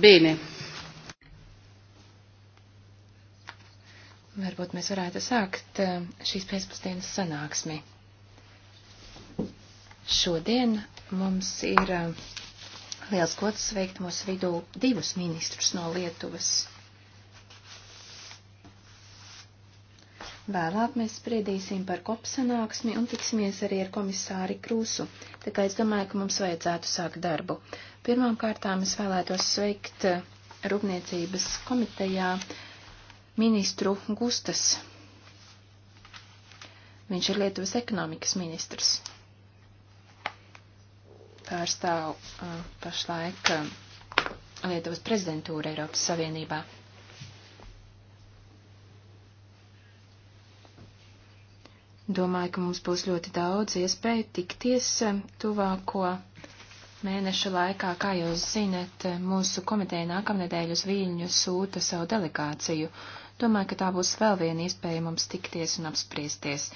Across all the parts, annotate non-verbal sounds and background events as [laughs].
Bene. Varbūt mēs varētu sākt eh, šīs pēcpusdienas sanāksmi. Šodien mums ir eh, liels gods sveikt mūsu vidū divus ministrus no Lietuvas. Vēlāk mēs spriedīsim par kopsanāksmi un tiksimies arī ar komisāri Krūsu, tā kā es domāju, ka mums vajadzētu sākt darbu. Uh, Pirmām kārtām es vēlētos sveikt eh, Rūpniecības komitejā ministru Gustas. Viņš ir Lietuvas ekonomikas ministrs. Pārstāv uh, eh, pašlaik uh, Lietuvas prezidentūra Eiropas Savienībā. Domāju, ka mums būs ļoti daudz iespēju tikties tuvāko mēnešu laikā, kā jūs zinat, mūsu komiteja nākamnedēļ uz Viļņu sūta savu delegāciju. Domāju, ka tā būs vēl viena iespēja mums tikties un apspriesties.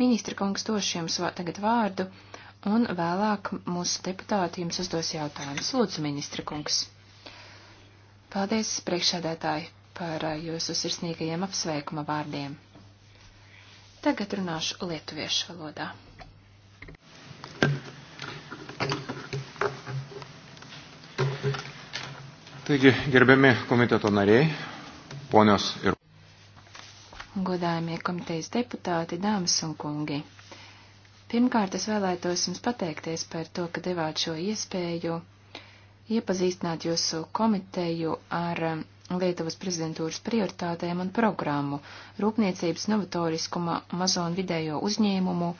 Ministra kungs došu jums tagad vārdu, un vēlāk mūsu deputāti jums uzdos jautājumus. Lūdzu, ministra kungs. Paldies, priekšsēdētāji, par jūsu sirsnīgajiem apsveikuma vārdiem. Tagad runāšu lietuviešu valodā. Taigi, gerbiami komiteto nariai, ponios ir. Godājumie komitejas deputāti, dāmas un kungi. Pirmkārt, es vēlētos jums pateikties par to, ka devāt šo iespēju iepazīstināt jūsu komiteju ar um, Lietuvas prezidentūras prioritātēm un programmu rūpniecības novatoriskuma mazo un vidējo uzņēmumu,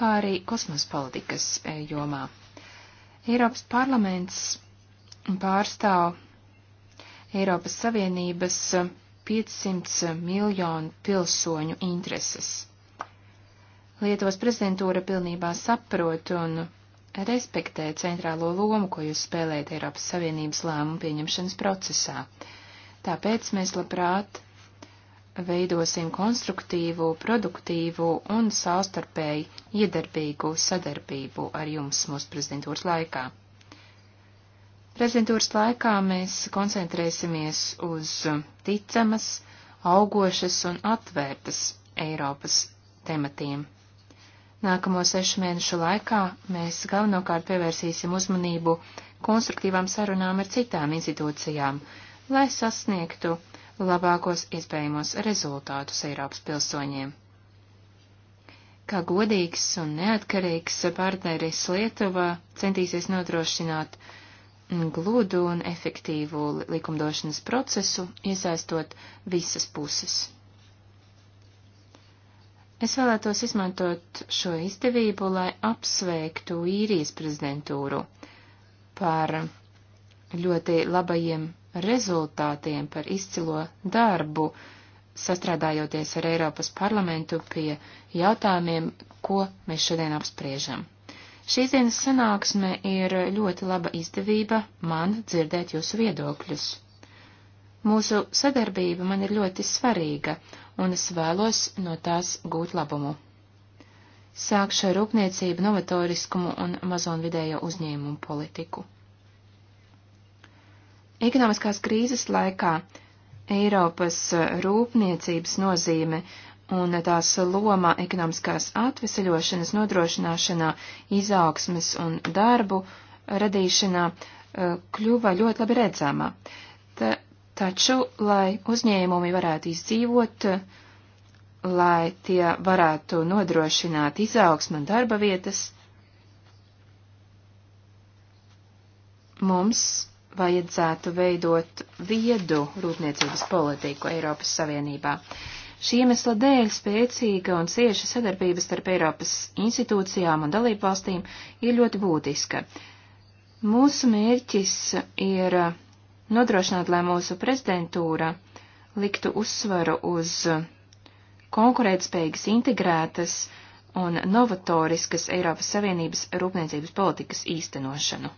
kā arī kosmosa politikas eh, jomā. Eiropas parlaments pārstāv Eiropas Savienības 500 eh, miljonu pilsoņu intereses. Lietuvas prezidentūra pilnībā saprot un respektē centrālo lomu, ko jūs spēlējat Eiropas Savienības lēmumu pieņemšanas procesā. Tāpēc mēs labprāt veidosim konstruktīvu, produktīvu un savstarpēji iedarbīgu sadarbību ar jums mūsu prezidentūras laikā. Prezidentūras laikā mēs koncentrēsimies uz ticamas, augošas un atvērtas Eiropas tematiem. Nākamo sešu mēnešu laikā mēs galvenokārt pievērsīsim uzmanību konstruktīvām sarunām ar citām institūcijām, lai sasniegtu labākos iespējamos rezultātus Eiropas pilsoņiem. Kā godīgs un neatkarīgs partneris Lietuva centīsies nodrošināt gludu un efektīvu likumdošanas procesu, iesaistot visas puses. Es vēlētos izmantot šo izdevību, lai apsveiktu īrijas prezidentūru par ļoti labajiem rezultātiem, par izcilo darbu, sastrādājoties ar Eiropas parlamentu pie jautājumiem, ko mēs šodien apspriežam. Šīs dienas sanāksme ir ļoti laba izdevība man dzirdēt jūsu viedokļus. Mūsu sadarbība man ir ļoti svarīga, un es vēlos no tās gūt labumu. Sākšu ar rūpniecību, novatoriskumu un mazo un vidējo uzņēmumu politiku. Ekonomiskās krīzes laikā Eiropas rūpniecības nozīme un tās loma ekonomiskās atveseļošanas nodrošināšanā, izaugsmes un darbu radīšanā e, kļuva ļoti labi redzama. Ta, taču, lai uzņēmumi varētu izdzīvot, lai tie varētu nodrošināt izaugsmu un darba vietas, mums vajadzētu veidot viedu rūpniecības politiku Eiropas Savienībā. Uh, Šī iemesla dēļ spēcīga un cieša sadarbība starp Eiropas institūcijām un dalībvalstīm ir ļoti būtiska. Mūsu mērķis ir nodrošināt, lai mūsu prezidentūra liktu uzsvaru uz konkurētspējīgas, integrētas un novatoriskas Eiropas Savienības rūpniecības politikas īstenošanu.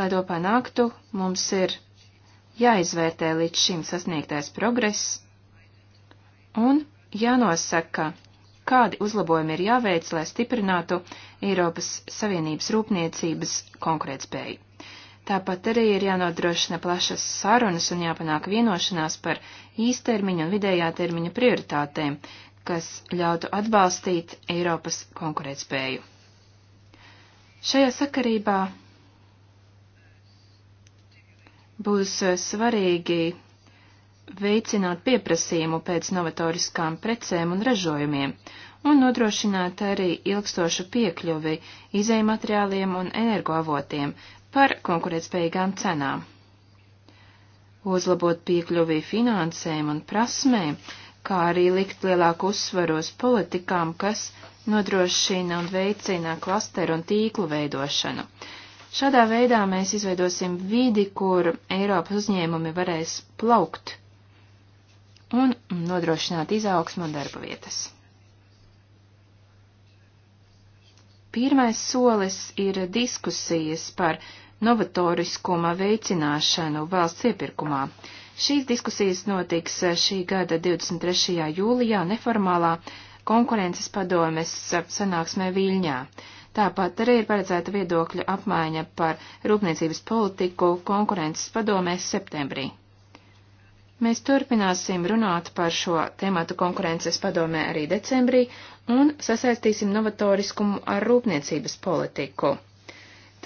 Lai to panāktu, mums ir jāizvērtē līdz šim sasniegtais progress un jānosaka, kādi uzlabojumi ir jāveic, lai stiprinātu Eiropas Savienības rūpniecības konkurētspēju. Tāpat arī ir jānodrošina plašas sarunas un jāpanāk vienošanās par īstermiņa un vidējā termiņa prioritātēm, kas ļautu atbalstīt Eiropas konkurētspēju. Šajā sakarībā būs eh, svarīgi veicināt pieprasījumu pēc novatoriskām precēm un ražojumiem un nodrošināt arī ilgstošu piekļuvi izējumateriāliem un energoavotiem par konkurētspējīgām cenām. Uzlabot piekļuvi finansēm un prasmēm, kā arī likt lielāku uzsvaru uz politikām, kas nodrošina un veicina klasteru un tīklu veidošanu. Šādā veidā mēs izveidosim vidi, kur Eiropas uzņēmumi varēs plaukt un nodrošināt izaugsmu un darba vietas. Pirmais solis ir diskusijas par novatoriskuma veicināšanu valsts iepirkumā. Šīs diskusijas notiks šī gada 23. jūlijā neformālā konkurences padomes sanāksmē Viļņā. Tāpat arī ir paredzēta viedokļa apmaiņa par rūpniecības politiku konkurences padomēs septembrī. Mēs turpināsim runāt par šo tēmatu konkurences padomē arī decembrī un sasaistīsim novatoriskumu ar rūpniecības politiku.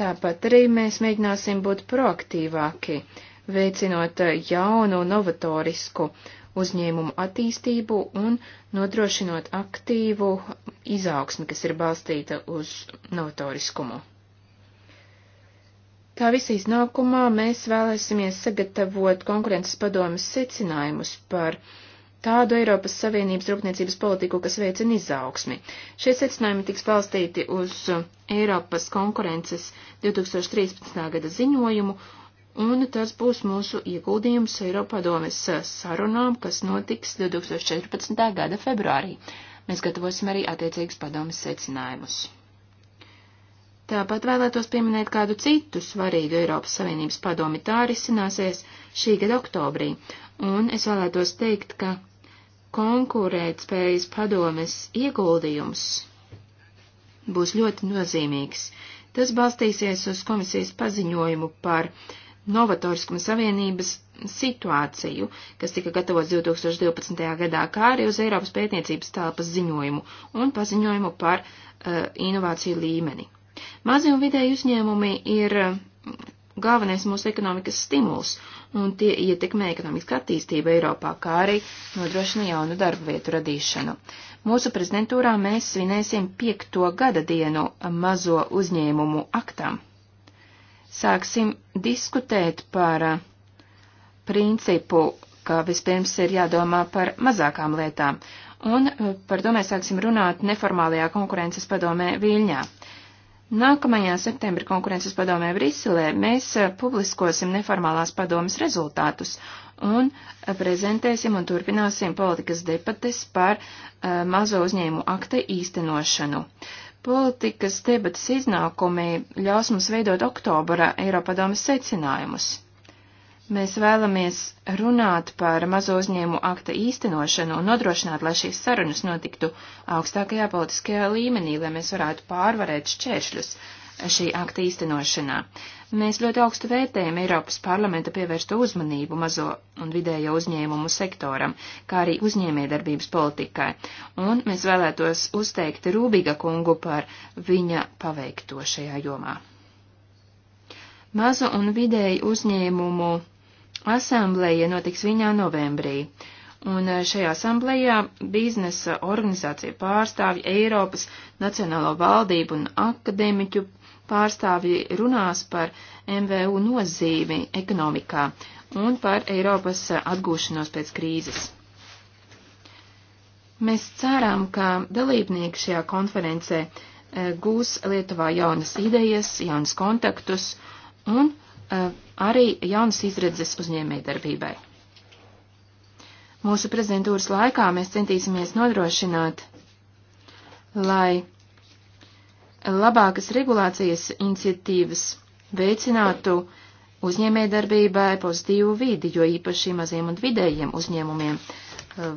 Tāpat arī mēs mēģināsim būt proaktīvāki, veicinot jaunu novatorisku uh, uzņēmumu attīstību un nodrošinot aktīvu izaugsmi, kas ir balstīta uz novatoriskumu. Tā visa iznākumā mēs vēlēsimies sagatavot konkurences padomas secinājumus par tādu Eiropas Savienības rūpniecības politiku, kas veicina izaugsmi. Šie secinājumi tiks balstīti uz Eiropas konkurences 2013. gada ziņojumu un tas būs mūsu ieguldījums Eiropadomes sarunām, kas notiks 2014. gada februārī. Mēs gatavosim arī attiecīgus padomes secinājumus. Tāpat vēlētos pieminēt kādu citu svarīgu Eiropas Savienības padomi. Tā arī sināsies šī gada oktobrī, un es vēlētos teikt, ka konkurētspējas padomes ieguldījums būs ļoti nozīmīgs. Tas balstīsies uz komisijas paziņojumu par uh, novatoriskuma savienības situāciju, kas tika gatavots 2012. gadā, kā arī uz Eiropas pētniecības telpas ziņojumu un paziņojumu par uh, inovāciju līmeni. Mazie un vidēji uzņēmumi ir uh, galvenais mūsu ekonomikas stimuls, un tie ietekmē ekonomisku attīstību Eiropā, kā arī nodrošina jaunu darbu vietu radīšanu. Mūsu prezidentūrā mēs svinēsim piekto gada dienu mazo uzņēmumu aktam sāksim diskutēt par eh, principu, ka vispirms ir jādomā par mazākām lietām, un eh, par to mēs sāksim runāt neformālajā konkurences padomē Viļņā. Nākamajā septembra konkurences padomē Briselē mēs eh, publiskosim neformālās padomas rezultātus un prezentēsim un turpināsim politikas debates par uh, mazo uzņēmu akta īstenošanu. Uh, Politikas debatas iznākumi ļaus mums veidot oktobra Eiropadomas secinājumus. Mēs vēlamies runāt par mazo uzņēmu akta īstenošanu un nodrošināt, lai šīs sarunas notiktu augstākajā politiskajā līmenī, lai mēs varētu pārvarēt šķēršļus, šī akta īstenošanā. Mēs ļoti augstu vērtējam Eiropas parlamenta pievērsto uzmanību mazo un vidējo uzņēmumu sektoram, kā arī uzņēmējdarbības politikai, un mēs vēlētos uzteikt Rūbīga kungu par viņa paveikto šajā jomā. Mazu un vidēju uzņēmumu asamblēja notiks viņā novembrī. Un e, šajā asamblējā biznesa organizācija pārstāvja Eiropas Nacionālo valdību un akadēmiķu pārstāvji runās par MVU nozīmi ekonomikā un par Eiropas atgūšanos pēc krīzes. Mēs ceram, ka dalībnieki šajā konferencē e, gūs Lietuvā jaunas idejas, jaunas kontaktus un e, arī jaunas izredzes uzņēmējdarbībai. Mūsu prezidentūras laikā mēs centīsimies nodrošināt, lai labākas regulācijas iniciatīvas veicinātu uzņēmējdarbībai pozitīvu vidi, jo īpaši maziem un vidējiem uzņēmumiem uh,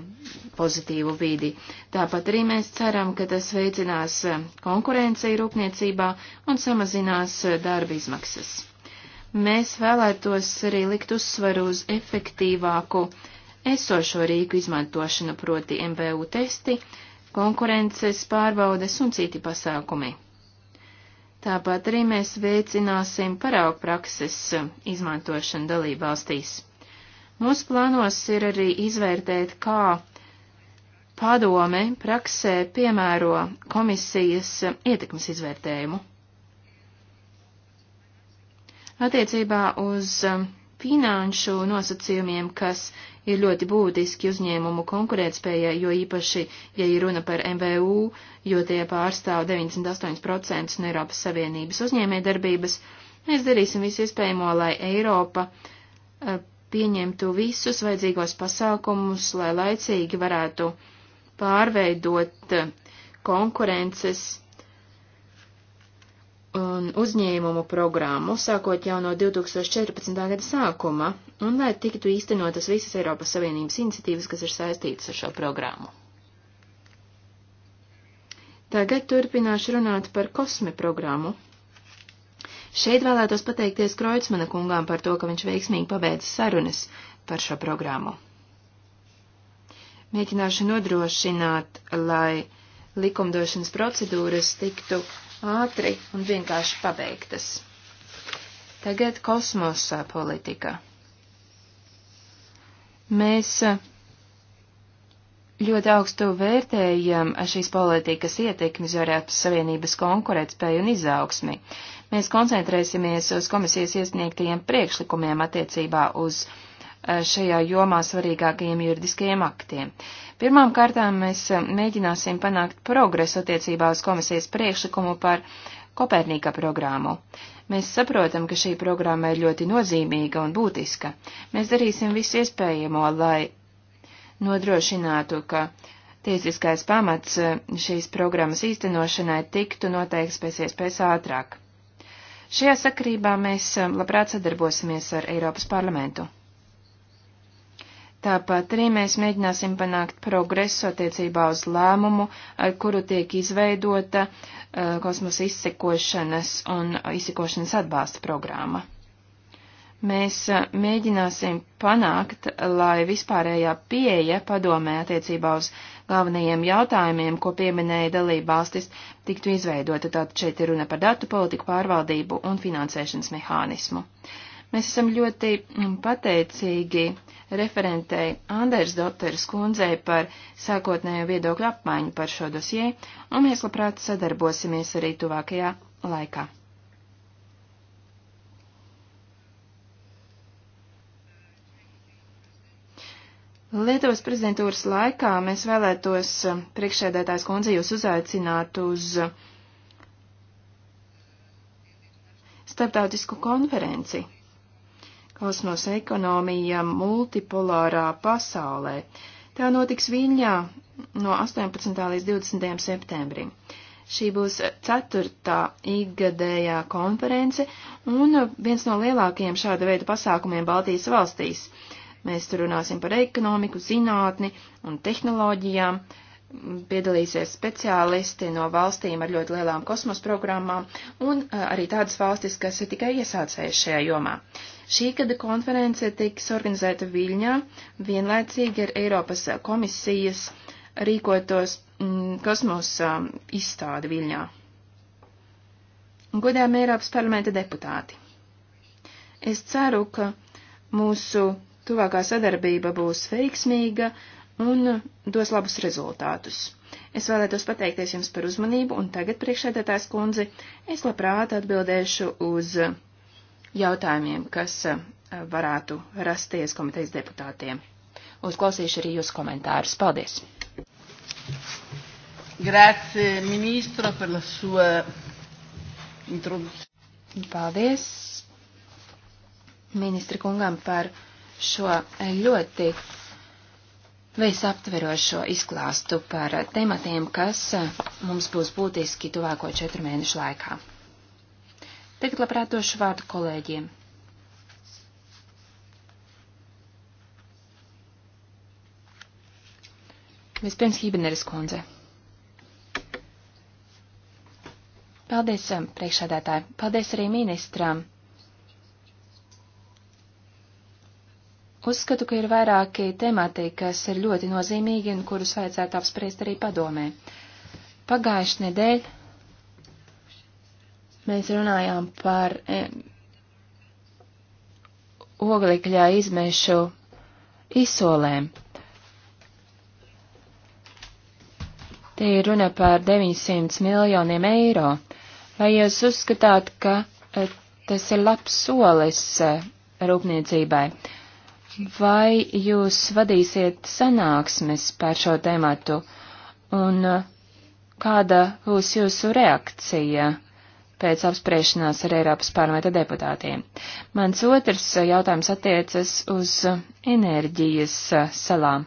pozitīvu vidi. Tāpat arī mēs ceram, ka tas veicinās uh, konkurencei rūpniecībā un samazinās uh, darba izmaksas. Mēs vēlētos arī likt uzsvaru uz efektīvāku esošo rīku izmantošanu, proti MVU testi, konkurences pārbaudes un citi pasākumi. Tāpat arī mēs veicināsim paraugu prakses izmantošanu dalībvalstīs. Mūsu plānos ir arī izvērtēt, kā padome praksē piemēro komisijas ietekmes izvērtējumu. Attiecībā uz finanšu nosacījumiem, kas ir ļoti būtiski uzņēmumu konkurētspējai, jo īpaši, ja ir runa par MVU, jo tie pārstāv 98% no Eiropas Savienības uzņēmējdarbības, mēs darīsim visu iespējamo, lai Eiropa eh, pieņemtu visus vajadzīgos pasākumus, lai laicīgi varētu pārveidot eh, konkurences un uzņēmumu programmu, sākot jau no 2014. gada sākuma, un lai tiktu īstenotas visas Eiropas Savienības iniciatīvas, kas ir saistītas ar šo programmu. Tagad turpināšu runāt par kosme programmu. Šeit vēlētos pateikties Kreutzmana kungām par to, ka viņš veiksmīgi pabeidza sarunas par šo programmu. Mēģināšu nodrošināt, lai likumdošanas procedūras tiktu ātri un vienkārši pabeigtas. Tagad kosmosa politika. Mēs eh, ļoti augstu vērtējam eh, šīs politikas ietekmi uz Eiropas Savienības konkurētspēju un izaugsmi. Mēs koncentrēsimies uz komisijas iesniegtajiem priekšlikumiem attiecībā uz eh, šajā jomā svarīgākajiem juridiskajiem aktiem. Pirmām kārtām mēs mēģināsim panākt progresu attiecībā uz komisijas priekšlikumu par Kopernīka programmu. Mēs saprotam, ka šī programma ir ļoti nozīmīga un būtiska. Mēs darīsim visu iespējamo, lai nodrošinātu, ka tiesiskais pamats eh, šīs programmas īstenošanai tiktu noteikts pēc iespējas ātrāk. Šajā sakarībā mēs eh, labprāt sadarbosimies ar Eiropas parlamentu. Tāpat arī mēs mēģināsim panākt progresu attiecībā uz lēmumu, ar kuru tiek izveidota uh, kosmosa izsekošanas un izsekošanas atbalsta programma. Mēs uh, mēģināsim panākt, lai vispārējā pieeja padomē attiecībā uz galvenajiem jautājumiem, ko pieminēja dalība valstis, tiktu izveidota. Tātad šeit ir runa par datu politiku pārvaldību un finansēšanas mehānismu. Uh, Mēs esam ļoti mm, pateicīgi referentei Anders Doteres kundzei par sākotnējo viedokļu apmaiņu par šo dosie, un mēs labprāt sadarbosimies arī tuvākajā laikā. Lietuvas prezidentūras laikā mēs vēlētos mm, priekšēdētājs kundze jūs uzaicināt uz mm, starptautisku konferenci kosmosa ekonomija multipolārā pasaulē. Tā notiks Viņā no 18. līdz 20. septembrim. Šī būs ceturtā ikgadējā konference un viens no lielākajiem šāda veida pasākumiem Baltijas valstīs. Mēs tur runāsim par ekonomiku, zinātni un tehnoloģijām. Piedalīsies speciālisti no valstīm ar ļoti lielām kosmos programmām un eh, arī tādas valstis, kas ir tikai iesācējušajā jomā. Uh, Šī gada konference tiks organizēta Viļņā, vienlaicīgi ar Eiropas komisijas rīkotos mm, kosmosa um, izstādi Viļņā. Godām Eiropas parlamenta deputāti. Es ceru, ka mūsu tuvākā sadarbība būs veiksmīga un dos labus rezultātus. Es vēlētos pateikties jums par uzmanību, un tagad priekšēdētājs kundzi es labprāt atbildēšu uz jautājumiem, kas eh, varētu rasties komitejas deputātiem. Uzklausīšu arī jūsu komentārus. Paldies! Grazie, ministro, par la sua introduciju. Paldies ministri kungam par šo ļoti visaptverošo izklāstu par tematiem, kas mums būs būtiski tuvāko četru mēnešu laikā. Tagad labprāt došu vārdu kolēģiem. Vispirms Hībeneris kundze. Paldies, um, priekšādātāji. Paldies arī ministram. Uzskatu, ka ir vairāki temati, kas ir ļoti nozīmīgi un kurus vajadzētu apspriest arī padomē. Pagājuši nedēļ Mēs runājām par e, oglekļā izmešu izsolēm. Te ir runa par 900 miljoniem eiro. Vai jūs uzskatāt, ka e, tas ir labs solis e, rūpniecībai? Vai jūs vadīsiet sanāksmes par šo tematu? Un kāda būs jūsu reakcija pēc apspriešanās ar Eiropas parlamenta deputātiem. Mans otrs jautājums attiecas uz enerģijas salām.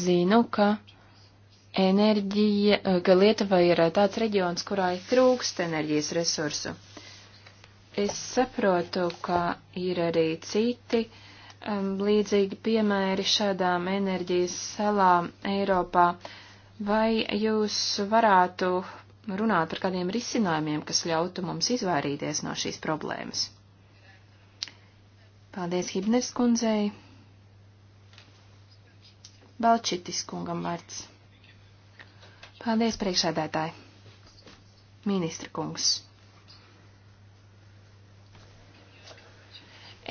Zinu, ka enerģija, ka Lietuva ir tāds reģions, kurā ir trūkst enerģijas resursu. Es saprotu, ka ir arī citi um, līdzīgi piemēri šādām enerģijas salām Eiropā. Uh, Vai jūs varētu runāt par kādiem risinājumiem, kas ļautu mums izvairīties no šīs problēmas? Paldies Hibners kundzei. Balčitis kungam vārds. Paldies priekšēdētāji. Ministra kungs.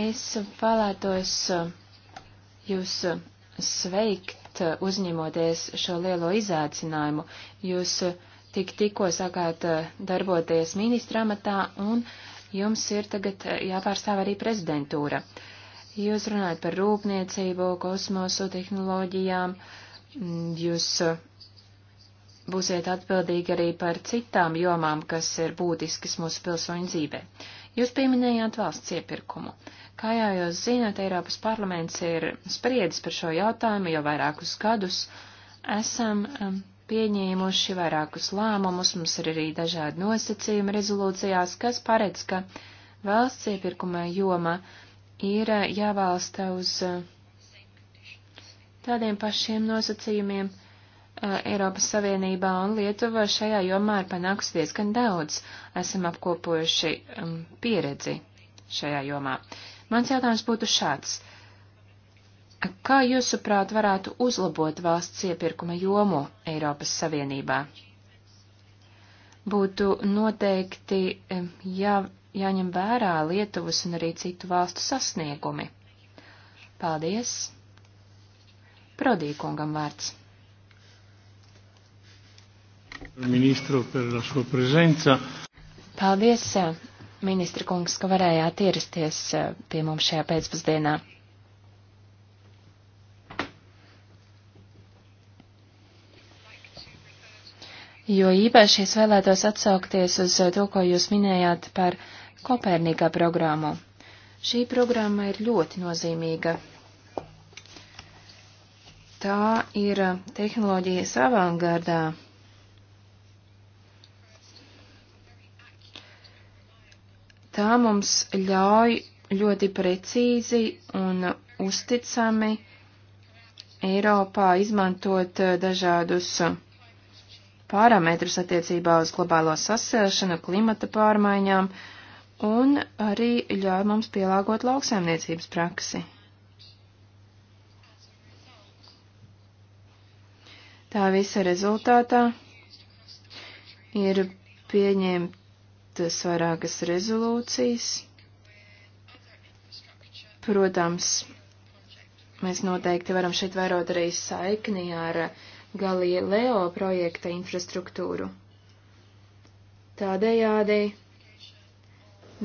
Es vēlētos uh, jūs uh, sveikt pat eh, uzņemoties šo lielo izaicinājumu, jūs eh, tik tikko sākāt eh, darboties ministra amatā un jums ir tagad jāpārstāv arī prezidentūra. Jūs runājat par rūpniecību, kosmosu, tehnoloģijām, mm, jūs būsiet atbildīgi arī par citām jomām, kas ir būtiskas mūsu pilsoņu dzīvē. Jūs pieminējāt valsts iepirkumu. Kā jau jūs zināt, Eiropas parlaments ir spriedis par šo jautājumu jau vairākus gadus. Esam um, pieņēmuši vairākus lēmumus, mums ir arī dažādi nosacījumi rezolūcijās, kas paredz, ka valsts iepirkuma joma ir uh, jāvalsta uz uh, tādiem pašiem nosacījumiem. Uh, Eiropas Savienībā un Lietuva šajā jomā ir panākusi diezgan daudz. Esam apkopojuši um, pieredzi šajā jomā. Uh, Mans jautājums būtu šāds. Kā jūsuprāt varētu uzlabot valsts iepirkuma jomu Eiropas Savienībā? Būtu noteikti jā, jāņem vērā Lietuvas un arī citu valstu sasniegumi. Paldies! Prodīkungam vārds. Ministru par šo prezenci. Paldies ministra kungs, ka varējāt ierasties eh, pie mums šajā pēcpusdienā. Jo īpaši es vēlētos atsaukties uz eh, to, ko jūs minējāt par Kopērnīgā programmu. Šī programma ir ļoti nozīmīga. Tā ir eh, tehnoloģijas avangardā Tā mums ļauj ļoti precīzi un uzticami Eiropā izmantot eh, dažādus parametrus attiecībā uz globālo sasilšanu, klimata pārmaiņām un arī ļauj mums pielāgot lauksaimniecības praksi. Tā visa rezultātā ir pieņemt pieņemtas vairākas rezolūcijas. Protams, mēs noteikti varam šeit vairot arī saikni ar Galileo projekta infrastruktūru. Tādējādi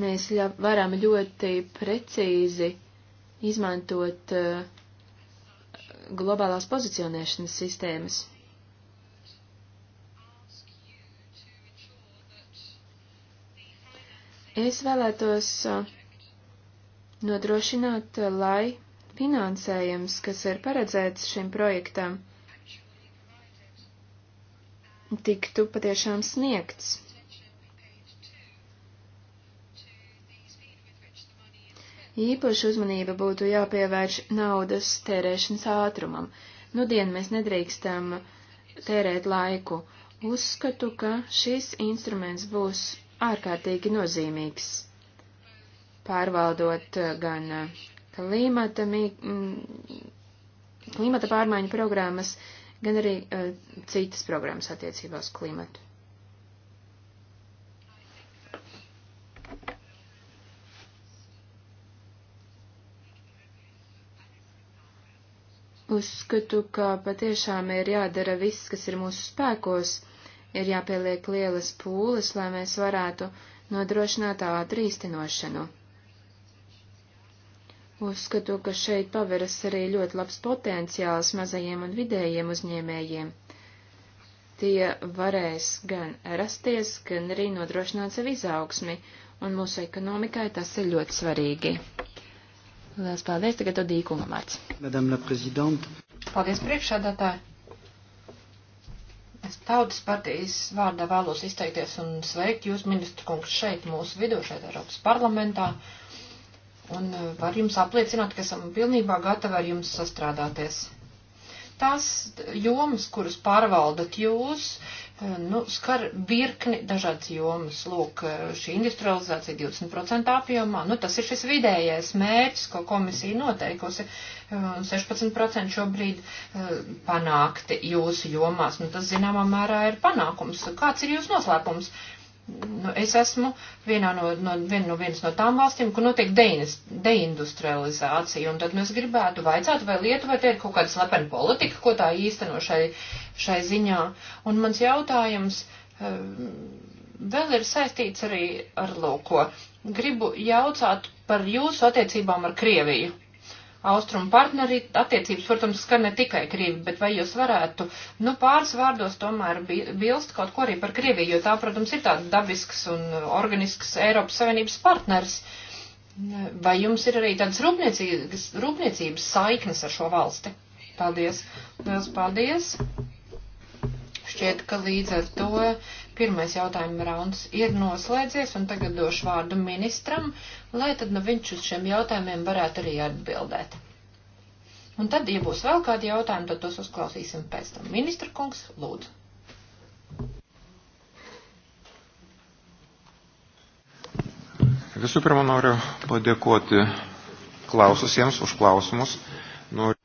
mēs ļa, varam ļoti precīzi izmantot uh, globālās pozicionēšanas sistēmas. Es vēlētos uh, nodrošināt, uh, lai finansējums, kas ir paredzēts šim projektam, tiktu patiešām sniegts. Īpaši uzmanība būtu jāpievērš naudas tērēšanas ātrumam. Nudien mēs nedrīkstam tērēt laiku. Uzskatu, ka šis instruments būs ārkārtīgi nozīmīgs, pārvaldot eh, gan eh, klimata, mm, klimata pārmaiņu programmas, gan arī uh, citas programmas attiecībā uz klimatu. Uzskatu, ka patiešām ir jādara viss, kas ir mūsu spēkos ir jāpieliek lielas pūles, lai mēs varētu nodrošināt ātri īstenošanu. Uzskatu, ka šeit paveras arī ļoti labs potenciāls mazajiem un vidējiem uzņēmējiem. Tie varēs gan rasties, gan arī nodrošināt sev izaugsmi, un mūsu ekonomikai tas ir ļoti svarīgi. Lielas paldies, tagad Odīkuma vārds. Paldies priekšādātāji! Es tautas partijas vārdā vēlos izteikties un sveikt jūs, ministru kungs, šeit mūsu vidū, šeit Eiropas parlamentā. Un eh, var jums apliecināt, ka esam pilnībā gatavi ar jums sastrādāties tās jomas, kuras pārvaldat jūs, Eh, nu, skar virkni dažādas jomas. Lūk, eh, šī industrializācija 20% apjomā, nu, tas ir šis vidējais mērķis, ko komisija noteikusi, 16% eh, šobrīd panākti jūsu jomās. Nu, tas, zināmā mērā, ir panākums. Kāds ir jūsu noslēpums? nu, es esmu vienā no, no, vien, no vienas no tām valstīm, kur notiek deinis, deindustrializācija, un tad nu, es gribētu vaicāt, vai Lietuvai te ir kaut kāda slepena politika, ko tā īsteno šai, šai ziņā. Un mans jautājums eh, vēl ir saistīts arī ar loko. Gribu jautāt par jūsu attiecībām ar Krieviju austrumu partneri attiecības, protams, skar ne tikai Krievi, bet vai jūs varētu, nu, pāris vārdos tomēr bilst kaut ko arī par Krieviju, jo tā, protams, ir tāds dabisks un organisks Eiropas Savienības partners. Vai jums ir arī tādas rūpniecības, rūpniecības saiknes ar šo valsti? Paldies! Liels paldies! Šķiet, ka līdz ar to Pirmais jautājuma rauns ir noslēdzies, un tagad došu vārdu ministram, lai tad nu viņš uz šiem jautājumiem varētu arī atbildēt. Un tad, ja būs vēl kādi jautājumi, tad tos uzklausīsim pēc tam. Ministra kungs, lūdzu. Visų pirma, noriu padėkoti klaususiems už klausimus. Noriu...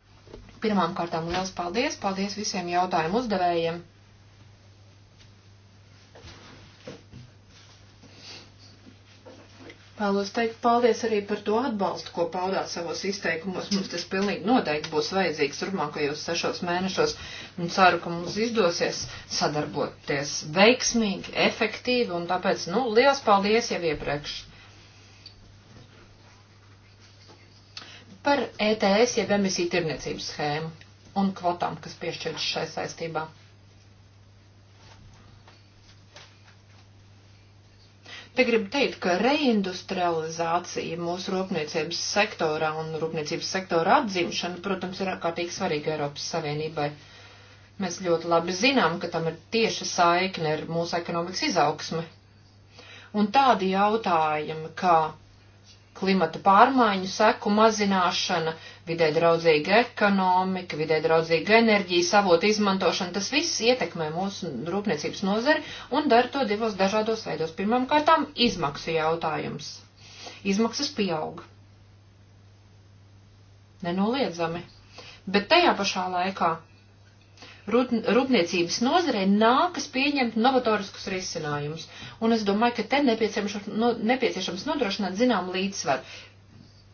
Pirmām kārtām liels paldies, paldies visiem jautājumu uzdevējiem. Vēlos teikt paldies arī par to atbalstu, ko paudāt savos izteikumos. Mums tas pilnīgi noteikti būs vajadzīgs turpmākajos sešos mēnešos. Un ceru, ka mums izdosies sadarboties veiksmīgi, efektīvi. Un tāpēc, nu, liels paldies jau iepriekš. Par ETS jeb emisiju tirniecības schēmu un kvotām, kas piešķirtas šai saistībā. Te gribu teikt, ka reindustrializācija mūsu rūpniecības sektorā un rūpniecības sektora atzimšana, protams, ir ārkārtīgi svarīga Eiropas Savienībai. Mēs ļoti labi zinām, ka tam ir tieša saikne ar mūsu ekonomikas izaugsmi. Un tādi jautājumi, kā klimata pārmaiņu seku mazināšana, vidē draudzīga ekonomika, vidē draudzīga enerģija, savot izmantošana, tas viss ietekmē mūsu rūpniecības nozari un dara to divos dažādos veidos. Pirmām kārtām izmaksu jautājums. Izmaksas pieauga. Nenoliedzami. Bet tajā pašā laikā rūpniecības nozarei nākas pieņemt novatoriskus risinājumus. Un es domāju, ka te nepieciešams, no, nepieciešams nodrošināt zinām līdzsvaru.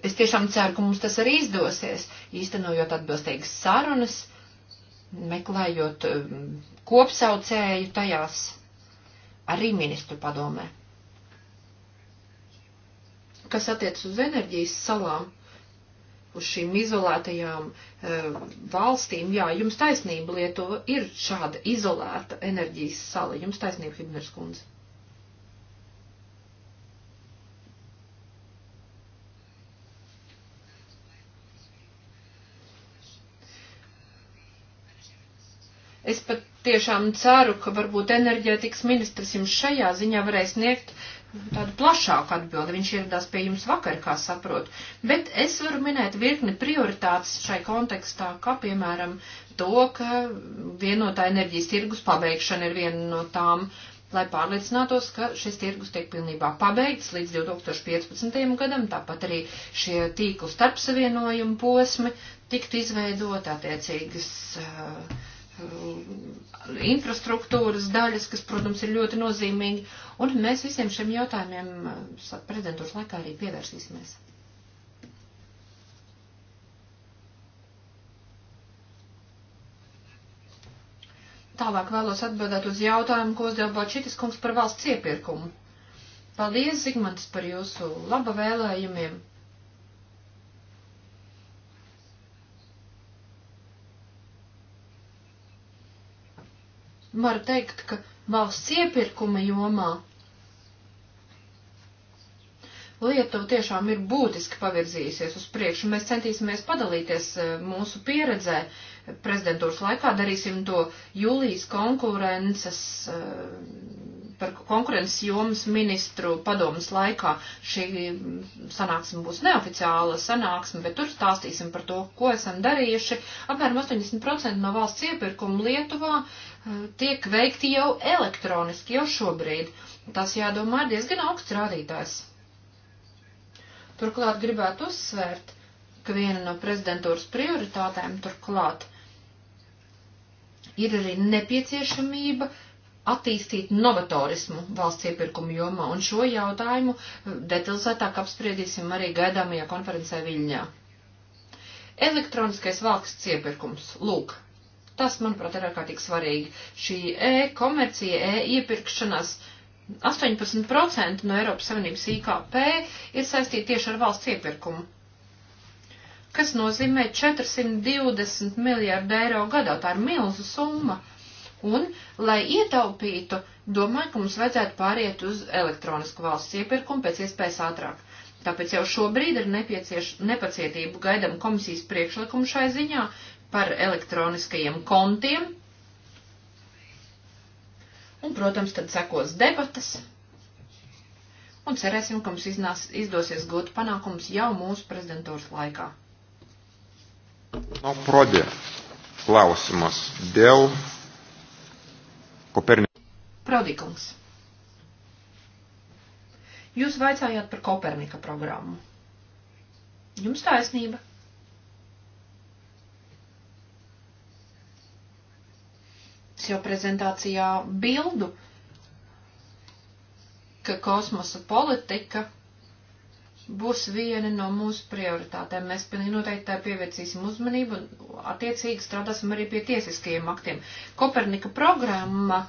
Es tiešām ceru, ka mums tas arī izdosies, īstenojot atbilstīgas sarunas, meklējot um, kopsaucēju tajās arī ministru padomē. Kas attiec uz enerģijas salām? uz šīm izolētajām e, valstīm. Jā, jums taisnība, Lietuva ir šāda izolēta enerģijas sala. Jums taisnība, Hibners kundze. Es pat tiešām ceru, ka varbūt enerģētikas ministrs jums šajā ziņā varēs sniegt tādu plašāku atbildi. Viņš ieradās pie jums vakar, kā saprotu. Bet es varu minēt virkni prioritātes šai kontekstā, kā piemēram to, ka vienotā enerģijas tirgus pabeigšana ir viena no tām, lai pārliecinātos, ka šis tirgus tiek pilnībā pabeigts līdz 2015. gadam, tāpat arī šie tīklu starpsavienojumu posmi tiktu izveidot attiecīgas. Uh, Um, infrastruktūras daļas, kas, protams, ir ļoti nozīmīgi, un mēs visiem šiem jautājumiem uh, prezidentūras laikā arī pievērsīsimies. Tālāk vēlos atbildēt uz jautājumu, ko uzdeva Balčītis kungs par valsts iepirkumu. Paldies, Zigmantas, par jūsu laba vēlējumiem! varu teikt, ka valsts iepirkuma jomā Lietuva tiešām ir būtiski pavirzījusies uz priekšu. Mēs centīsimies padalīties eh, mūsu pieredzē prezidentūras laikā, darīsim to jūlijas konkurences eh, par konkurences jomas ministru padomas laikā. Šī sanāksme būs neoficiāla sanāksme, bet tur stāstīsim par to, ko esam darījuši. Apmēram 80% no valsts iepirkuma Lietuvā eh, tiek veikti jau elektroniski, jau šobrīd. Tas, jādomā, ir diezgan augsts rādītājs. Turklāt gribētu uzsvērt, ka viena no prezidentūras prioritātēm turklāt ir arī nepieciešamība uh, attīstīt novatorismu valsts iepirkumu jomā, un šo jautājumu eh, detalizētāk apspriedīsim arī gaidāmajā konferencē Viļņā. Elektroniskais valsts iepirkums. Lūk, tas, manuprāt, ir ārkārtīgi svarīgi. Šī e-komercija, e-iepirkšanās 18% no Eiropas Savienības IKP ir saistīti tieši ar valsts iepirkumu kas nozīmē 420 miljārdu eiro gadā. Tā ir milzu summa. Uh, Un, lai ietaupītu, domāju, ka mums vajadzētu pāriet uz elektronisku valsts iepirkumu pēc iespējas ātrāk. Tāpēc jau šobrīd ir nepacietību gaidam komisijas priekšlikumu šai ziņā par elektroniskajiem kontiem. Un, protams, tad sekos debatas. Un cerēsim, ka mums iznās, izdosies gūt panākums jau mūsu prezidentūras laikā. No prodē klausimas dėl Kopernikus. Prodīkums. Jūs vaicājāt par Kopernika programmu. Jums taisnība. Es jau prezentācijā bildu, ka kosmosa politika būs viena no mūsu prioritātēm. Mēs pilnīgi noteikti tā pievērsīsim uzmanību un attiecīgi strādāsim arī pie tiesiskajiem aktiem. Kopernika programma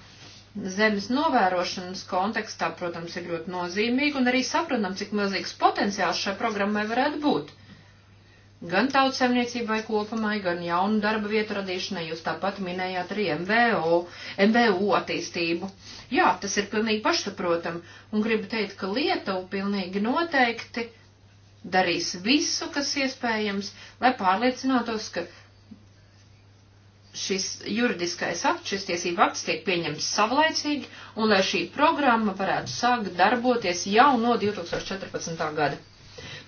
zemes novērošanas kontekstā, protams, ir ļoti nozīmīga un arī saprotam, cik milzīgs potenciāls šai programmai varētu būt gan tautsemniecībai kopumai, gan jaunu darba vietu radīšanai. Jūs tāpat minējāt arī MVO, MVU attīstību. Jā, tas ir pilnīgi pašsaprotam, un gribu teikt, ka Lietuva pilnīgi noteikti darīs visu, kas iespējams, lai pārliecinātos, ka šis juridiskais akts, šis tiesība akts tiek pieņemts savlaicīgi, un lai šī programma varētu sākt darboties jau no 2014. gada.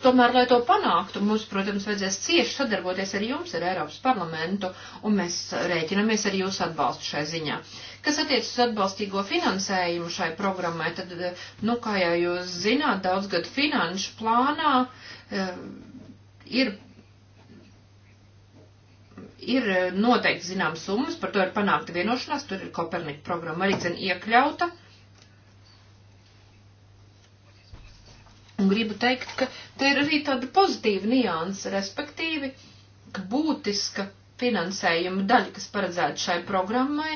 Tomēr, lai to panāktu, mums, protams, vajadzēs cieši sadarboties ar jums, ar Eiropas parlamentu, un mēs rēķinamies ar jūsu atbalstu šai ziņā. Kas attiecas uz atbalstīgo finansējumu šai programmai, tad, nu, kā jau jūs zināt, daudzgad finanšu plānā uh, ir ir noteikti zināmas summas, par to ir panākta vienošanās, tur ir Kopernika programma arī, zin, iekļauta. Uh, Un gribu teikt, ka te ir arī tāda pozitīva nianse, respektīvi, ka būtiska finansējuma daļa, kas paredzēta šai programmai,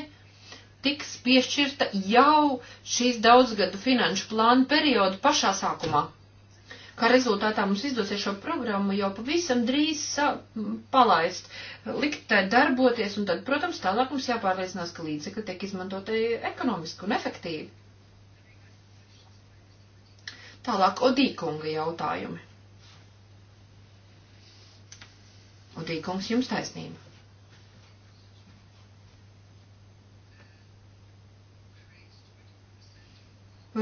tiks piešķirta jau šīs daudzgadu finanšu plānu periodu pašā sākumā. Kā rezultātā mums izdosies šo programmu jau pavisam drīz palaist, likt tai darboties, un tad, protams, tālāk mums jāpārliecinās, ka līdzekļi tiek izmantoti ekonomiski un efektīvi. Tālāk Odīkunga jautājumi. Odīkungs jums taisnība.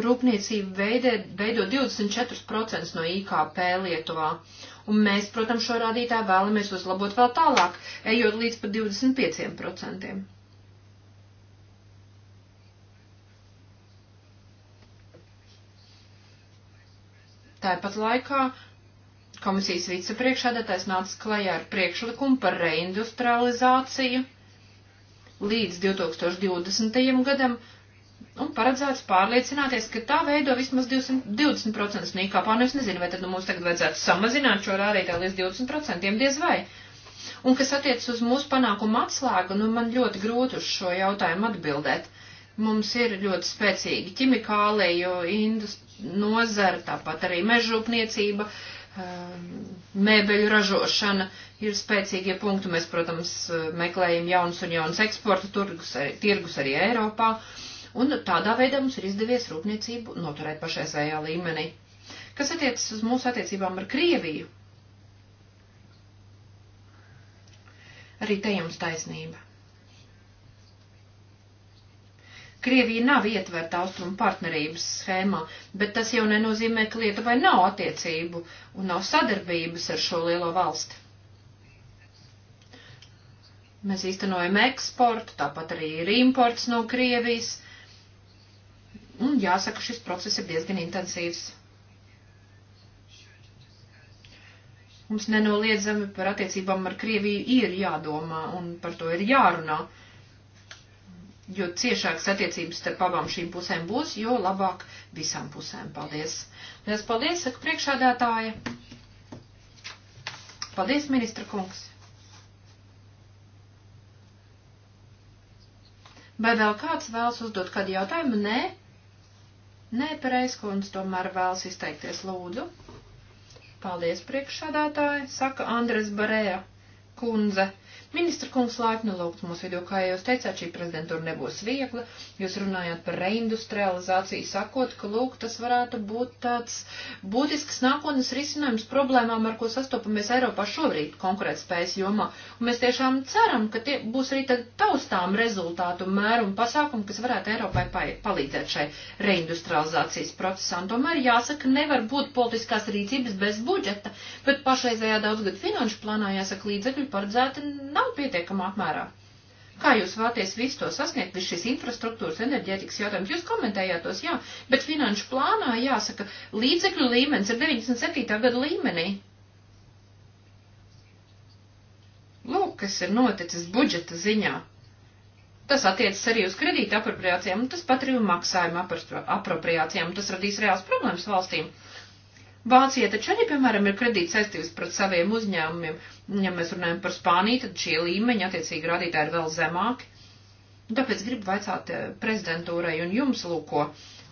Rūpniecība veidē, veido 24% no IKP Lietuvā, un mēs, protams, šo rādītāju vēlamies uzlabot vēl tālāk, ejot līdz pat 25%. Tāpat laikā komisijas vicepriekšādātais nāca klajā ar priekšlikumu par reindustrializāciju līdz 2020. gadam un paredzēts pārliecināties, ka tā veido vismaz 200, 20% no IKP. Nu, es nezinu, vai tad nu, mums tagad vajadzētu samazināt šo rādītāju līdz 20%, diez vai. Un kas attiec uz mūsu panākumu atslēgu, nu, man ļoti grūti uz šo jautājumu atbildēt. Mums ir ļoti spēcīgi ķimikāliju industri nozara, tāpat arī mežrūpniecība, um, mēbeļu ražošana ir spēcīgie punkti. Mēs, protams, meklējam jaunus un jaunus eksporta tirgus, e, tirgus arī Eiropā. Un tādā veidā mums ir izdevies rūpniecību noturēt pašreizējā līmenī. Kas attiecas uz mūsu attiecībām ar Krieviju? Arī te jums taisnība. Krievija nav ietverta austrumu partnerības schēmā, bet tas jau nenozīmē, ka Lietuvai nav attiecību un nav sadarbības ar šo lielo valsti. Mēs īstenojam eksportu, tāpat arī ir imports no Krievijas. Un jāsaka, šis process ir diezgan intensīvs. Mums nenoliedzami par attiecībām ar Krieviju ir jādomā un par to ir jārunā. Uh, jo ciešāks attiecības starp abām šīm pusēm būs, jo labāk visām pusēm. Paldies! Lielas paldies, saka priekšādātāja! Paldies, ministra kungs! Vai vēl kāds vēlas uzdot kādu jautājumu? Nē? Nē, pareiz, kundze tomēr vēlas izteikties lūdzu. Paldies, priekšādātāji, saka Andres Barēja kundze. Ministra kungs laipni lūgt mūsu vidū, kā jūs teicāt, šī prezidentūra nebūs viegla. Jūs runājāt par reindustrializāciju, sakot, ka lūk, tas varētu būt tāds būtisks nākotnes risinājums problēmām, ar ko sastopamies Eiropā šobrīd konkurētspējas jomā. Un mēs tiešām ceram, ka tie būs arī tad taustām rezultātu mēru un pasākumu, kas varētu Eiropai palīdzēt šai reindustrializācijas procesā. Un tomēr jāsaka, nevar būt politiskās rīcības bez budžeta, bet pašreizējā daudzgad finanšu plānā jāsaka līdzekļu paredzēti nav nav pietiekamā apmērā. Kā jūs vēlaties visu to sasniegt, visu šīs infrastruktūras, enerģētikas jautājumus? Jūs komentējāt tos, jā, bet finanšu plānā jāsaka, līdzekļu līmenis ir 97. gada līmenī. Lūk, kas ir noticis budžeta ziņā. Tas attiecas arī uz kredīta apropriācijām, un tas pat arī maksājuma apropriācijām. Tas radīs reāls problēmas valstīm. Uh, Vācija taču arī, piemēram, ir kredīts saistības pret saviem uzņēmumiem. Ja mēs runājam par Spāniju, tad šie līmeņi attiecīgi rādītāji ir vēl zemāki. Un tāpēc gribu vaicāt eh, prezidentūrai un jums lūko,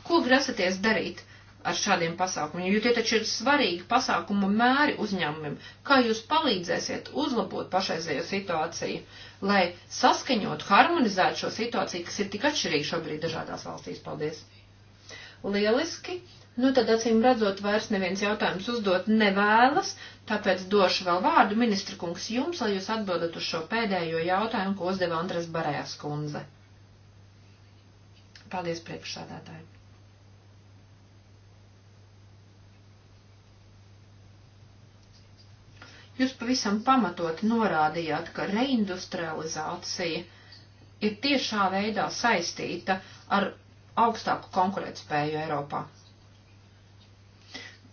ko grasaties darīt ar šādiem pasākumiem, jo tie taču ir svarīgi pasākumu mēri uzņēmumiem. Kā jūs palīdzēsiet uzlabot pašreizējo situāciju, lai saskaņot, harmonizētu šo situāciju, kas ir tik atšķirīga šobrīd dažādās valstīs? Paldies! Lieliski! Nu, tad acīm redzot, vairs neviens jautājums uzdot nevēlas, tāpēc došu vēl vārdu ministra kungs jums, lai jūs atbildat uz šo pēdējo jautājumu, ko uzdeva Andres Barējas kundze. Paldies priekšsādātāji. Jūs pavisam pamatot norādījāt, ka reindustrializācija ir tiešā veidā saistīta ar augstāku konkurētspēju Eiropā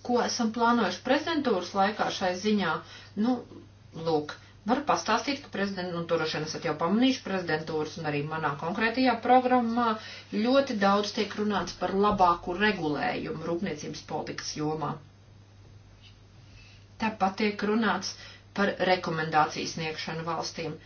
ko esam plānojuši prezidentūras laikā šai ziņā. Nu, lūk, var pastāstīt, ka prezident, nu, tur šodien esat jau pamanījuši prezidentūras un arī manā konkrētajā programmā ļoti daudz tiek runāts par labāku regulējumu rūpniecības politikas jomā. Tāpat tiek runāts par rekomendāciju sniegšanu valstīm.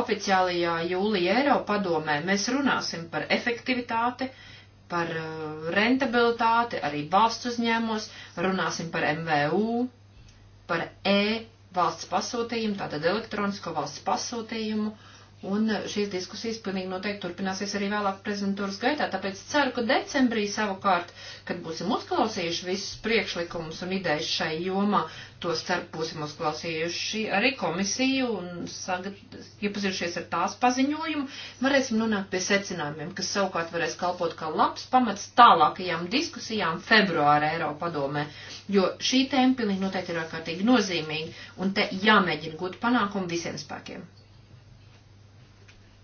Oficiālajā jūlija Eiropadomē mēs runāsim par efektivitāti, uh, par eh, rentabilitāti, arī valsts uzņēmos, runāsim par MVU, par E valsts pasūtījumu, tātad elektronisko valsts pasūtījumu. Uh, Un šīs diskusijas pilnīgi noteikti turpināsies arī vēlāk prezidentūras gaitā, tāpēc ceru, ka decembrī savukārt, kad būsim uzklausījuši visus priekšlikumus un idejas šai jomā, tos ceru būsim uzklausījuši arī komisiju un iepazījušies ar tās paziņojumu, varēsim nonākt pie secinājumiem, kas savukārt varēs kalpot kā labs pamats tālākajām diskusijām februāra Eiropa padomē, jo šī tēma pilnīgi noteikti ir ārkārtīgi nozīmīga un te jāmēģina gūt panākumu visiem spēkiem.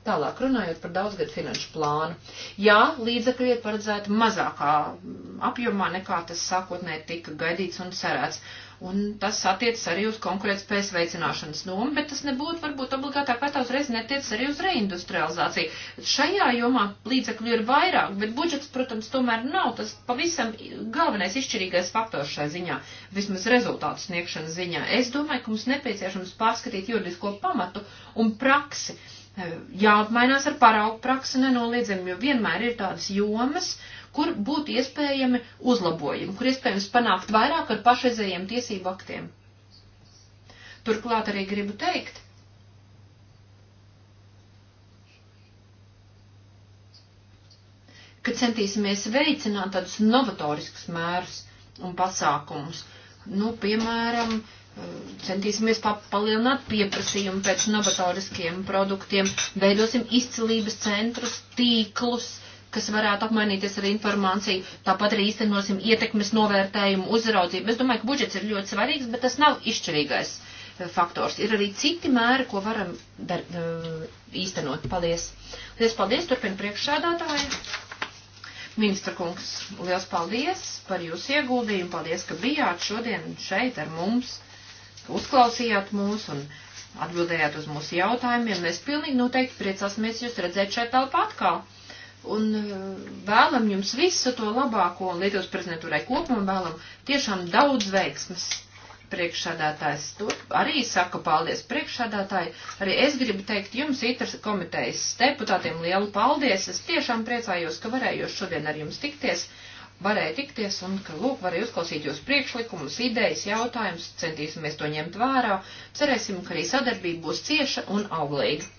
Tālāk runājot par daudzgadu finanšu plānu. Jā, līdzekļi ir paredzēti mazākā apjomā nekā tas sākotnē tika gaidīts un cerēts. Un tas attiecas arī uz konkurētspējas veicināšanas nomu, bet tas nebūtu varbūt obligātā kārtā uzreiz netiecas arī uz reindustrializāciju. Šajā jomā līdzekļu ir vairāk, bet budžets, protams, tomēr nav tas pavisam galvenais izšķirīgais faktors šai ziņā, vismaz rezultātu sniegšanas ziņā. Es domāju, ka mums nepieciešams pārskatīt juridisko pamatu un praksi Eh, jāapmainās ar paraugu praksi nenoliedzami, jo vienmēr ir tādas jomas, kur būtu iespējami uzlabojumi, kur iespējams panākt vairāk ar pašreizējiem tiesību aktiem. Turklāt arī gribu teikt, ka centīsimies veicināt tādus novatoriskus mērus un pasākumus. Nu, piemēram, uh, centīsimies palielināt pieprasījumu pēc novatoriskiem produktiem, veidosim izcilības centrus, tīklus, kas varētu apmainīties ar informāciju, tāpat arī īstenosim ietekmes novērtējumu, uzraudzību. Es domāju, ka budžets ir ļoti svarīgs, bet tas nav izšķirīgais eh, faktors. Ir arī citi mēri, ko varam dar, eh, īstenot. Paldies! Lies paldies! Turpin priekšsādātāji! Ministra kungs, liels paldies par jūsu ieguldījumu, paldies, ka bijāt šodien šeit ar mums! uzklausījāt mūs un atbildējāt uz mūsu jautājumiem. Mēs pilnīgi noteikti priecāsimies jūs redzēt šeit telpā atkal. Un eh, vēlam jums visu to labāko un Lietuvas prezidentūrai kopumā vēlam tiešām daudz veiksmes. Priekšsādātājs to arī saka paldies priekšsādātāji. Arī es gribu teikt jums, itras komitejas deputātiem, lielu paldies. Es tiešām priecājos, ka varēju šodien ar jums tikties varēja tikties un ka, lūk, varēja uzklausīt jūs priekšlikumus, idejas, jautājumus, centīsimies to ņemt vērā. Cerēsim, ka arī sadarbība būs cieša un auglīga.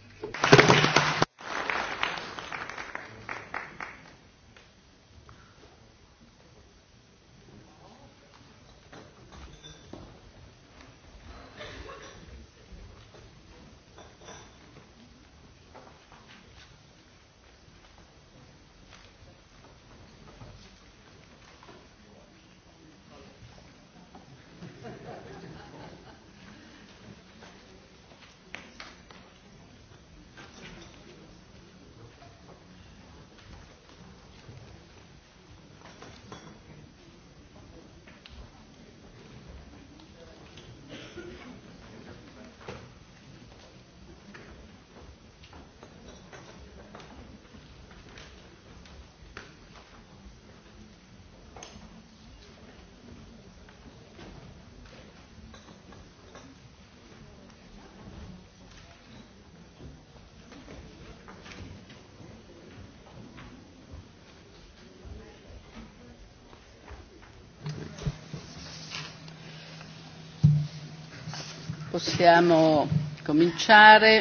Possiamo cominciare.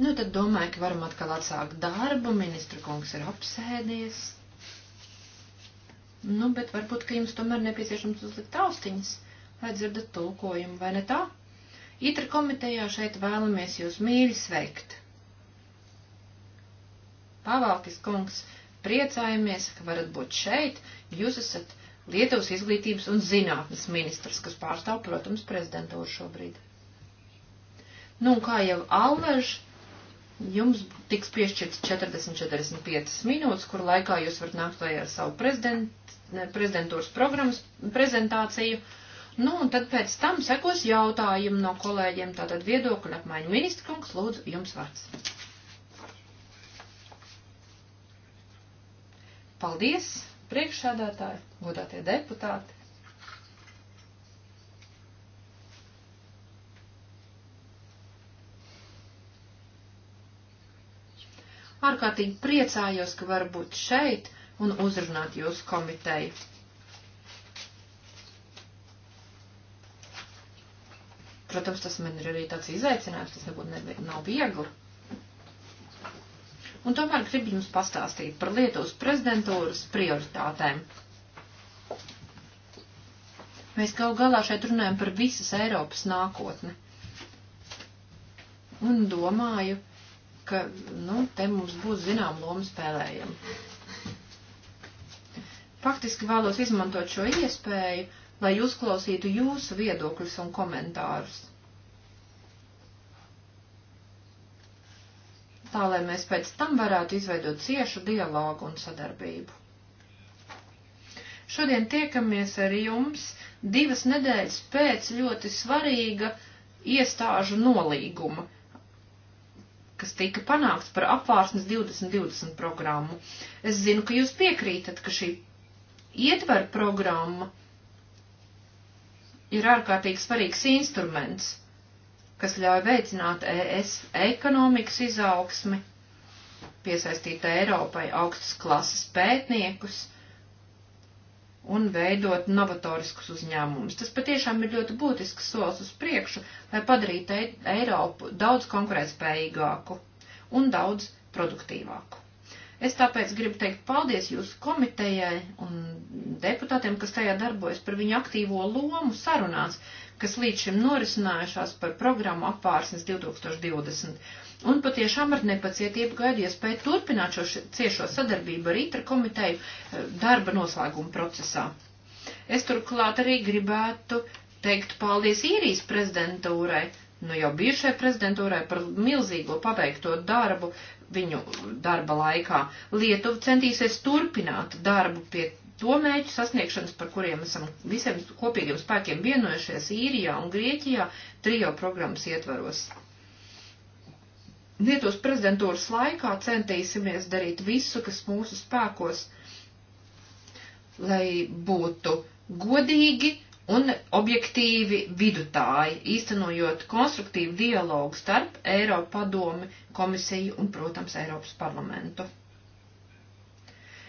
Nu, tad domāju, ka varam atkal atsākt darbu. Ministra kungs ir apsēdies. Nu, bet varbūt, ka jums tomēr nepieciešams uzlikt austiņas, lai dzirdat tulkojumu, vai ne tā? Itra komitejā šeit vēlamies jūs mīļi sveikt. Pavalkis kungs, priecājamies, ka varat būt šeit. Jūs esat Lietuvas izglītības un zinātnes ministrs, kas pārstāv, protams, prezidentūru šobrīd. Nu, un kā jau Almež, jums tiks piešķirts 40-45 minūtes, kur laikā jūs varat nākt klajā ar savu prezident, prezidentūras programmas prezentāciju. Nu, un tad pēc tam sekos jautājumi no kolēģiem, tātad viedokļu apmaiņu. Ministra kungs, lūdzu, jums vārds. Paldies, priekšsādātāji, godātie deputāti. ārkārtīgi priecājos, ka var būt šeit un uzrunāt jūsu komiteju. Protams, tas man ir arī tāds izaicinājums, tas nebūtu nav viegli. Un tomēr gribu jums pastāstīt par Lietuvas prezidentūras prioritātēm. Mēs kaut galā šeit runājam par visas Eiropas nākotni. Un domāju, ka, nu, te mums būs zinām loma spēlējama. Faktiski vēlos izmantot šo iespēju, lai uzklausītu jūsu viedokļus un komentārus. Tā, lai mēs pēc tam varētu izveidot ciešu dialogu un sadarbību. Šodien tiekamies ar jums divas nedēļas pēc ļoti svarīga iestāžu nolīguma, kas tika panākts par apvārsnes 2020 programmu. Es zinu, ka jūs piekrītat, ka šī ietver programma ir ārkārtīgi svarīgs instruments, kas ļauj veicināt ES ekonomikas izaugsmi, piesaistīt Eiropai augstas klases pētniekus un veidot novatoriskus uzņēmumus. Tas patiešām ir ļoti būtisks solis uz priekšu, lai padarītu e- Eiropu daudz konkurētspējīgāku un daudz produktīvāku. Es tāpēc gribu teikt paldies jūsu komitejai un deputātiem, kas tajā darbojas par viņu aktīvo lomu sarunās, kas līdz šim norisinājušās par programmu apvārsnes 2020 un patiešām ar nepacietību gaidu iespēju turpināt šo ciešo sadarbību ar ITRA komiteju eh, darba noslēguma procesā. Es turklāt arī gribētu teikt paldies īrijas prezidentūrai, nu jau bijušai prezidentūrai par milzīgo paveikto darbu viņu darba laikā. Lietuva centīsies turpināt darbu pie to mērķu sasniegšanas, par kuriem esam visiem kopīgiem spēkiem vienojušies īrijā un Grieķijā trijo programmas ietvaros. Lietuvas prezidentūras laikā centīsimies darīt visu, kas mūsu spēkos, lai būtu godīgi un objektīvi vidutāji, īstenojot konstruktīvu dialogu starp Eiropa padomi, komisiju un, protams, Eiropas parlamentu.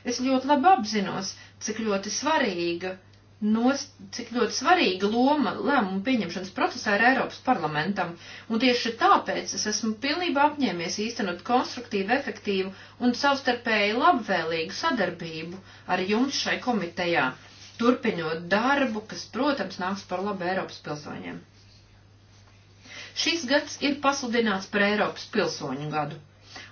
Es ļoti labi apzinos, cik ļoti svarīga nost, cik ļoti svarīga loma lēmumu pieņemšanas procesā ir Eiropas parlamentam, un tieši tāpēc es esmu pilnībā apņēmies īstenot konstruktīvu, efektīvu un savstarpēji labvēlīgu sadarbību ar jums šai komitejā, turpinot darbu, kas, protams, nāks par labu Eiropas pilsoņiem. Šis gads ir pasludināts par Eiropas pilsoņu gadu.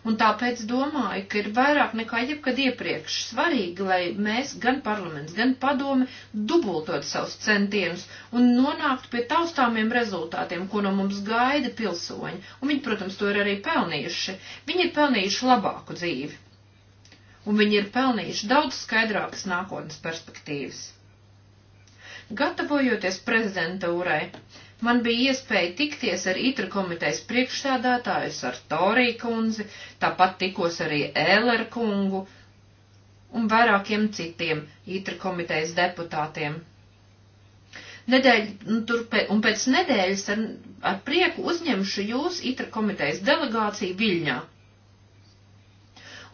Un tāpēc domāju, ka ir vairāk nekā jebkad iepriekš svarīgi, lai mēs, gan parlaments, gan padome, dubultot savus centienus un nonāktu pie taustāmiem rezultātiem, ko no mums gaida pilsoņi. Un viņi, protams, to ir arī pelnījuši. Viņi ir pelnījuši labāku dzīvi. Un viņi ir pelnījuši daudz skaidrākas nākotnes perspektīvas. Gatavojoties prezidentūrai, Man bija iespēja tikties ar itra komitejas priekšstādātājus, ar Torī kundzi, tāpat tikos arī Ēler kungu un vairākiem citiem itra komitejas deputātiem. Nedēļ, un, nu, turpē, un pēc nedēļas ar, ar prieku uzņemšu jūs itra komitejas delegāciju Viļņā.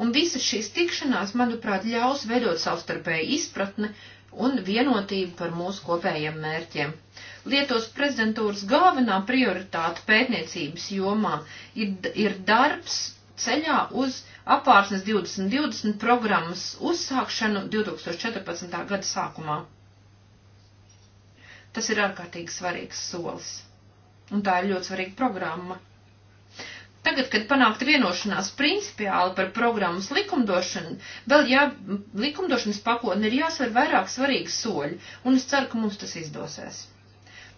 Un visas šīs tikšanās, manuprāt, ļaus veidot savstarpēju izpratni un vienotību par mūsu kopējiem mērķiem. Lietuvas prezidentūras galvenā prioritāte pētniecības jomā ir, ir darbs ceļā uz apvārsnes 2020 programmas uzsākšanu 2014. gada sākumā. Tas ir ārkārtīgi svarīgs solis. Un tā ir ļoti svarīga programma. Tagad, kad panākt vienošanās principiāli par programmas likumdošanu, vēl jā, likumdošanas pakotne ir jāsver vairāk svarīgi soļi, un es ceru, ka mums tas izdosies.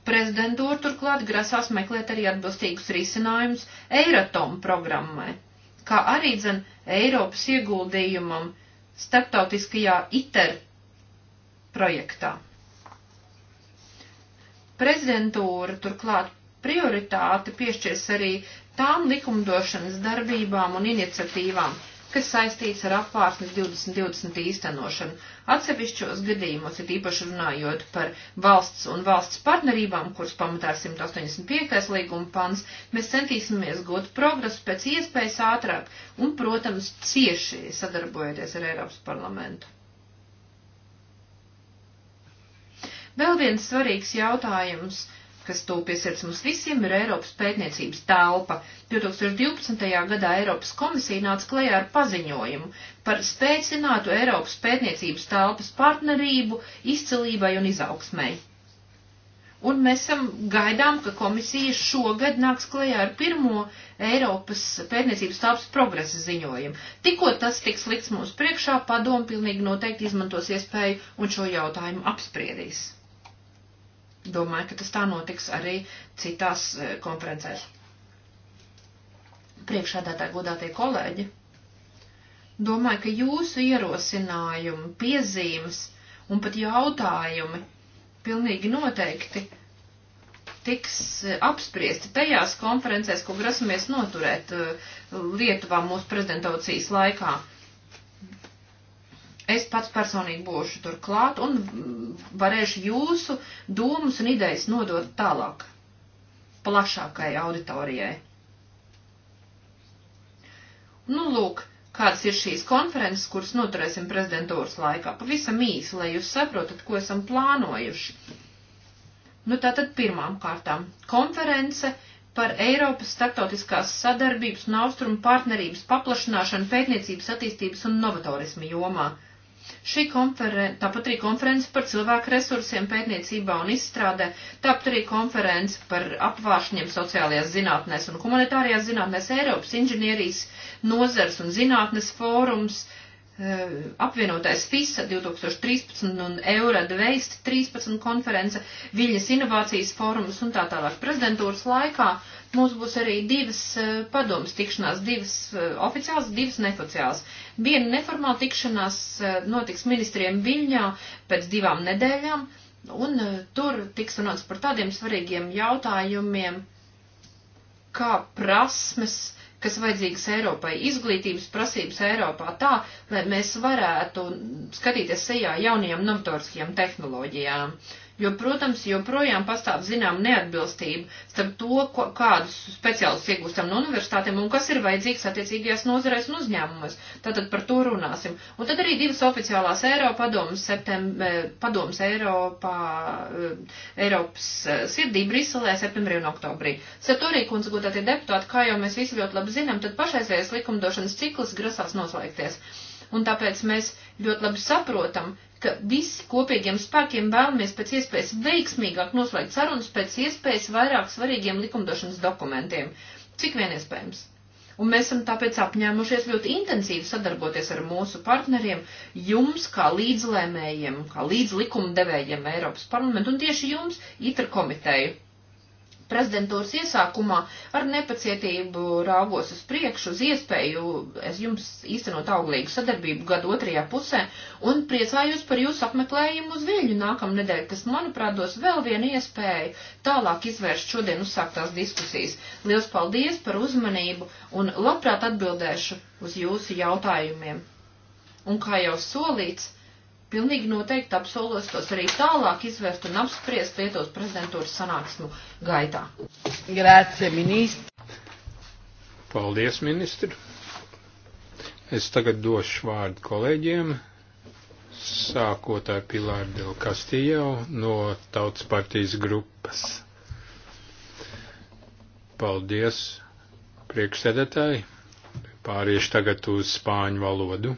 Prezidentūra turklāt grasās meklēt arī atbilstīgus risinājumus Eiratom programmai, kā arī dzen Eiropas ieguldījumam starptautiskajā ITER projektā. Prezidentūra turklāt prioritāti piešķirs arī tām likumdošanas darbībām un iniciatīvām, kas saistīts ar apvārsnes 2020 īstenošanu. Atsevišķos gadījumos ir īpaši runājot par valsts un valsts partnerībām, kuras pamatā 185. līguma pants, mēs centīsimies gūt progresu pēc iespējas ātrāk un, protams, cieši sadarbojoties ar Eiropas parlamentu. Vēl viens svarīgs jautājums kas tūpiesiets mums visiem, ir Eiropas pētniecības telpa. 2012. gadā Eiropas komisija nāca klajā ar paziņojumu par spēcinātu Eiropas pētniecības telpas partnerību izcilībai un izaugsmai. Un mēs esam gaidām, ka komisija šogad nāks klajā ar pirmo Eiropas pētniecības telpas progresa ziņojumu. Tikko tas tiks likts mums priekšā, padomu pilnīgi noteikti izmantos iespēju un šo jautājumu apspriedīs. Domāju, ka tas tā notiks arī citās e, konferencēs. Priekšādātāji godātie kolēģi, domāju, ka jūsu ierosinājumi, piezīmes un pat jautājumi pilnīgi noteikti tiks e, apspriesti tajās konferencēs, ko grasamies noturēt e, Lietuvā mūsu prezentācijas laikā. Es pats personīgi būšu tur klāt un varēšu jūsu domas un idejas nodot tālāk, plašākai auditorijai. Nu, lūk, kādas ir šīs konferences, kuras noturēsim prezidentūras laikā. Pavisam īsi, lai jūs saprotat, ko esam plānojuši. Nu, tātad pirmām kārtām konference par Eiropas starptautiskās sadarbības un austrumu partnerības paplašināšanu pētniecības attīstības un novatorismu jomā. Šī konference, tāpat arī konference par cilvēku resursiem pētniecībā un izstrādē, tāpat arī konference par apvāršņiem sociālajās zinātnēs un humanitārajās zinātnēs Eiropas inženierijas nozars un zinātnes fórums, eh, apvienotais FISA 2013 un Eurad Veist 13 konference, Viļas inovācijas fórums un tā tālāk prezidentūras laikā Mums būs arī divas eh, padomas tikšanās, divas eh, oficiāls, divas neoficiāls. Viena neformāla tikšanās eh, notiks ministriem Viļņā pēc divām nedēļām, un tur tiks runāts par tādiem svarīgiem jautājumiem, kā prasmes, kas vajadzīgas Eiropai, izglītības prasības Eiropā tā, lai mēs varētu skatīties sejā jaunajām novatoriskajām tehnoloģijām. Uh, jo, protams, joprojām pastāv zinām neatbilstība starp to, ko, kādus speciālus iegūstam no universitātiem un kas ir vajadzīgs attiecīgajās nozarēs un uzņēmumos. Tātad par to runāsim. Un tad arī divas oficiālās Eiropadomas, eh, padomas Eiropā, eh, Eiropas eh, sirdī Briselē septembrī un oktobrī. Satorī, kundze, godātie deputāti, kā jau mēs visi ļoti labi zinām, tad pašreizējais likumdošanas cikls grasās noslēgties. Un tāpēc mēs ļoti labi saprotam, ka visi kopīgiem spēkiem vēlamies pēc iespējas veiksmīgāk noslēgt sarunas pēc iespējas vairāk svarīgiem likumdošanas dokumentiem, cik vien iespējams. Un mēs esam tāpēc apņēmušies ļoti intensīvi sadarboties ar mūsu partneriem, jums kā līdzlēmējiem, kā līdzlikumdevējiem Eiropas parlamentu un tieši jums, ITR komiteju prezidentūras iesākumā ar nepacietību raugos uz priekšu, uz iespēju es jums īstenot auglīgu sadarbību gadu otrajā pusē un priecājos par jūsu apmeklējumu uz Viļņu nākamnedēļ, kas, manuprāt, dos vēl vienu iespēju tālāk izvērst šodien uzsāktās diskusijas. Liels paldies par uzmanību un labprāt atbildēšu uz jūsu jautājumiem. Un kā jau solīts, pilnīgi noteikti apsolos tos arī tālāk izvērst un apspriest Lietuvas prezidentūras sanāksmu gaitā. Grācie, ministri! Paldies, ministri! Es tagad došu vārdu kolēģiem, sākot ar Pilāru Del Castillo no Tautas partijas grupas. Paldies, priekšsēdētāji! Pāriešu tagad uz spāņu valodu.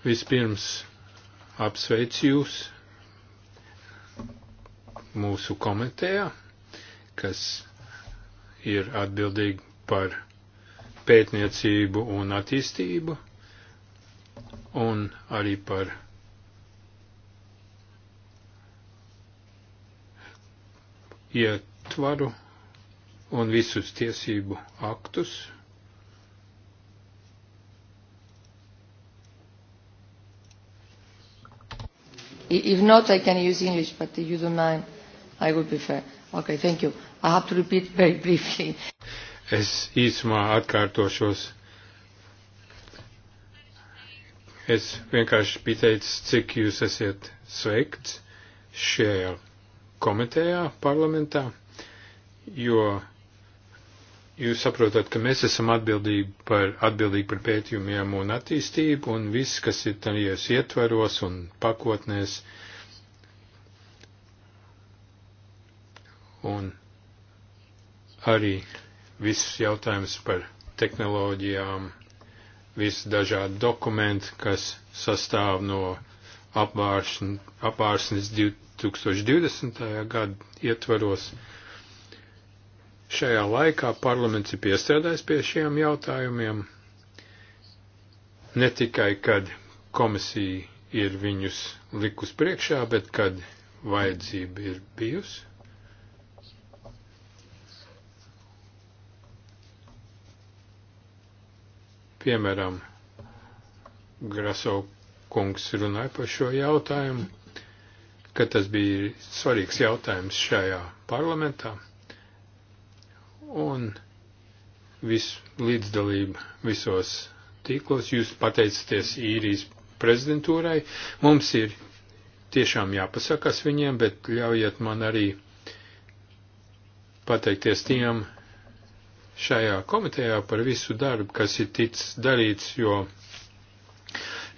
Vispirms apsveicu jūs mūsu komitejā, kas ir atbildīgi par pētniecību un attīstību, un arī par ietvaru un visus tiesību aktus, If not, I can use English, but if you don't mind, I would prefer. Okay, thank you. I have to repeat [laughs] very briefly. Es īsumā atkārtošos. Es vienkārši biju teicis, cik jūs esiet sveikts šajā komitejā parlamentā, jo jūs saprotat, ka mēs esam atbildīgi par, atbildīgi par pētījumiem un attīstību, un viss, kas ir tajos ietvaros un pakotnēs. Un arī viss jautājums par tehnoloģijām, visi dažādi dokumenti, kas sastāv no apvāršņ, apvāršanas 2020. gada ietvaros. Mm Šajā laikā parlaments ir piestrādājis pie šiem jautājumiem, ne tikai kad komisija ir viņus likus priekšā, bet kad vajadzība ir bijusi. Piemēram, Graso kungs runāja par šo jautājumu, ka tas bija svarīgs jautājums šajā parlamentā un visu līdzdalību visos tīklos. Jūs pateicaties īrijas prezidentūrai. Mums ir tiešām jāpasakas viņiem, bet ļaujiet man arī pateikties tiem šajā komitejā par visu darbu, kas ir ticis darīts, jo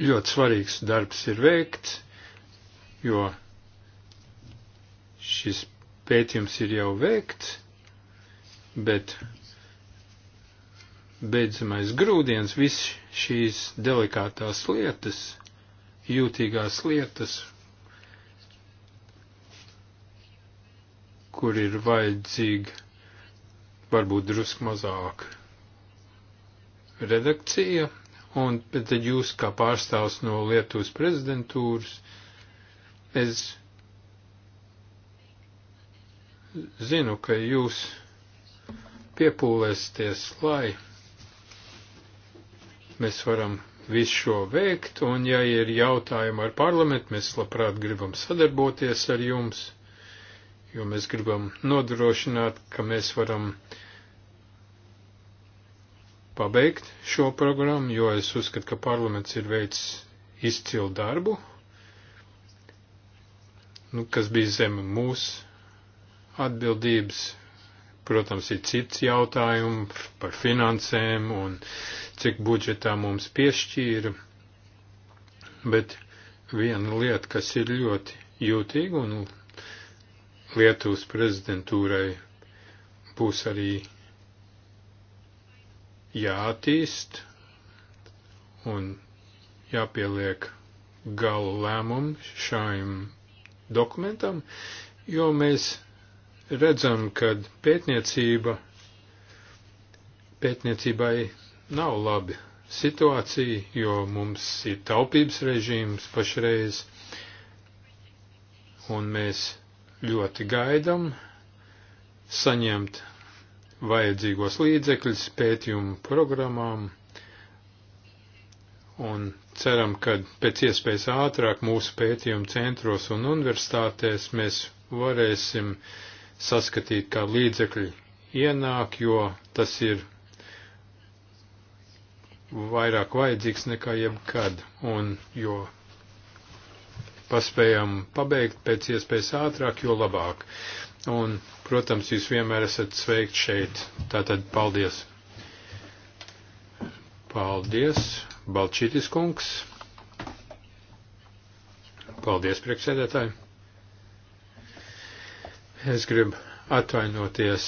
ļoti svarīgs darbs ir veikts, jo šis pētījums ir jau veikts bet beidzamais grūdienis, viss šīs delikātās lietas, jūtīgās lietas, kur ir vajadzīga varbūt drusku mazāk redakcija, un tad jūs kā pārstāvs no Lietuvas prezidentūras, es zinu, ka jūs piepūlēsties, lai mēs varam visu šo veikt, un ja ir jautājumi ar parlamentu, mēs labprāt gribam sadarboties ar jums, jo mēs gribam nodrošināt, ka mēs varam pabeigt šo programmu, jo es uzskatu, ka parlaments ir veids izcilu darbu, nu, kas bija zem mūsu atbildības Protams, ir cits jautājums par finansēm un cik budžetā mums piešķīra, bet viena lieta, kas ir ļoti jūtīga un Lietuvas prezidentūrai būs arī jātīst un jāpieliek gala lēmumu šajam dokumentam, jo mēs redzam, ka pētniecība, pētniecībai nav labi situācija, jo mums ir taupības režīms pašreiz, un mēs ļoti gaidam saņemt vajadzīgos līdzekļus pētījumu programām, un ceram, ka pēc iespējas ātrāk mūsu pētījumu centros un universitātēs mēs varēsim uh, saskatīt, kā līdzekļi ienāk, jo tas ir vairāk vajadzīgs nekā jebkad, un jo paspējam pabeigt pēc iespējas ātrāk, jo labāk. Un, protams, jūs vienmēr esat sveikti šeit, tātad paldies. Paldies, Balčītis kungs. Paldies, priekšsēdētāji. Es gribu atvainoties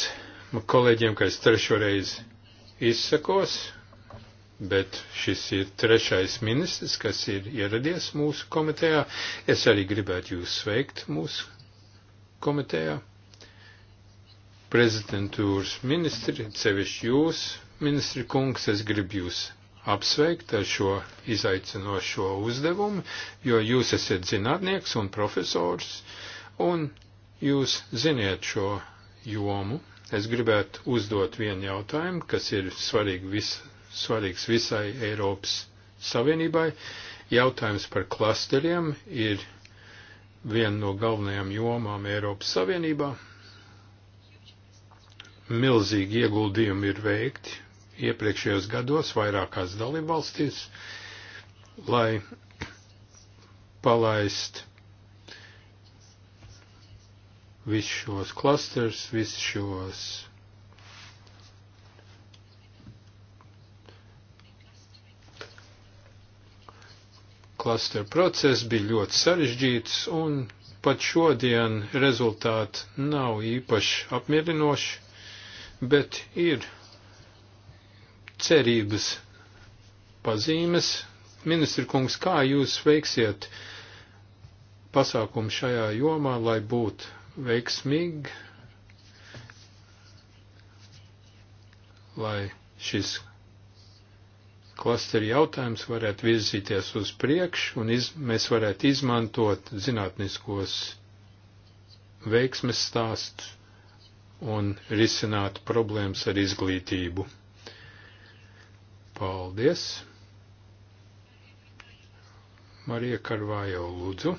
kolēģiem, ka es trešo reizi izsakos, bet šis ir trešais ministrs, kas ir ieradies mūsu komitejā. Es arī gribētu jūs sveikt mūsu komitejā. Prezidentūras ministri, sevišķi jūs, ministri kungs, es gribu jūs apsveikt ar šo izaicinošo uzdevumu, jo jūs esat zinātnieks un profesors, un Jūs ziniet šo jomu. Es gribētu uzdot vienu jautājumu, kas ir svarīgi vis, svarīgs visai Eiropas Savienībai. Jautājums par klasteriem ir viena no galvenajām jomām Eiropas Savienībā. Milzīgi ieguldījumi ir veikti iepriekšējos gados vairākās dalībvalstīs, lai palaist visus šos klasters, visus šos klasteru process bija ļoti sarežģīts un pat šodien rezultāti nav īpaši apmierinoši, bet ir cerības pazīmes. Ministri kungs, kā jūs veiksiet pasākumu šajā jomā, lai būtu veiksmīgi, lai šis klasteri jautājums varētu virzīties uz priekšu un iz, mēs varētu izmantot zinātniskos veiksmes stāstus un risināt problēmas ar izglītību. Paldies! Marija Karvājo lūdzu.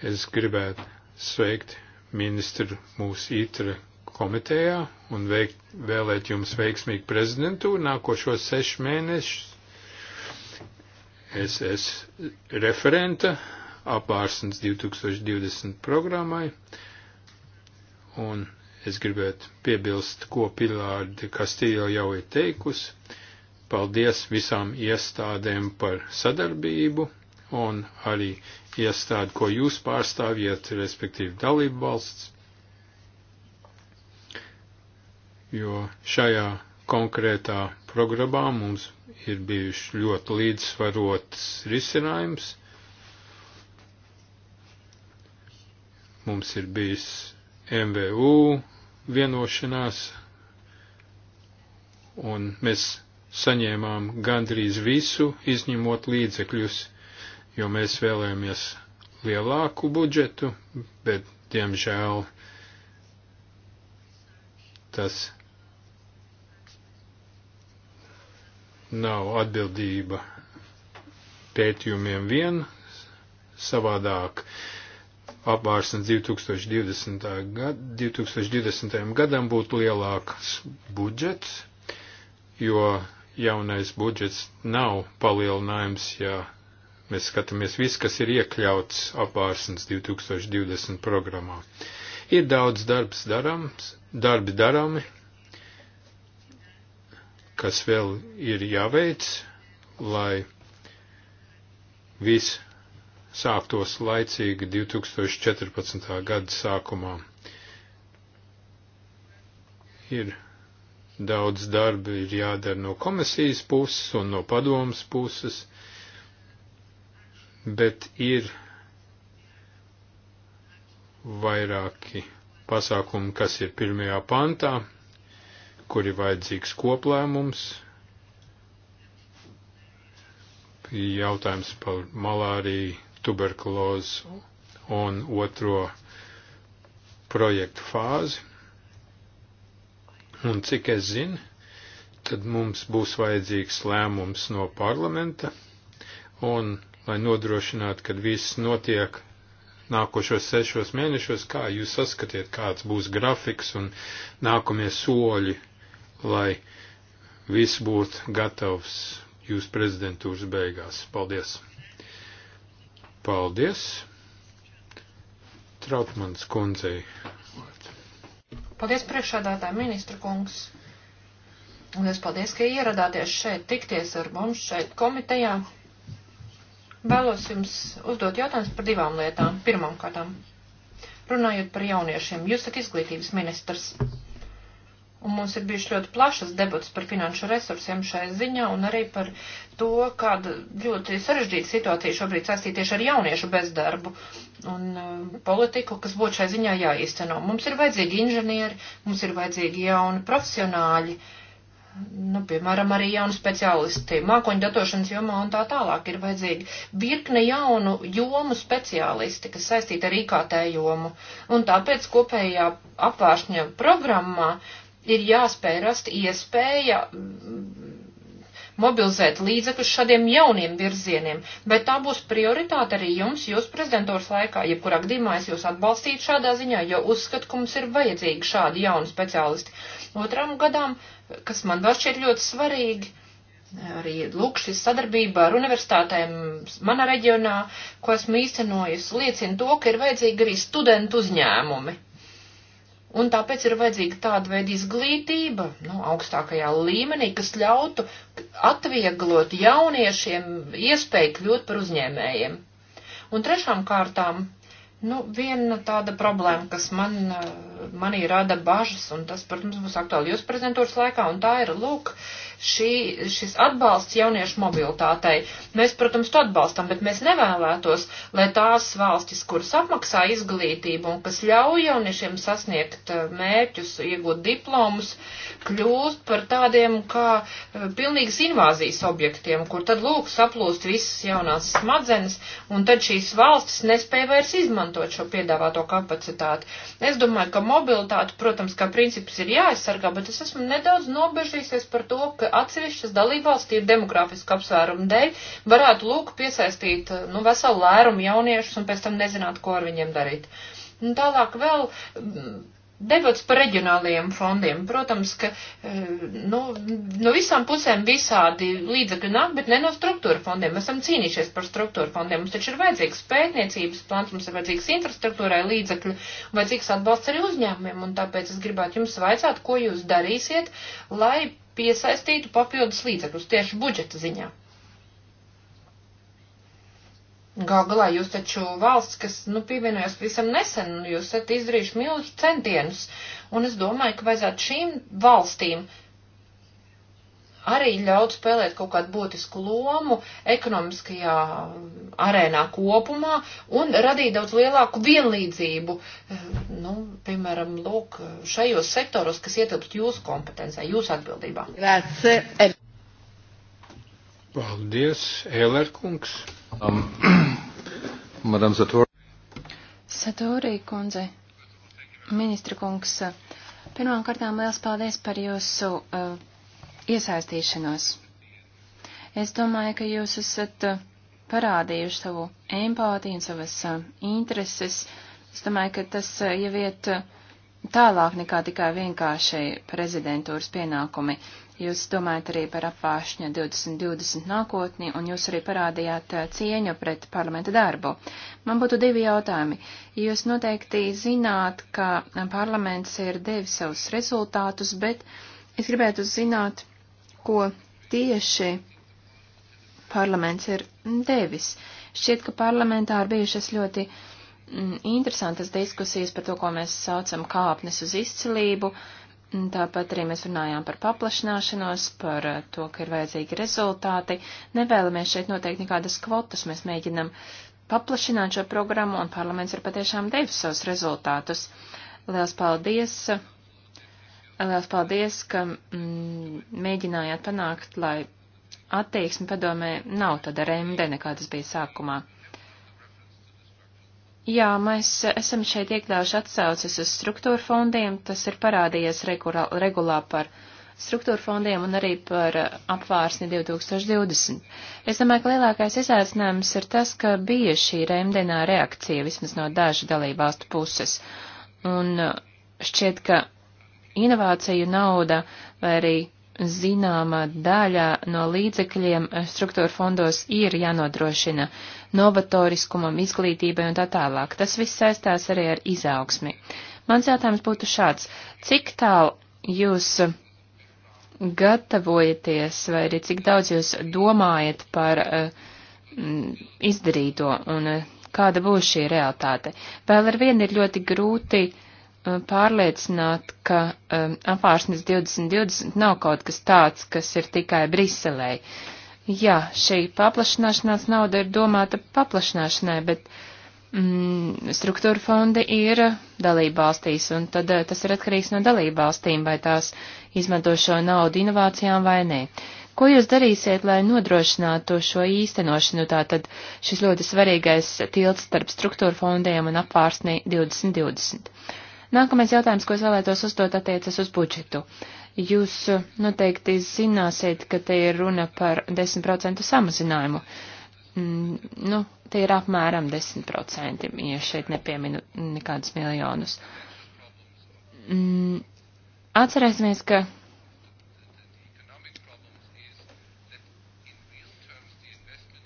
Es gribētu sveikt ministru mūsu ītra komitejā un veikt, vēlēt jums veiksmīgu prezidentūru nākošo sešu mēnešu. Es esmu referenta apārsnes 2020 programmai un es gribētu piebilst, ko Pilārdi Kastīla jau ir teikusi. Paldies visām iestādēm par sadarbību un arī iestādi, ko jūs pārstāvjat, respektīvi dalību valsts, jo šajā konkrētā programmā mums ir bijuši ļoti līdzsvarots risinājums. Mums ir bijis MVU vienošanās, un mēs saņēmām gandrīz visu, izņemot līdzekļus jo mēs vēlējamies lielāku budžetu, bet, diemžēl, tas nav atbildība pētījumiem vien, savādāk apvārsnes 2020. Gad, 2020. gadam būtu lielāks budžets, jo jaunais budžets nav palielinājums, ja Mēs skatāmies visu, kas ir iekļauts apvārsnes 2020 programmā. Ir daudz darbs darams, darbi darami, kas vēl ir jāveic, lai viss sāktos laicīgi 2014. gada sākumā. Ir daudz darba ir jādara no komisijas puses un no padomas puses, bet ir vairāki pasākumi, kas ir pirmajā pantā, kur ir vajadzīgs koplēmums, jautājums par malāriju, tuberkulozu un otro projektu fāzi. Un cik es zinu, tad mums būs vajadzīgs lēmums no parlamenta, un lai nodrošinātu, ka viss notiek nākošos sešos mēnešos, kā jūs saskatiet, kāds būs grafiks un nākamie soļi, lai viss būtu gatavs jūsu prezidentūras beigās. Paldies! Paldies! Trautmans kundzei. Paldies priekšādātāji ministru kungs. Un es paldies, ka ieradāties šeit tikties ar mums šeit komitejā. Vēlos jums uzdot jautājumus par divām lietām. Pirmām kārtām, runājot par jauniešiem, jūs esat izglītības ministrs. Un mums ir bijuši ļoti plašas debats par finanšu resursiem šai ziņā un arī par to, kāda ļoti sarežģīta situācija šobrīd saistīta tieši ar jauniešu bezdarbu un uh, politiku, kas būtu šai ziņā jāīsteno. Mums ir vajadzīgi inženieri, mums ir vajadzīgi jauni profesionāļi. Uh, nu, piemēram, arī jauni speciālisti mākoņu datošanas jomā un tā tālāk ir vajadzīgi virkne jaunu jomu speciālisti, kas saistīti ar IKT jomu. Un tāpēc kopējā apvāršņa programmā ir jāspēj rast iespēja mm, mobilizēt līdzekļus šādiem jauniem virzieniem, bet tā būs prioritāte arī jums, jūs prezidentūras laikā, jebkurā gadījumā es jūs atbalstītu šādā ziņā, jo uzskatu, ka mums ir vajadzīgi šādi jauni speciālisti. Otram gadām uh, kas man vēl šķiet ļoti svarīgi, arī lūk šī sadarbība ar universitātēm manā reģionā, ko esmu īstenojis, liecina to, ka ir vajadzīgi arī studentu uzņēmumi. Un tāpēc ir vajadzīga tāda veida izglītība, nu, augstākajā līmenī, kas ļautu atvieglot jauniešiem iespēju kļūt par uzņēmējiem. Un trešām kārtām Nu, viena tāda problēma, kas man, eh, manī rada bažas, un tas, protams, būs aktuāli jūsu prezidentūras laikā, un tā ir, lūk, uh, šī, šis atbalsts jauniešu mobilitātei. Mēs, protams, to atbalstam, bet mēs nevēlētos, lai tās valstis, kuras apmaksā izglītību un kas ļauj jauniešiem sasniegt eh, mērķus, iegūt diplomus, kļūst par tādiem kā eh, pilnīgas invāzijas objektiem, kur tad lūk saplūst visas jaunās smadzenes, un tad šīs valstis nespēja vairs izmantot šo piedāvāto kapacitāti. Es domāju, ka mobilitāte, protams, kā princips ir jāaizsargā, bet es esmu nedaudz nobežīsies par to, ka atsevišķas dalībvalsts, tīri demografisku apsvērumu dēļ, varētu lūk piesaistīt, eh, nu, veselu lērumu jauniešus un pēc tam nezināt, ko ar viņiem darīt. Un tālāk vēl mm, debats par reģionālajiem fondiem. Protams, ka eh, nu, no visām pusēm visādi līdzekļi nāk, bet ne no struktūra fondiem. Mēs esam cīnījušies par struktūra fondiem. Mums taču ir vajadzīgs pētniecības plāns, mums ir vajadzīgs infrastruktūrai līdzekļi, vajadzīgs atbalsts arī uzņēmumiem. Un tāpēc es gribētu jums vaicāt, ko jūs darīsiet, lai piesaistītu papildus līdzekļus tieši budžeta ziņā. Gal galā jūs taču valsts, kas, nu, pievienojas visam nesen, jūs esat izdarījuši milzu centienus, un es domāju, ka vajadzētu šīm valstīm uh, arī ļaut spēlēt kaut kādu būtisku lomu ekonomiskajā mm, arēnā kopumā un radīt daudz lielāku vienlīdzību, eh, nu, piemēram, lūk, šajos sektoros, kas ietilpst jūsu kompetencē, jūsu atbildībā. Paldies, Ēlerkungs. Um, [clears throat] Madam Satori. Satori kundze, ministra kungs, pirmām kārtām liels paldies par jūsu uh, iesaistīšanos. Es domāju, ka jūs esat uh, parādījuši savu empātiju un savas uh, intereses. Es domāju, ka tas uh, jau iet tālāk nekā tikai vienkārši prezidentūras pienākumi. Jūs domājat arī par apvāršņa 2020 nākotni, un jūs arī parādījāt cieņu pret parlamenta darbu. Man būtu divi jautājumi. Jūs noteikti zināt, ka um, parlaments ir devis savus rezultātus, bet es gribētu zināt, ko tieši parlaments ir devis. Šķiet, ka parlamentā ir bijušas ļoti mm, interesantas diskusijas par to, ko mēs saucam kāpnes uz izcilību. Mm, Tāpat arī mēs runājām par paplašināšanos, par eh, to, ka ir vajadzīgi rezultāti. Nevēlamies šeit noteikti nekādas kvotas, mēs mēģinam paplašināt šo programmu, un parlaments ir patiešām devis savus rezultātus. Liels paldies! Liels paldies, ka mm, mēģinājāt panākt, lai attieksme padomē nav tāda remdene, kā tas bija sākumā. Jā, mēs esam šeit iekļāvuši atsauces uz struktūra fondiem, tas ir parādījies regulā, regulā par struktūra fondiem un arī par apvārsni 2020. Es domāju, ka lielākais izaicinājums ir tas, ka bija šī remdenā reakcija vismaz no dažu dalībvalstu puses. Un šķiet, ka inovāciju nauda vai arī zināma daļa no līdzekļiem struktūra fondos ir jānodrošina novatoriskumam, izglītībai un tā tālāk. Tas viss saistās arī ar izaugsmi. Mans jautājums būtu šāds. Cik tālu jūs gatavojaties vai arī cik daudz jūs domājat par uh, izdarīto un uh, kāda būs šī realitāte? Vēl ar vienu ir ļoti grūti uh, Uh, pārliecināt, ka um, apvārsnes 2020 nav kaut kas tāds, kas ir tikai Briselē. Jā, šī paplašināšanās nauda ir domāta paplašināšanai, bet mm, struktūra fondi ir dalībvalstīs, un tad uh, tas ir atkarīgs no dalībvalstīm, vai tās izmanto šo naudu inovācijām vai nē. Ko jūs darīsiet, lai nodrošinātu šo īstenošanu, tātad šis ļoti svarīgais tilts starp struktūra fondiem un apvārsnī 2020? Nākamais jautājums, ko es vēlētos uzdot, attiecas uz budžetu. Jūs noteikti nu, zināsiet, ka te ir runa par 10% samazinājumu. Mm, nu, te ir apmēram 10%, ja šeit nepieminu nekādus miljonus. Mm, atcerēsimies, ka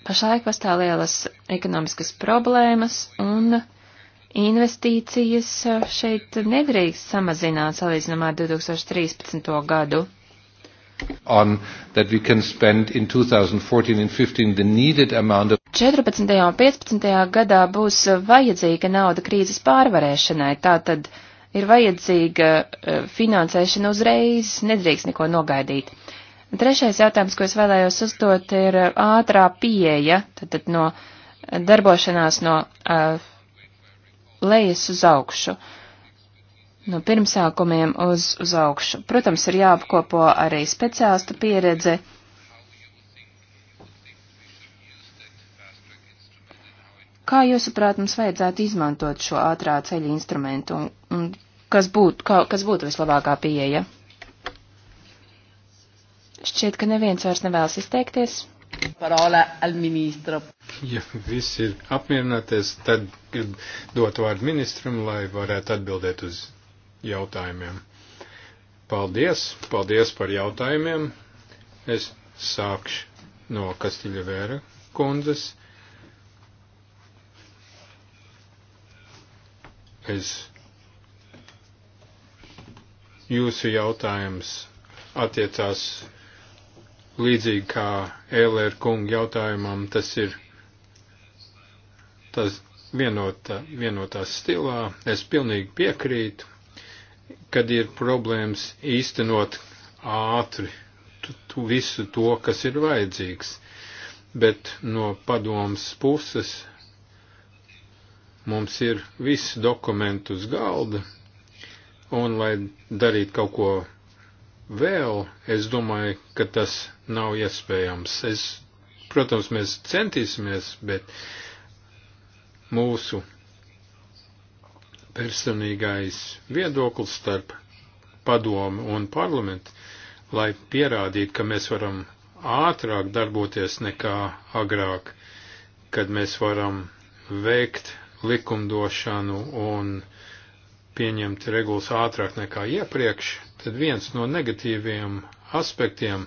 Pašlaik pastāv lielas ekonomiskas problēmas, un Investīcijas eh, šeit nedrīkst samazināt salīdzinām ar 2013. gadu on that we can spend in 2014 and 15 the needed amount of 14. un 15. gadā būs vajadzīga nauda krīzes pārvarēšanai, tātad ir vajadzīga eh, finansēšana uzreiz, nedrīkst neko nogaidīt. Trešais jautājums, ko es vēlējos uzdot, ir eh, ātrā pieeja, tātad no darbošanās no uh, lejas uz augšu, no pirmsākumiem uz, uz augšu. Protams, ir jāapkopo arī speciālistu pieredze. Kā jūsuprāt, mums vajadzētu izmantot šo ātrā ceļa instrumentu un, un kas būtu, kā, kas būtu vislabākā pieeja? Šķiet, ka neviens vairs nevēlas izteikties. Parola al ministro. Ja viss ir apmierināties, tad gribu dot vārdu ministram, lai varētu atbildēt uz jautājumiem. Paldies, paldies par jautājumiem. Es sākšu no Kastiļa Vēra kundzes. Es jūsu jautājums attiecās līdzīgi kā Ēlēra kunga jautājumam, tas ir tas vienotā, vienotā stilā. Es pilnīgi piekrītu, kad ir problēmas īstenot ātri tu, tu visu to, kas ir vajadzīgs. Bet no padomas puses mums ir viss dokumentu uz galda, un lai darītu kaut ko vēl, es domāju, ka tas nav iespējams. Es, protams, mēs centīsimies, bet mūsu personīgais viedoklis starp padomu un parlamentu, lai pierādītu, ka mēs varam ātrāk darboties nekā agrāk, kad mēs varam veikt likumdošanu un pieņemt regulas ātrāk nekā iepriekš, Tad viens no negatīviem aspektiem,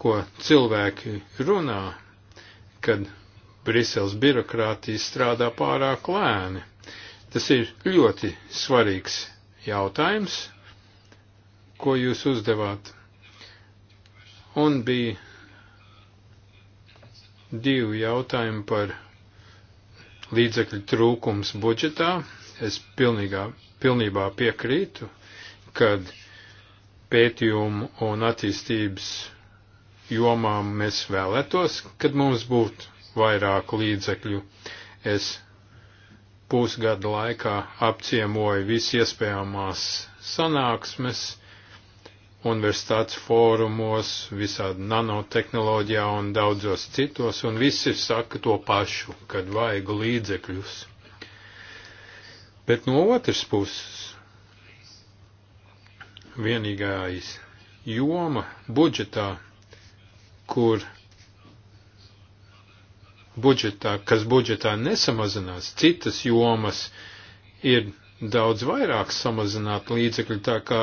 ko cilvēki runā, kad Briseles birokrātija strādā pārāk lēni. Tas ir ļoti svarīgs jautājums, ko jūs uzdevāt. Un bija divi jautājumi par līdzekļu trūkums budžetā. Es pilnīgā, pilnībā piekrītu kad pētījumu un attīstības jomām mēs vēlētos, kad mums būtu vairāk līdzekļu. Es pusgada laikā apciemoju visu iespējamās sanāksmes, universitātes fórumos, visādi nanotehnoloģijā un daudzos citos, un visi saka to pašu, kad vajag līdzekļus. Bet no otras puses vienīgais joma budžetā, kur budžetā, kas budžetā nesamazinās, citas jomas ir daudz vairāk samazināt līdzekļu, tā kā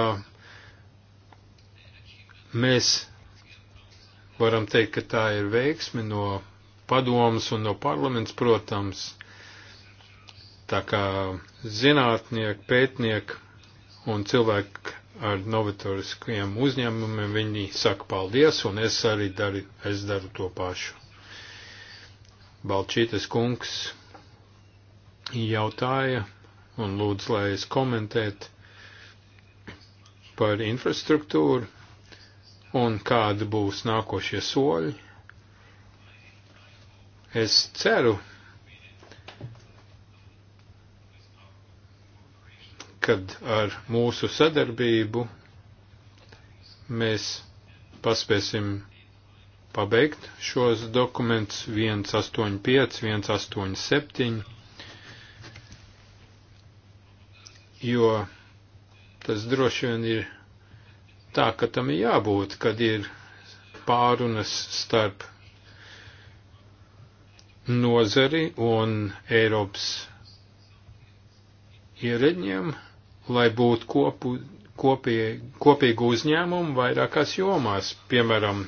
mēs varam teikt, ka tā ir veiksme no padomas un no parlaments, protams, tā kā zinātnieki, pētnieki un cilvēki, ar novatoriskajiem uzņēmumiem, viņi saka paldies, un es arī daru, es daru to pašu. Balčītes kungs jautāja un lūdz, lai es komentētu par infrastruktūru un kādi būs nākošie soļi. Es ceru, kad ar mūsu sadarbību mēs paspēsim pabeigt šos dokumentus 185, 187, jo tas droši vien ir tā, ka tam ir jābūt, kad ir pārunas starp nozari un Eiropas ierēģiem, lai būtu kopu, kopie, kopīgu uzņēmumu vairākās jomās, piemēram,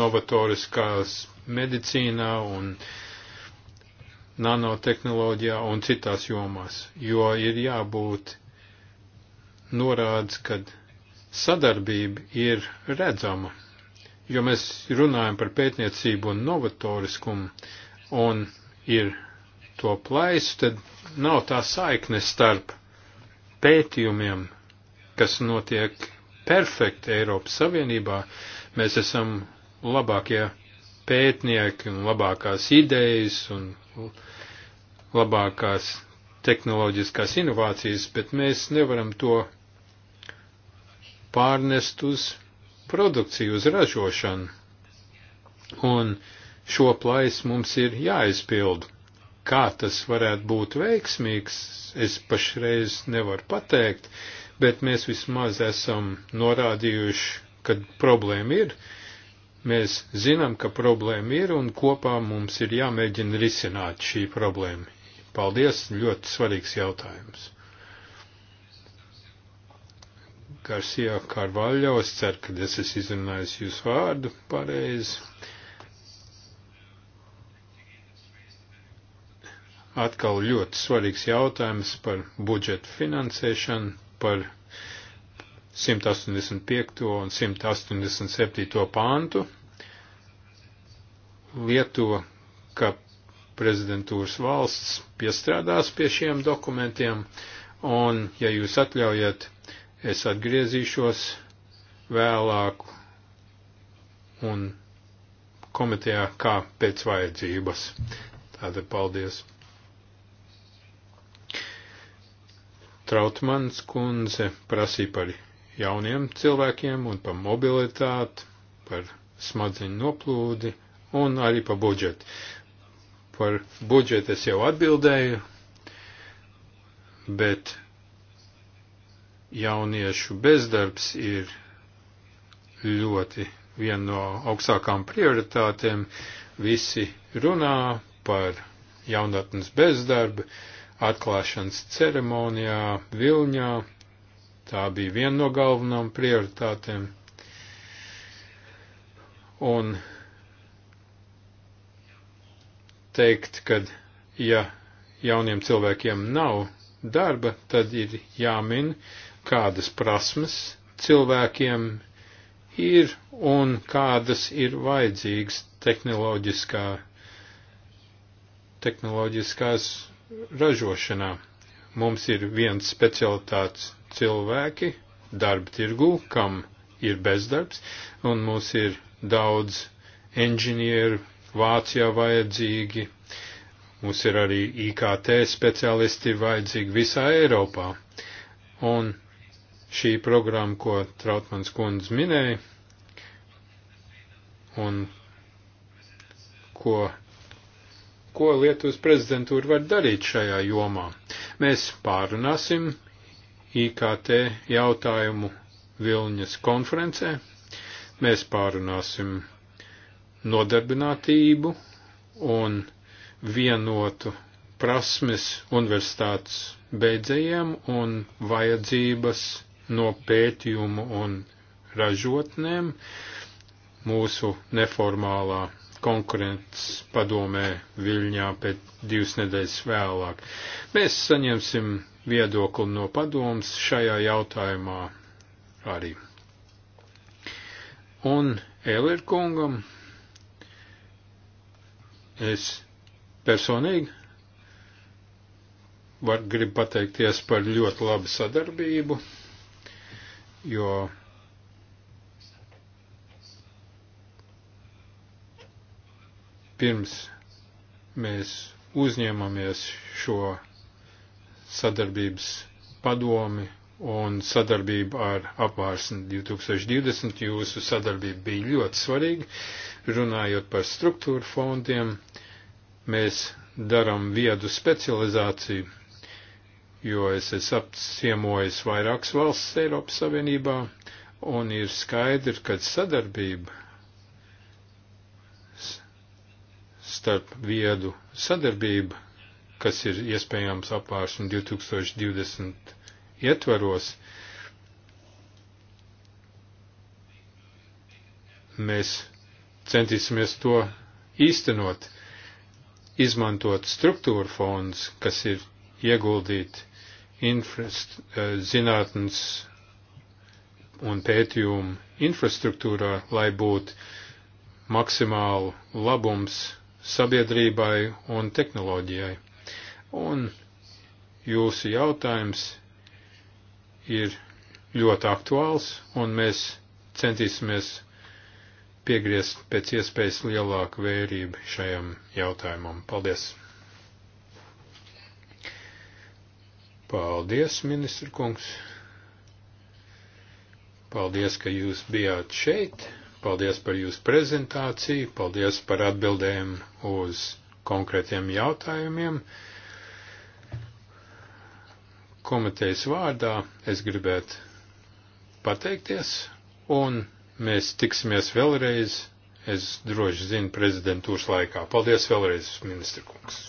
novatoriskās medicīnā un nanotehnoloģijā un citās jomās, jo ir jābūt norādes, kad sadarbība ir redzama, jo mēs runājam par pētniecību un novatoriskumu, un ir to plaisu, tad nav tā saikne starp pētījumiem, kas notiek perfekti Eiropas Savienībā, mēs esam labākie pētnieki un labākās idejas un labākās tehnoloģiskās inovācijas, bet mēs nevaram to pārnest uz produkciju, uz ražošanu. Un šo plaisu mums ir jāizpild kā tas varētu būt veiksmīgs, es pašreiz nevaru pateikt, bet mēs vismaz esam norādījuši, ka problēma ir. Mēs zinām, ka problēma ir un kopā mums ir jāmēģina risināt šī problēma. Paldies, ļoti svarīgs jautājums. Garcia Karvaļo, es ceru, ka es esmu izrunājis jūsu vārdu pareizi. atkal ļoti svarīgs jautājums par budžetu finansēšanu, par 185. un 187. pāntu. Lietuva, kā prezidentūras valsts, piestrādās pie šiem dokumentiem, un, ja jūs atļaujat, es atgriezīšos vēlāk un komitejā kā pēc vajadzības. Tātad paldies! Trautmans kundze prasīja par jauniem cilvēkiem un par mobilitāti, par smadzeņu noplūdi un arī par budžetu. Par budžetu es jau atbildēju, bet jauniešu bezdarbs ir ļoti viena no augstākām prioritātēm. Visi runā par jaunatnes bezdarbu, atklāšanas ceremonijā Viļņā. Tā bija viena no galvenām prioritātēm. Un teikt, ka ja jauniem cilvēkiem nav darba, tad ir jāmin, kādas prasmes cilvēkiem ir un kādas ir vajadzīgas tehnoloģiskā, tehnoloģiskās ražošanā. Mums ir viens specialitāts cilvēki darba tirgū, kam ir bezdarbs, un mums ir daudz inženieru Vācijā vajadzīgi, mums ir arī IKT speciālisti vajadzīgi visā Eiropā. Un šī programma, ko Trautmans kundze minēja, un ko ko Lietuvas prezidentūra var darīt šajā jomā. Mēs pārunāsim IKT jautājumu Vilņas konferencē, mēs pārunāsim nodarbinātību un vienotu prasmes universitātes beidzējiem un vajadzības no pētījumu un ražotnēm mūsu neformālā konkurences padomē Viļņā pēc divas nedēļas vēlāk. Mēs saņemsim viedokli no padomas šajā jautājumā arī. Un Eler kungam es personīgi var grib pateikties par ļoti labu sadarbību, jo pirms mēs uzņēmamies šo sadarbības padomi un sadarbību ar apvārsni 2020. Jūsu sadarbība bija ļoti svarīga. Runājot par struktūru fondiem, mēs daram viedu specializāciju, jo es esmu apciemojis vairākas valsts Eiropas Savienībā, un ir skaidrs, ka sadarbība starp viedu sadarbību, kas ir iespējams apvāršana 2020 ietvaros, mēs centīsimies to īstenot, izmantot struktūra fondus, kas ir ieguldīti eh, zinātnes un pētījumu infrastruktūrā, lai būtu maksimālu labums sabiedrībai un tehnoloģijai. Un jūsu jautājums ir ļoti aktuāls, un mēs centīsimies piegriezt pēc iespējas lielāku vērību šajam jautājumam. Paldies! Paldies, ministra kungs! Paldies, ka jūs bijāt šeit! paldies par jūsu prezentāciju, paldies par atbildēm uz konkrētiem jautājumiem. Komitejas vārdā es gribētu pateikties, un mēs tiksimies vēlreiz, es droši zinu, prezidentūras laikā. Paldies vēlreiz, ministra kungs!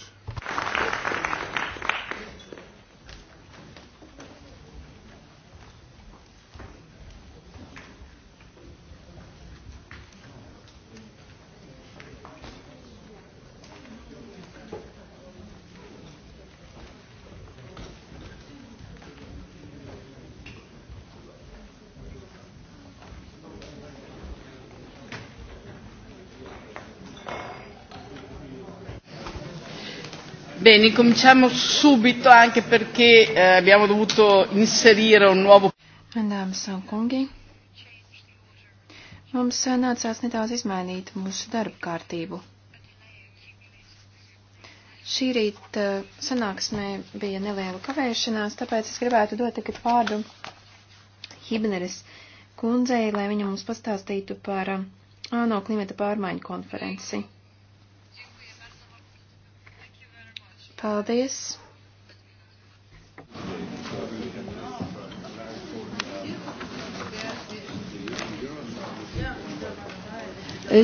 Bene, cominciamo subito anche perché eh, abbiamo dovuto inserire un nuovo. Dāmas un kungi, mums nācās nedaudz izmainīt mūsu darba kārtību. Šī rīta sanāksmē bija neliela kavēšanās, tāpēc es gribētu dot tagad vārdu Hibneres kundzei, lai viņa mums pastāstītu par um, ANO klimata pārmaiņu konferenci. Paldies!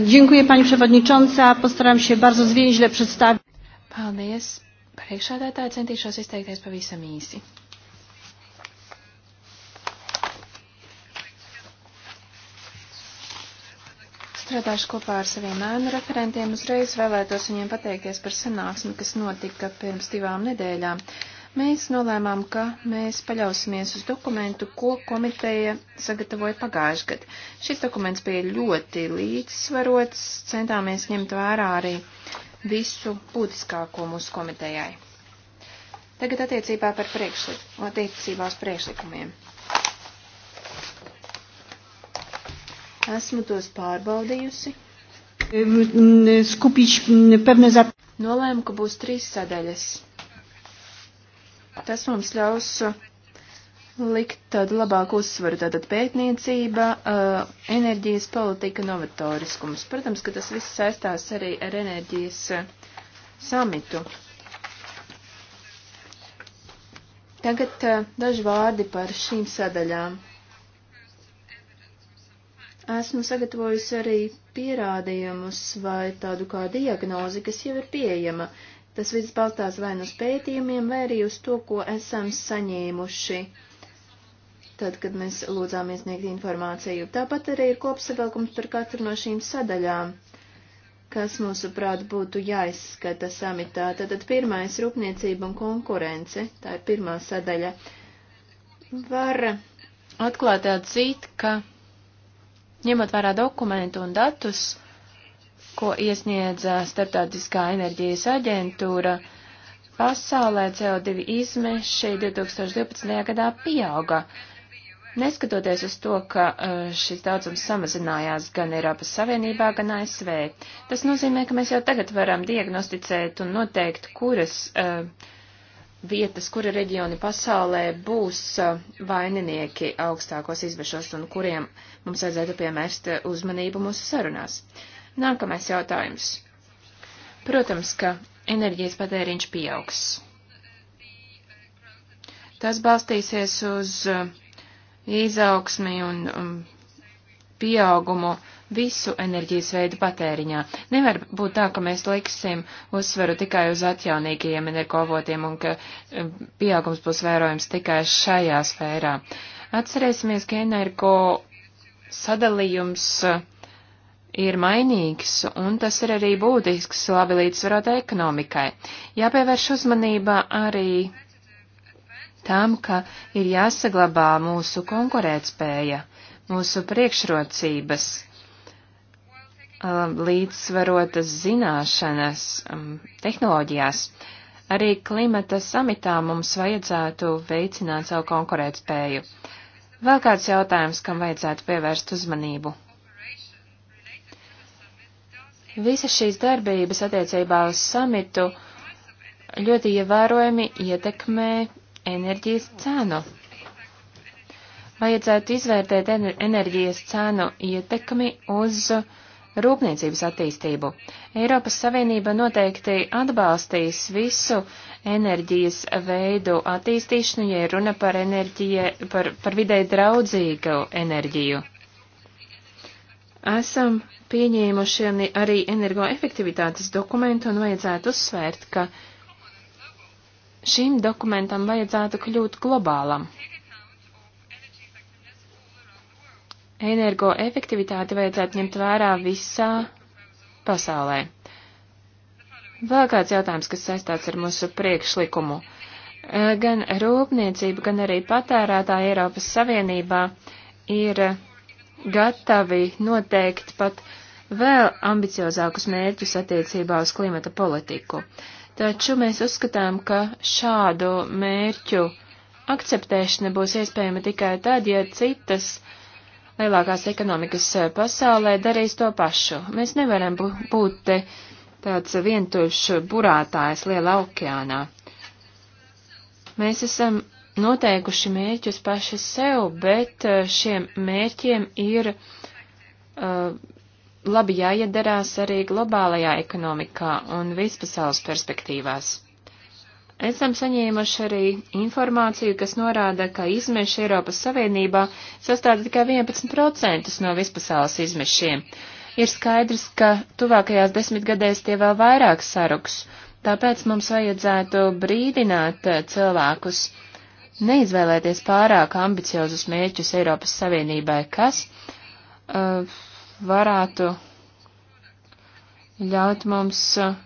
Dziękuję Pani Przewodnicząca. Postaram się bardzo zwięźle przedstawić. Paldies. Priekšādātāji centīšos izteikties pavisam īsi. strādājuši kopā ar saviem ēnu referentiem. Uzreiz vēlētos viņiem pateikties par sanāksmi, kas notika pirms divām nedēļām. Mēs nolēmām, ka mēs paļausimies uz dokumentu, ko komiteja sagatavoja pagājuši gadu. Šis dokuments bija ļoti līdzsvarots, centāmies ņemt vērā arī visu būtiskāko mūsu komitejai. Tagad attiecībā par priekšlik attiecībā uz priekšlikumiem. Esmu tos pārbaudījusi. Skupiņš pevne zap. Nolēmu, ka būs trīs sadaļas. Tas mums ļaus uh, likt tādu labāku uzsvaru, tātad pētniecība, uh, enerģijas politika, novatoriskums. Protams, ka tas viss saistās arī ar enerģijas uh, samitu. Tagad daži vārdi par šīm sadaļām. Esmu sagatavojusi arī pierādījumus vai tādu kā diagnozi, kas jau ir pieejama. Tas viss balstās vai nu uz pētījumiem, vai arī uz to, ko esam saņēmuši tad, kad mēs lūdzām iesniegt informāciju. Tāpat arī ir kopsavilkums par katru no šīm sadaļām, kas, mūsuprāt, būtu jāizskata samitā. Tātad pirmais - rūpniecība un konkurence, tā ir pirmā sadaļa. Var atklāt atzīt, ka Ņemot vērā dokumentu un datus, ko iesniedza Startautiskā enerģijas aģentūra, pasaulē CO2 izmeši 2012. gadā pieauga. Neskatoties uz to, ka šis daudzums samazinājās gan Eiropas Savienībā, gan ASV, tas nozīmē, ka mēs jau tagad varam diagnosticēt un noteikt, kuras uh, vietas, kura reģioni pasaulē būs vaininieki augstākos izvešos un kuriem mums vajadzētu piemērst uzmanību mūsu sarunās. Nākamais jautājums. Protams, ka enerģijas patēriņš pieaugs. Tas balstīsies uz izaugsmi un um, pieaugumu visu enerģijas veidu patēriņā. Nevar būt tā, ka mēs liksim uzsveru tikai uz atjaunīgajiem energoavotiem un ka eh, pieaugums būs vērojams tikai šajā sfērā. Atcerēsimies, ka energo sadalījums eh, ir mainīgs, un tas ir arī būtisks labi līdzsvarotai ekonomikai. Jāpievērš uzmanība arī tam, ka ir jāsaglabā mūsu konkurētspēja, mūsu priekšrocības. Um, līdzsvarotas zināšanas um, tehnoloģijās. Arī klimata samitā mums vajadzētu veicināt savu konkurētspēju. Vēl kāds jautājums, kam vajadzētu pievērst uzmanību? Visas šīs darbības attiecībā uz samitu ļoti ievērojami ietekmē enerģijas cenu vajadzētu izvērtēt enerģijas cēnu ietekmi uz uh, rūpniecības attīstību. Eiropas Savienība noteikti atbalstīs visu enerģijas veidu attīstīšanu, ja runa par enerģiju, par, par vidē draudzīgu enerģiju. Esam pieņēmuši arī energoefektivitātes dokumentu un vajadzētu uzsvērt, ka šim dokumentam vajadzētu kļūt globālam. energoefektivitāti vajadzētu ņemt vērā visā pasaulē. Vēl kāds jautājums, kas saistāts ar mūsu priekšlikumu. Eh, gan rūpniecība, gan arī patērētāji Eiropas Savienībā ir gatavi noteikt pat vēl ambiciozākus mērķus attiecībā uz klimata politiku. Taču mēs uzskatām, ka šādu mērķu akceptēšana būs iespējama tikai tad, ja citas lielākās ekonomikas eh, pasaulē darīs to pašu. Mēs nevaram būt tāds vientuļš burātājs lielā okeānā. Mēs esam noteikuši mērķus paši sev, bet eh, šiem mērķiem ir uh, labi jāiedarās arī globālajā ekonomikā un vispasaules perspektīvās. Esam saņēmuši arī informāciju, kas norāda, ka izmeši Eiropas Savienībā sastāda tikai 11% no vispasaules izmešiem. Ir skaidrs, ka tuvākajās desmitgadēs tie vēl vairāk saruks, tāpēc mums vajadzētu brīdināt eh, cilvēkus neizvēlēties pārāk ambiciozus mērķus Eiropas Savienībai, kas uh, varētu ļaut mums uh,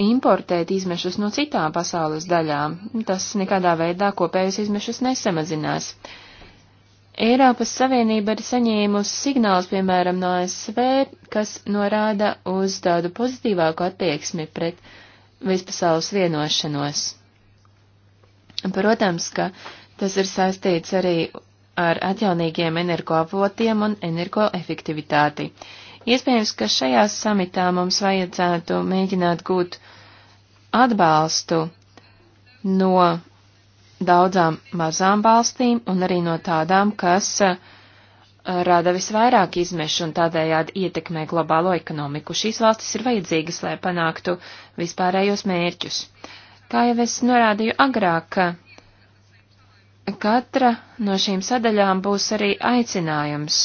importēt izmešus no citām pasaules daļām. Tas nekādā veidā kopējus izmešus nesamazinās. Eiropas Savienība ir saņēmusi signālus, piemēram, no ASV, kas norāda uz tādu pozitīvāku attieksmi pret vispasaules vienošanos. Protams, ka tas ir saistīts arī ar atjaunīgiem energoavotiem un energoefektivitāti. efektivitāti. Iespējams, ka šajā samitā mums vajadzētu mēģināt gūt atbalstu no daudzām mazām valstīm un arī no tādām, kas eh, rada visvairāk izmešu un tādējādi ietekmē globālo ekonomiku. Šīs valstis ir vajadzīgas, lai panāktu vispārējos mērķus. Kā jau es norādīju agrāk, katra no šīm sadaļām būs arī aicinājums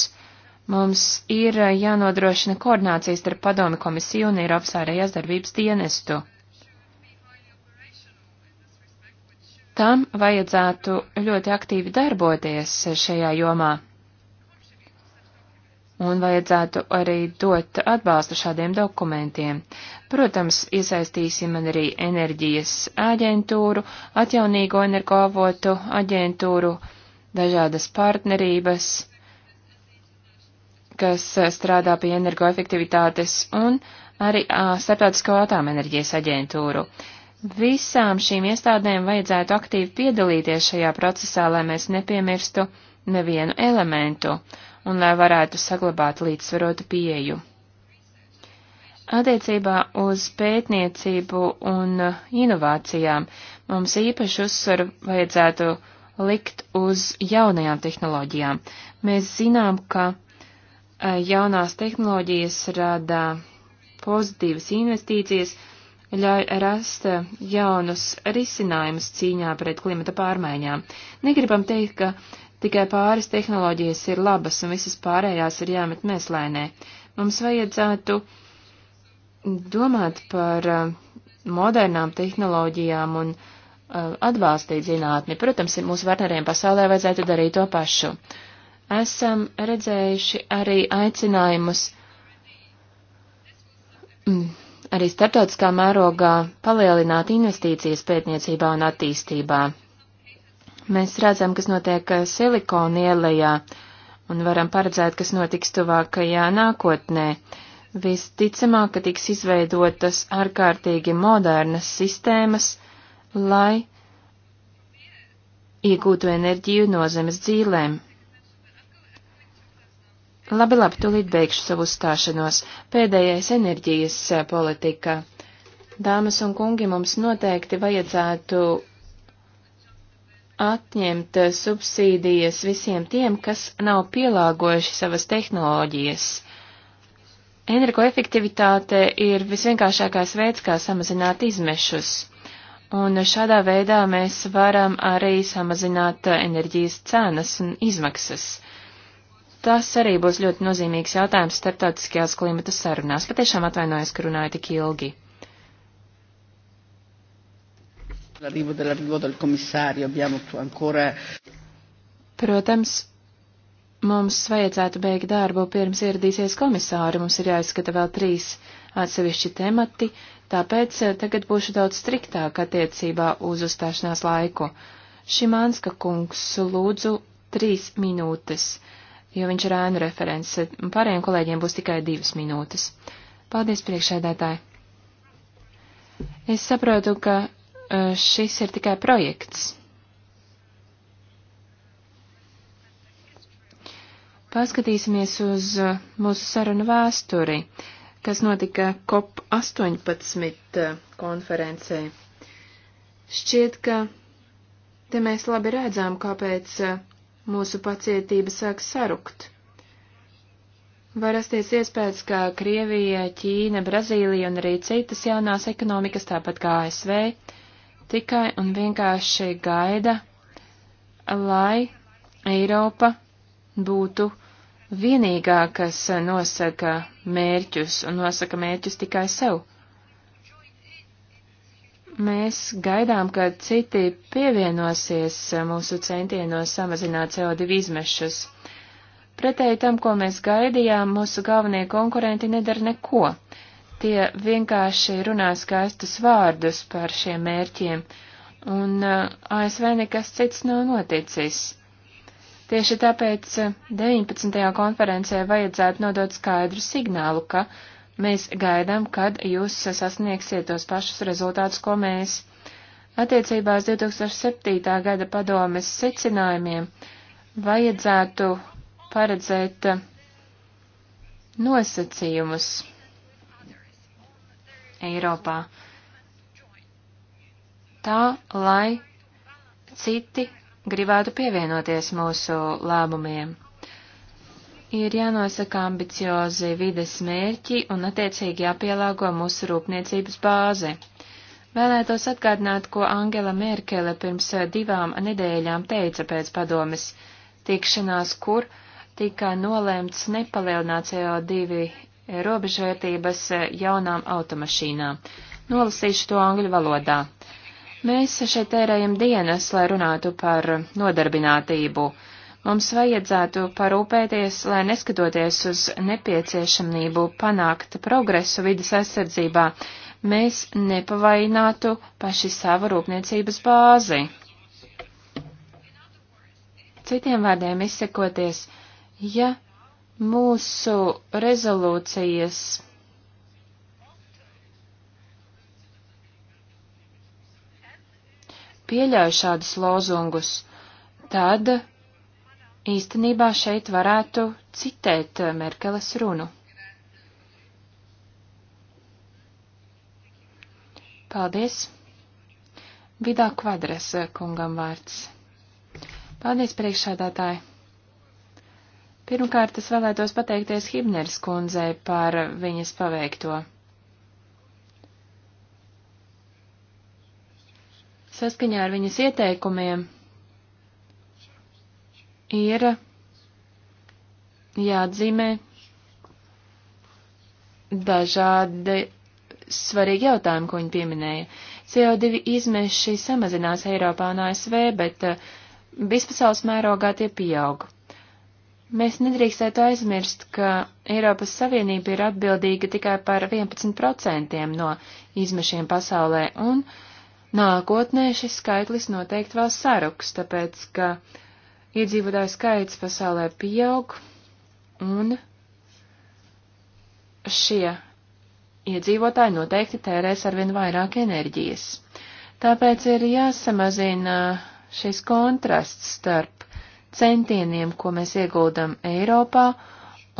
Mums ir eh, jānodrošina koordinācijas starp padomi komisiju un Eiropas ārējās darbības dienestu. Tam vajadzētu ļoti aktīvi darboties šajā jomā. Un vajadzētu arī dot atbalstu šādiem dokumentiem. Protams, iesaistīsim arī enerģijas aģentūru, atjaunīgo energoavotu aģentūru, dažādas partnerības kas eh, strādā pie energoefektivitātes un arī Starptautisko atomenerģijas aģentūru. Visām šīm iestādēm vajadzētu aktīvi piedalīties šajā procesā, lai mēs nepiemirstu nevienu elementu un lai varētu saglabāt līdzsvarotu pieju. Attiecībā uz pētniecību un inovācijām mums īpaši uzsvaru vajadzētu likt uz jaunajām tehnoloģijām. Mēs zinām, ka Eh, jaunās tehnoloģijas rada pozitīvas investīcijas, ļauj rast jaunus risinājumus cīņā pret klimata pārmaiņām. Negribam teikt, ka tikai pāris tehnoloģijas ir labas un visas pārējās ir jāmet mēslēnē. Mums vajadzētu domāt par eh, modernām tehnoloģijām un eh, atbalstīt zinātni. Protams, mūsu partneriem pasaulē vajadzētu darīt to pašu. Uh, esam redzējuši arī aicinājumus mm, arī starptautiskā mērogā palielināt investīcijas pētniecībā un attīstībā. Mēs redzam, kas notiek silikona ielajā un varam paredzēt, kas notiks tuvākajā nākotnē. Visticamāk, ka tiks izveidotas ārkārtīgi modernas sistēmas, lai iegūtu enerģiju no zemes dzīvēm. Labi, labi, tūlīt beigšu savu stāšanos. Pēdējais enerģijas eh, politika. Dāmas un kungi, mums noteikti vajadzētu atņemt eh, subsīdijas visiem tiem, kas nav pielāgojuši savas tehnoloģijas. Energoefektivitāte ir visvienkāršākais veids, kā samazināt izmešus, un šādā veidā mēs varam arī samazināt eh, enerģijas cenas un izmaksas. Tas arī būs ļoti nozīmīgs jautājums starptautiskajās klimata sarunās. Patiešām atvainojos, ka runāju tik ilgi. Protams, mums vajadzētu beigt darbu pirms ieradīsies komisāri. Mums ir jāizskata vēl trīs atsevišķi temati, tāpēc eh, tagad būšu daudz striktāk attiecībā uz uzstāšanās laiku. Šimanska kungs, lūdzu, trīs minūtes jo viņš ir ēnu referents, un pārējiem kolēģiem būs tikai divas minūtes. Paldies, priekšēdētāji! Es saprotu, ka e, šis ir tikai projekts. Paskatīsimies uz e, mūsu sarunu vēsturi, kas notika COP18 e, konferencē. Šķiet, ka te mēs labi redzam, kāpēc Mūsu pacietība sāk sarukt. Var rasties iespējas, ka Krievija, Ķīna, Brazīlija un arī citas jaunās ekonomikas, tāpat kā ASV, tikai un vienkārši gaida, lai Eiropa būtu vienīgā, kas nosaka mērķus un nosaka mērķus tikai sev. Mēs gaidām, ka citi pievienosies mūsu centienos samazināt CO2 izmešus. Pretēji tam, ko mēs gaidījām, mūsu galvenie konkurenti nedara neko. Tie vienkārši runā skaistus vārdus par šiem mērķiem, un uh, ASV nekas cits nav noticis. Tieši tāpēc 19. Uh, konferencē vajadzētu nodot skaidru signālu, ka Mēs gaidām, kad jūs sasniegsiet tos pašus rezultātus, ko mēs. Attiecībā uz 2007. gada padomes secinājumiem vajadzētu paredzēt nosacījumus Eiropā. Tā, lai citi gribētu pievienoties mūsu lēmumiem ir jānosaka ambiciozi vides mērķi un attiecīgi jāpielāgo mūsu rūpniecības bāze. Vēlētos atgādināt, ko Angela Merkele pirms divām nedēļām teica pēc padomes tikšanās, kur tika nolēmts nepalielināt CO2 robežvērtības jaunām automašīnām. Nolasīšu to angļu valodā. Mēs šeit tērējam dienas, lai runātu par nodarbinātību. Mums vajadzētu parūpēties, lai neskatoties uz nepieciešamību panākt progresu vidas aizsardzībā, mēs nepavainātu paši savu rūpniecības bāzi. Citiem vārdiem izsekoties, ja mūsu rezolūcijas pieļauj šādus lozungus, tad Īstenībā šeit varētu citēt eh, Merkeles runu. Paldies! Vidā kvadras eh, kungam vārds. Paldies, priekšādātāji! Pirmkārt, es vēlētos pateikties Hibners kundzei par viņas paveikto. Saskaņā ar viņas ieteikumiem ir jāatzīmē dažādi svarīgi jautājumi, ko viņi pieminēja. CO2 izmeši samazinās Eiropā un ASV, bet uh, vispasaules mērogā tie pieaug. Mēs nedrīkstētu aizmirst, ka Eiropas Savienība ir atbildīga tikai par 11% no izmešiem pasaulē, un nākotnē šis skaitlis noteikti vēl saruks, tāpēc, ka uh, Iedzīvotāju skaits pasaulē pieaug, un šie iedzīvotāji noteikti tērēs arvien vairāk enerģijas. Tāpēc ir jāsamazina šis kontrasts starp centieniem, ko mēs ieguldam Eiropā,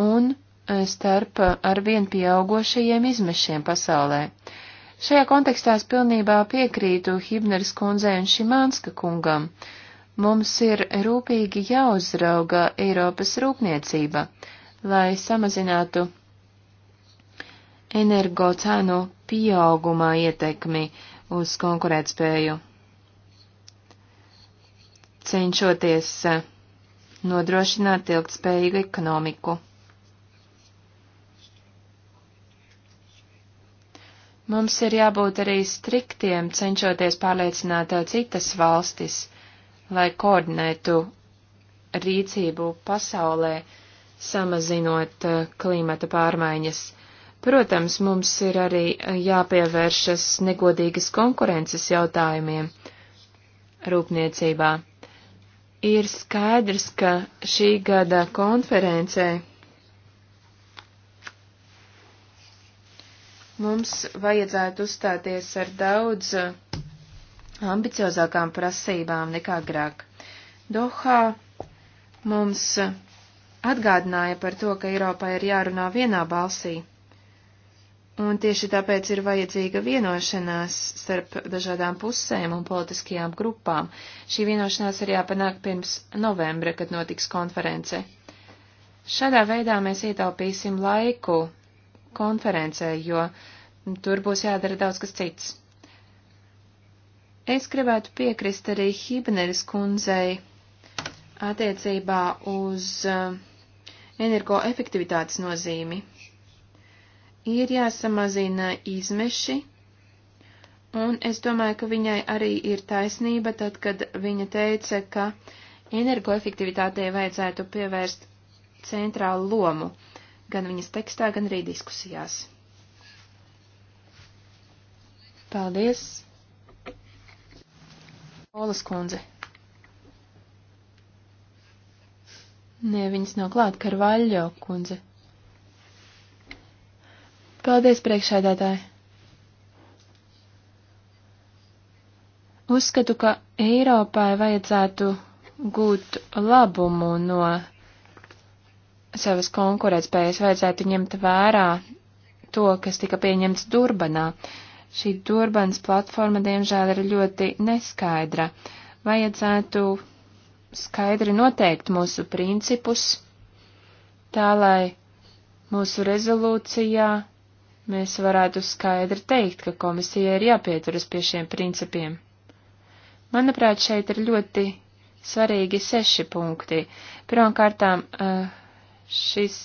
un eh, starp arvien pieaugošajiem izmešiem pasaulē. Šajā kontekstā es pilnībā piekrītu Hibneris kundzei un Šimanska kungam. Uh, Mums ir rūpīgi jāuzrauga Eiropas rūpniecība, lai samazinātu energocēnu pieaugumā ietekmi uz konkurētspēju, cenšoties eh, nodrošināt ilgtspējīgu ekonomiku. Mums ir jābūt arī striktiem, cenšoties pārliecināt eh, citas valstis lai koordinētu rīcību pasaulē, samazinot eh, klimata pārmaiņas. Protams, mums ir arī eh, jāpievēršas negodīgas konkurences jautājumiem rūpniecībā. Ir skaidrs, ka šī gada konferencē mums vajadzētu uzstāties ar daudz eh, ambiciozākām prasībām nekā agrāk. Dohā mums atgādināja par to, ka Eiropai ir jārunā vienā balsī, un tieši tāpēc ir vajadzīga vienošanās starp dažādām pusēm un politiskajām grupām. Šī vienošanās ir jāpanāk pirms novembra, kad notiks konference. Šādā veidā mēs ietaupīsim laiku konferencē, jo tur būs jādara daudz kas cits. Es gribētu piekrist arī Hibneris kundzei attiecībā uz eh, energoefektivitātes nozīmi. Ir jāsamazina izmeši, un es domāju, ka viņai arī ir taisnība tad, kad viņa teica, ka energoefektivitātei vajadzētu pievērst centrālu lomu gan viņas tekstā, gan arī diskusijās. Paldies! Olas kundze. Nē, viņas nav klāt, Karvaļo kundze. Paldies, priekšēdētāji. Uzskatu, ka Eiropai vajadzētu gūt labumu no savas konkurētspējas, vajadzētu ņemt vērā to, kas tika pieņemts Durbanā. Uh, Šī turbans platforma, diemžēl, ir ļoti neskaidra. Vajadzētu skaidri noteikt mūsu principus, tā lai mūsu rezolūcijā mēs varētu skaidri teikt, ka komisija ir jāpieturas pie šiem principiem. Manuprāt, šeit ir ļoti svarīgi seši punkti. Pirmkārtām, eh, šis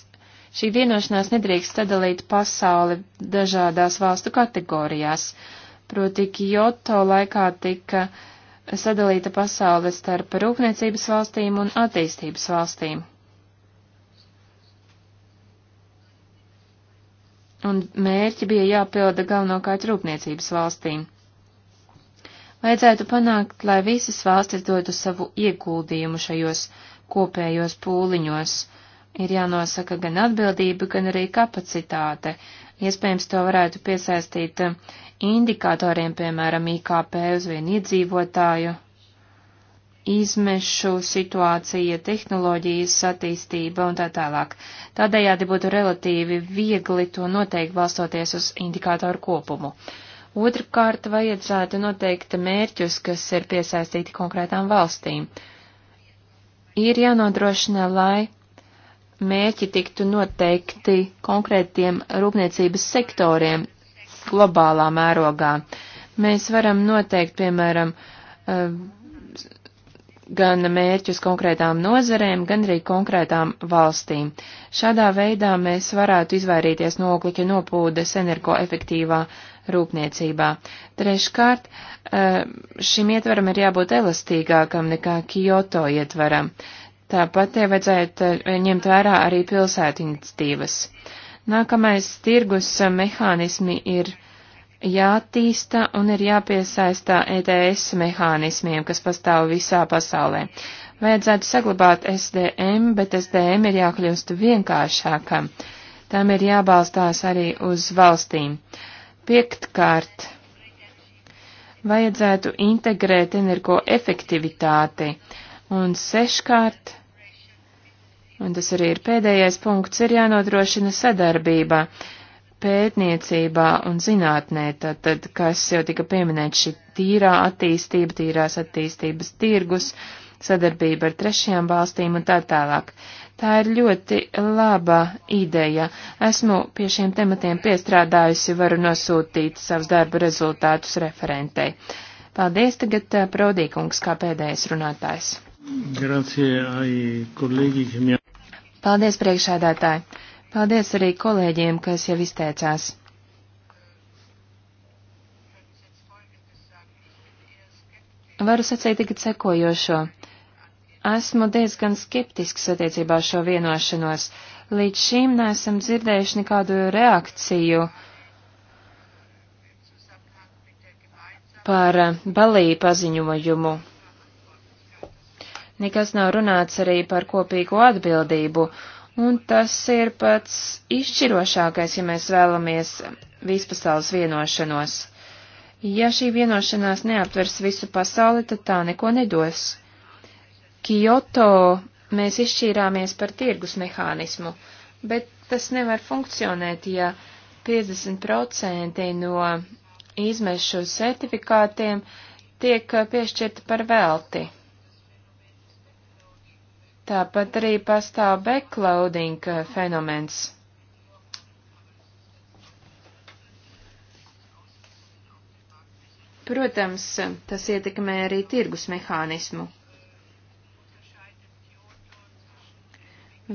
Šī vienošanās nedrīkst sadalīt pasauli dažādās valstu kategorijās. Proti, Kyoto laikā tika sadalīta pasaule starp rūpniecības valstīm un attīstības valstīm. Un mērķi bija jāpilda galvenokārt rūpniecības valstīm. Vajadzētu panākt, lai visas valstis dotu savu ieguldījumu šajos kopējos pūliņos Ir jānosaka gan atbildība, gan arī kapacitāte. Iespējams, to varētu piesaistīt eh, indikatoriem, piemēram, IKP uz vienu iedzīvotāju, izmešu situācija, tehnoloģijas attīstība un tā tālāk. Tādējādi būtu relatīvi viegli to noteikt balstoties uz indikātoru kopumu. Otrakārt, vajadzētu noteikt mērķus, kas ir piesaistīti konkrētām valstīm. Ir jānodrošina, lai mērķi tiktu noteikti konkrētiem rūpniecības sektoriem globālā mērogā. Mēs varam noteikt, piemēram, eh, gan mērķus konkrētām nozarēm, gan arī konkrētām valstīm. Šādā veidā mēs varētu izvairīties no oglikļa nopūdes energoefektīvā rūpniecībā. Treškārt, eh, šim ietvaram ir jābūt elastīgākam nekā Kyoto ietvaram. Tāpat te vajadzētu eh, ņemt vērā arī pilsētu iniciatīvas. Nākamais tirgus mehānismi ir jātīsta un ir jāpiesaistā ETS mehānismiem, kas pastāv visā pasaulē. Vajadzētu saglabāt SDM, bet SDM ir jākļūst vienkāršākam. Tam ir jābalstās arī uz valstīm. Piektkārt, vajadzētu integrēt energo efektivitāti. Un seškārt, un tas arī ir pēdējais punkts, ir jānodrošina sadarbība pētniecībā un zinātnē, tātad, kas jau tika pieminēts, šī tīrā attīstība, tīrās attīstības tirgus, sadarbība ar trešajām valstīm un tā tālāk. Tā ir ļoti laba ideja. Esmu pie šiem tematiem piestrādājusi, varu nosūtīt savus darba rezultātus referentei. Paldies tagad Prodīkungs eh, kā pēdējais runātājs. Grazie ai kolēģi, ka mjā... Paldies, priekšādātāji! Paldies arī kolēģiem, kas jau izteicās. Varu sacīt tikai sekojošo. Esmu diezgan skeptisks attiecībā uz šo vienošanos. Līdz šim neesam dzirdējuši nekādu reakciju par balī paziņojumu nekas nav runāts arī par kopīgo atbildību, un tas ir pats izšķirošākais, ja mēs vēlamies vispasaules vienošanos. Ja šī vienošanās neaptvers visu pasauli, tad tā neko nedos. Kyoto mēs izšķīrāmies par tirgus mehānismu, bet tas nevar funkcionēt, ja 50% no izmešu certifikātiem tiek eh, piešķirta par velti. Tāpat arī pastāv backloading eh, fenomens. Protams, tas ietekmē arī tirgus mehānismu.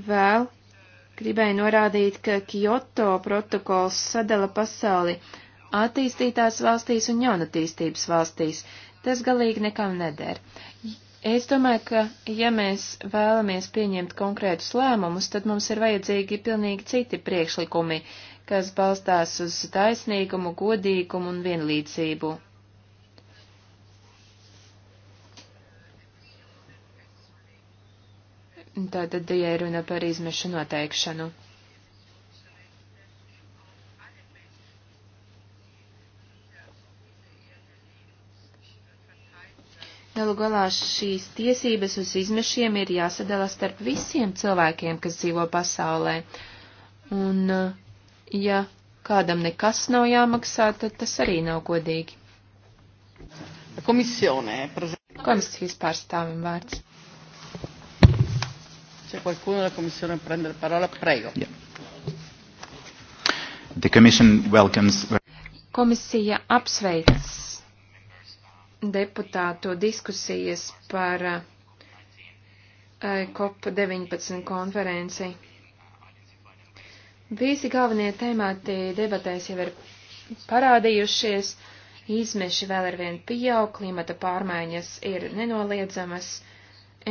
Vēl gribēju norādīt, ka Kyoto protokols sadala pasauli attīstītās valstīs un jaunatīstības valstīs. Tas galīgi nekam neder. Es domāju, ka ja mēs vēlamies pieņemt konkrētus lēmumus, tad mums ir vajadzīgi pilnīgi citi priekšlikumi, kas balstās uz taisnīgumu, godīgumu un vienlīdzību. Tātad, ja runa par izmešu noteikšanu. Galu galā šīs tiesības uz izmešiem ir jāsadala starp visiem cilvēkiem, kas dzīvo pasaulē. Un, eh, ja kādam nekas nav jāmaksā, tad tas arī nav godīgi. Komisionē. Komisijas pārstāvim vārds. Se qualcuno della Commissione prende la parola, prego. Yeah. The Commission welcomes. Komisija apsveic deputātu diskusijas par uh, eh, COP19 konferenci. Visi galvenie temati debatēs jau ir parādījušies, izmeši vēl ar vien pieaug, klimata pārmaiņas ir nenoliedzamas,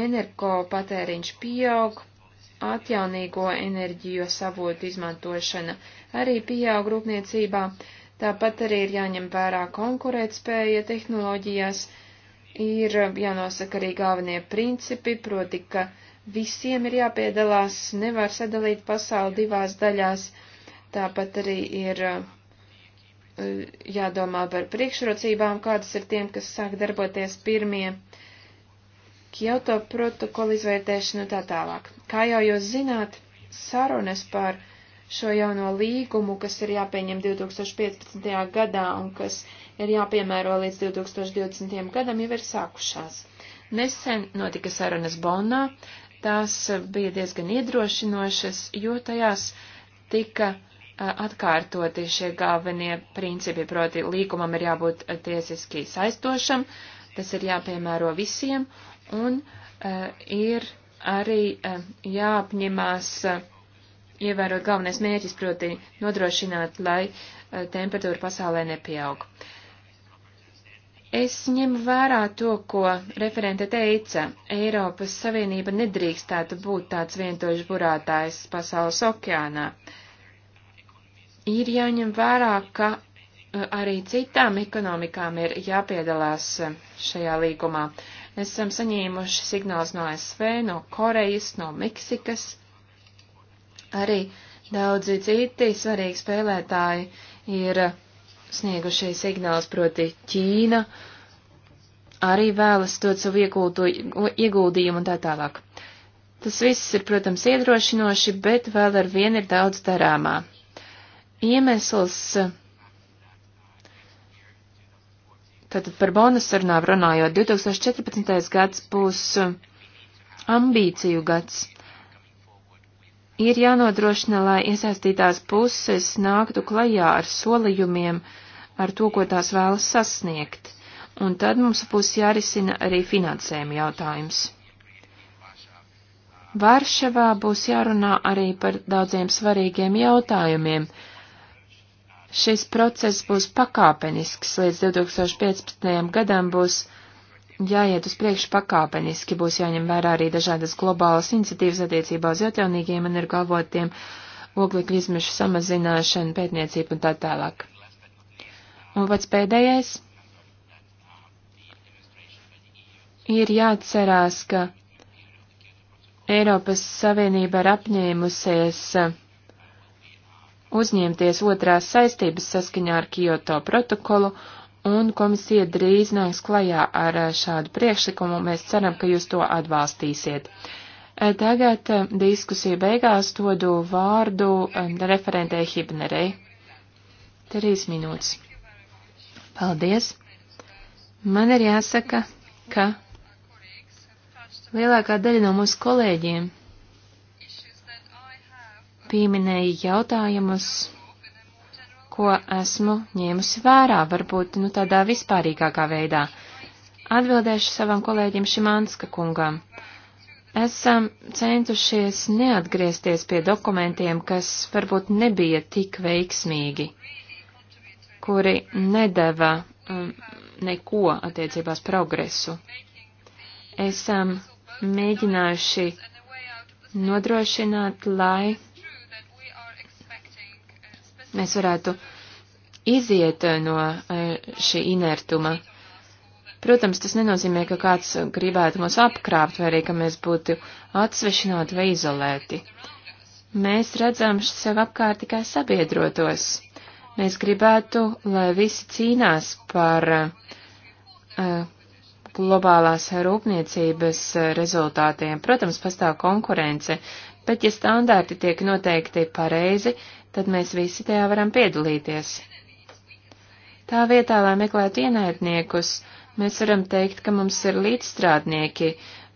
energo patēriņš pieaug, atjaunīgo enerģiju savotu izmantošana arī pieaug rūpniecībā. Uh, Tāpat arī ir jāņem vērā konkurētspēja tehnoloģijās, ir jānosaka arī galvenie principi, proti, ka visiem ir jāpiedalās, nevar sadalīt pasauli divās daļās, tāpat arī ir eh, jādomā par priekšrocībām, kādas ir tiem, kas sāk darboties pirmie, Kyoto protokolu izvērtēšanu tā tālāk. Kā jau jūs zināt, sarunas par šo jauno līgumu, kas ir jāpieņem 2015. gadā un kas ir jāpiemēro līdz 2020. gadam, jau ir sākušās. Nesen notika sarunas Bonnā, tās bija diezgan iedrošinošas, jo tajās tika atkārtoti šie galvenie principi, proti līgumam ir jābūt tiesiski saistošam, tas ir jāpiemēro visiem un uh, ir arī uh, jāapņemās uh, ievērot galvenais mērķis, proti nodrošināt, lai eh, temperatūra pasaulē nepieaug. Es ņemu vērā to, ko referente teica. Eiropas Savienība nedrīkstētu būt tāds vientoļš burātājs pasaules okeānā. Ir jāņem vērā, ka eh, arī citām ekonomikām ir jāpiedalās eh, šajā līgumā. Esam saņēmuši signāls no ASV, no Korejas, no Meksikas. Arī daudzi citi svarīgi spēlētāji ir sniegušie signāls, proti Ķīna arī vēlas dot savu ieguldu, ieguldījumu un tā tālāk. Tas viss ir, protams, iedrošinoši, bet vēl ar vienu ir daudz darāmā. Iemesls, tad par bonusarunām runājot, 2014. gads būs ambīciju gads. Ir jānodrošina, lai iesaistītās puses nāktu klajā ar solījumiem, ar to, ko tās vēlas sasniegt, un tad mums būs jārisina arī finansējuma jautājums. Varšavā būs jārunā arī par daudziem svarīgiem jautājumiem. Šis process būs pakāpenisks, līdz 2015. gadam būs jāiet uz priekšu pakāpeniski, būs jāņem vērā arī dažādas globālas iniciatīvas attiecībā uz jaunīgiem energoavotiem, oglekļa izmešu samazināšanu, pētniecību un tā tālāk. Un pats pēdējais ir jāatcerās, ka Eiropas Savienība ir apņēmusies uh, uzņemties otrās saistības saskaņā ar Kyoto protokolu un komisija drīz nāks klajā ar eh, šādu priekšlikumu. Mēs ceram, ka jūs to atbalstīsiet. Eh, tagad eh, diskusija beigās dodu vārdu referentē Hibnerei. Trīs minūtes. Paldies. Man ir jāsaka, ka lielākā daļa no mūsu kolēģiem pieminēja jautājumus, ko esmu ņēmusi vērā, varbūt nu tādā vispārīgākā veidā. Atbildēšu savam kolēģim Šimanska kungam. Esam centušies neatgriezties pie dokumentiem, kas varbūt nebija tik veiksmīgi, kuri nedeva um, neko attiecībās progresu. Esam mēģinājuši nodrošināt, lai mēs varētu iziet eh, no eh, šī inertuma. Protams, tas nenozīmē, ka kāds gribētu mūs apkrāpt vai arī, ka mēs būtu atsvešināti vai izolēti. Mēs redzam sev apkārt tikai sabiedrotos. Mēs gribētu, lai visi cīnās par uh, globālās rūpniecības rezultātiem. Protams, pastāv konkurence, bet ja standārti tiek noteikti pareizi, tad mēs visi tajā varam piedalīties. Tā vietā, lai meklētu ienaidniekus, mēs varam teikt, ka mums ir līdzstrādnieki,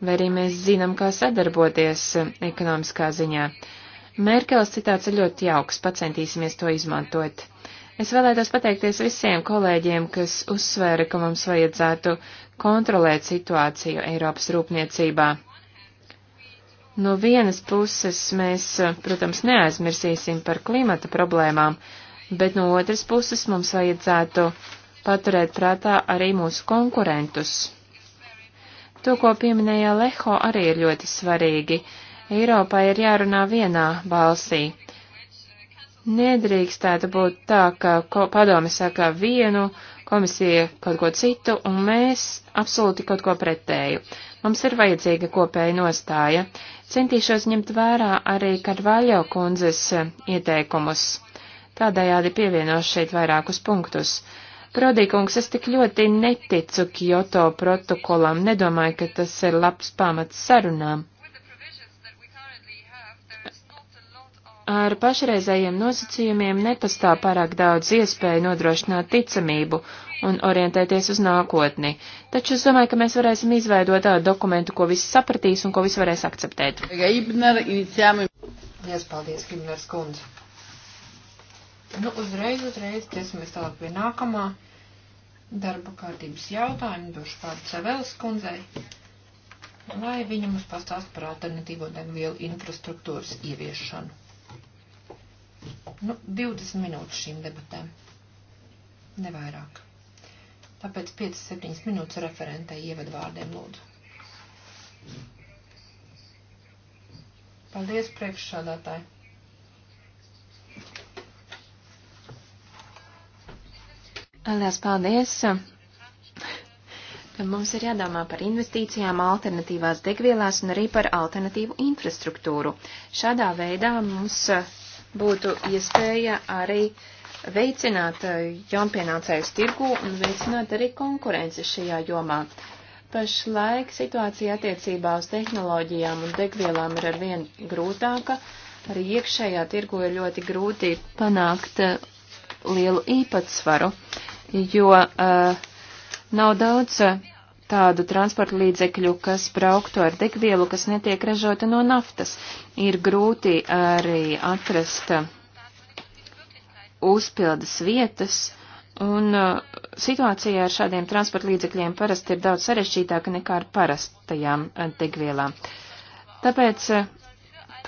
vai arī mēs zinām, kā sadarboties eh, ekonomiskā ziņā. Merkels citāts ir ļoti jauks, pacentīsimies to izmantot. Es vēlētos pateikties visiem kolēģiem, kas uzsvēra, ka mums vajadzētu kontrolēt situāciju Eiropas rūpniecībā. No vienas puses mēs, protams, neaizmirsīsim par klimata problēmām, bet no otras puses mums vajadzētu paturēt prātā arī mūsu konkurentus. To, ko pieminēja Leho, arī ir ļoti svarīgi. Eiropai ir jārunā vienā balsī. Nedrīkstētu būt tā, ka padomi saka vienu, uh, komisija kaut ko citu, un mēs absolūti kaut ko pretēju. Mums ir vajadzīga kopēja nostāja. Centīšos ņemt vērā arī Karvaļo kundzes ieteikumus. Tādējādi pievienošu šeit vairākus punktus. Prodīkungs, es tik ļoti neticu Kyoto protokolam, nedomāju, ka tas ir labs pamats sarunām. Ar pašreizējiem nosacījumiem nepastāv pārāk daudz iespēju nodrošināt ticamību un orientēties uz nākotni, taču es domāju, ka mēs varēsim izveidot tādu dokumentu, ko visi sapratīs un ko visi varēs akceptēt. Jā, paldies, Kimners kundze. Nu, uzreiz, uzreiz, ķersimies tālāk pie nākamā darba kārtības jautājuma, došu pārdu Savēlas kundzei, lai viņa mums pastāst par alternatīvo degvielu infrastruktūras ieviešanu nu, 20 minūtes šīm debatēm. Nevairāk. Tāpēc 5-7 minūtes referentei ievadvārdiem lūdzu. Paldies priekšsādātāji. Lielas paldies. Mums ir jādomā par investīcijām, alternatīvās degvielās un arī par alternatīvu infrastruktūru. Šādā veidā mums būtu iespēja arī veicināt eh, jaunpienācējus tirgu un veicināt arī konkurenci šajā jomā. Pašlaik situācija attiecībā uz tehnoloģijām un degvielām ir arvien grūtāka. Arī iekšējā tirgu ir ļoti grūti panākt eh, lielu īpatsvaru, jo uh, nav daudz tādu transporta līdzekļu, kas brauktu ar degvielu, kas netiek ražota no naftas. Ir grūti arī atrast uzpildes vietas, un uh, situācija ar šādiem transporta līdzekļiem parasti ir daudz sarežģītāka nekā ar parastajām uh, degvielām. Tāpēc uh,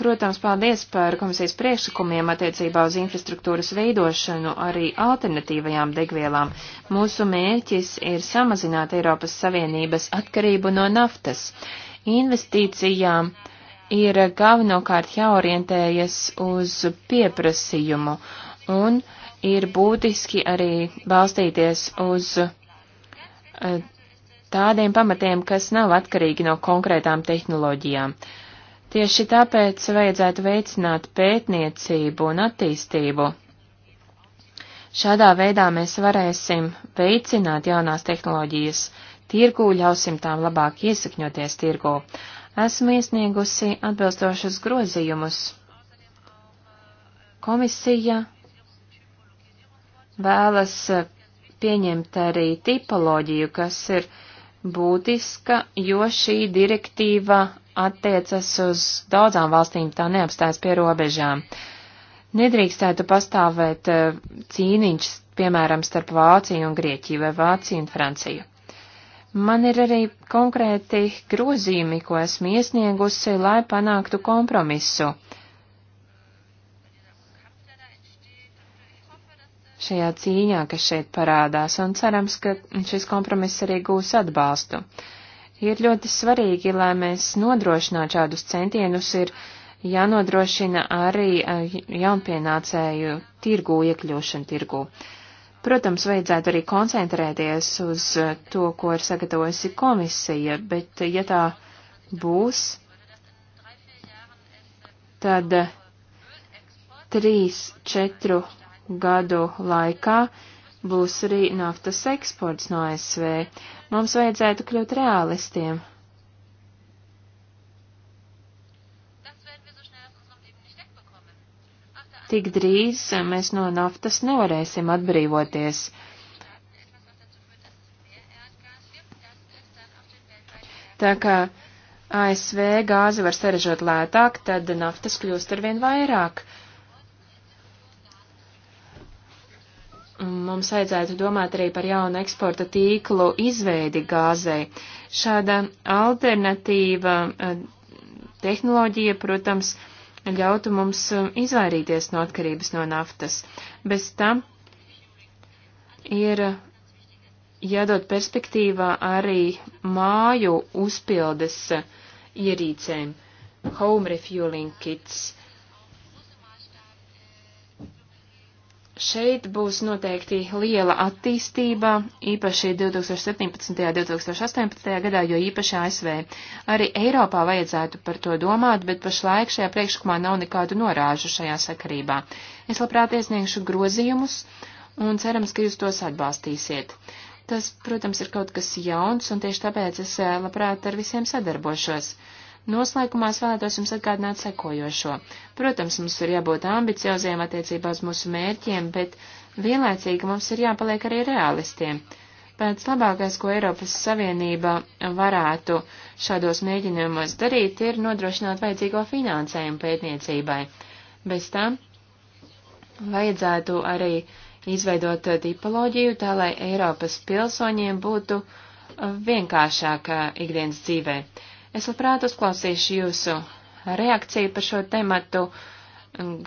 Protams, paldies par komisijas priekšlikumiem attiecībā uz infrastruktūras veidošanu arī alternatīvajām degvielām. Mūsu mērķis ir samazināt Eiropas Savienības atkarību no naftas. Investīcijām ir galvenokārt jāorientējas uz pieprasījumu un ir būtiski arī balstīties uz eh, tādiem pamatiem, kas nav atkarīgi no konkrētām tehnoloģijām. Uh, Tieši tāpēc vajadzētu veicināt pētniecību un attīstību. Šādā veidā mēs varēsim veicināt jaunās tehnoloģijas tirgū, ļausim tām labāk iesakņoties tirgū. Esmu iesniegusi atbilstošus grozījumus. Komisija vēlas pieņemt arī tipoloģiju, kas ir būtiska, jo šī direktīva attiecas uz daudzām valstīm, tā neapstājas pie robežām. Nedrīkstētu pastāvēt eh, cīniņš, piemēram, starp Vāciju un Grieķiju vai Vāciju un Franciju. Man ir arī konkrēti grozījumi, ko esmu iesniegusi, lai panāktu kompromisu. Šajā cīņā, kas šeit parādās, un cerams, ka šis kompromiss arī gūs atbalstu. Uh, ir ļoti svarīgi, lai mēs nodrošinātu šādus centienus, ir jānodrošina arī eh, jaunpienācēju tirgu iekļūšanu tirgu. Protams, vajadzētu arī koncentrēties uz eh, to, ko ir sagatavojusi komisija, bet eh, ja tā būs, tad trīs, četru gadu laikā uh, būs arī naftas eksports no ASV. Mums vajadzētu kļūt realistiem. Tik drīz mēs no naftas nevarēsim atbrīvoties. Tā kā ASV gāzi var sarežot lētāk, tad naftas kļūst arvien vairāk. Uh, mums vajadzētu domāt arī par jaunu eksporta tīklu izveidi gāzei. Šāda alternatīva eh, tehnoloģija, protams, ļautu mums eh, izvairīties no atkarības no naftas. Bez tam ir jādod perspektīvā arī māju uzpildes eh, ierīcēm, home refueling kits. Šeit būs noteikti liela attīstība, īpaši 2017. un 2018. gadā, jo īpaši ASV. Arī Eiropā vajadzētu par to domāt, bet pašlaik šajā priekšlikumā nav nekādu norāžu šajā sakarībā. Es labprāt iesniegšu grozījumus un cerams, ka jūs tos atbalstīsiet. Tas, protams, ir kaut kas jauns, un tieši tāpēc es eh, labprāt ar visiem sadarbošos. Uh, Noslēgumā es vēlētos jums atgādināt sekojošo. Protams, mums ir jābūt ambicioziem attiecībā uz mūsu mērķiem, bet vienlaicīgi mums ir jāpaliek arī realistiem. Pēc labākais, ko Eiropas Savienība varētu šādos mēģinājumos darīt, ir nodrošināt vajadzīgo finansējumu pētniecībai. Bez tam vajadzētu arī izveidot tipoloģiju tā, lai Eiropas pilsoņiem būtu vienkāršāka ikdienas dzīvē. Es labprāt uzklausīšu jūsu reakciju par šo tematu,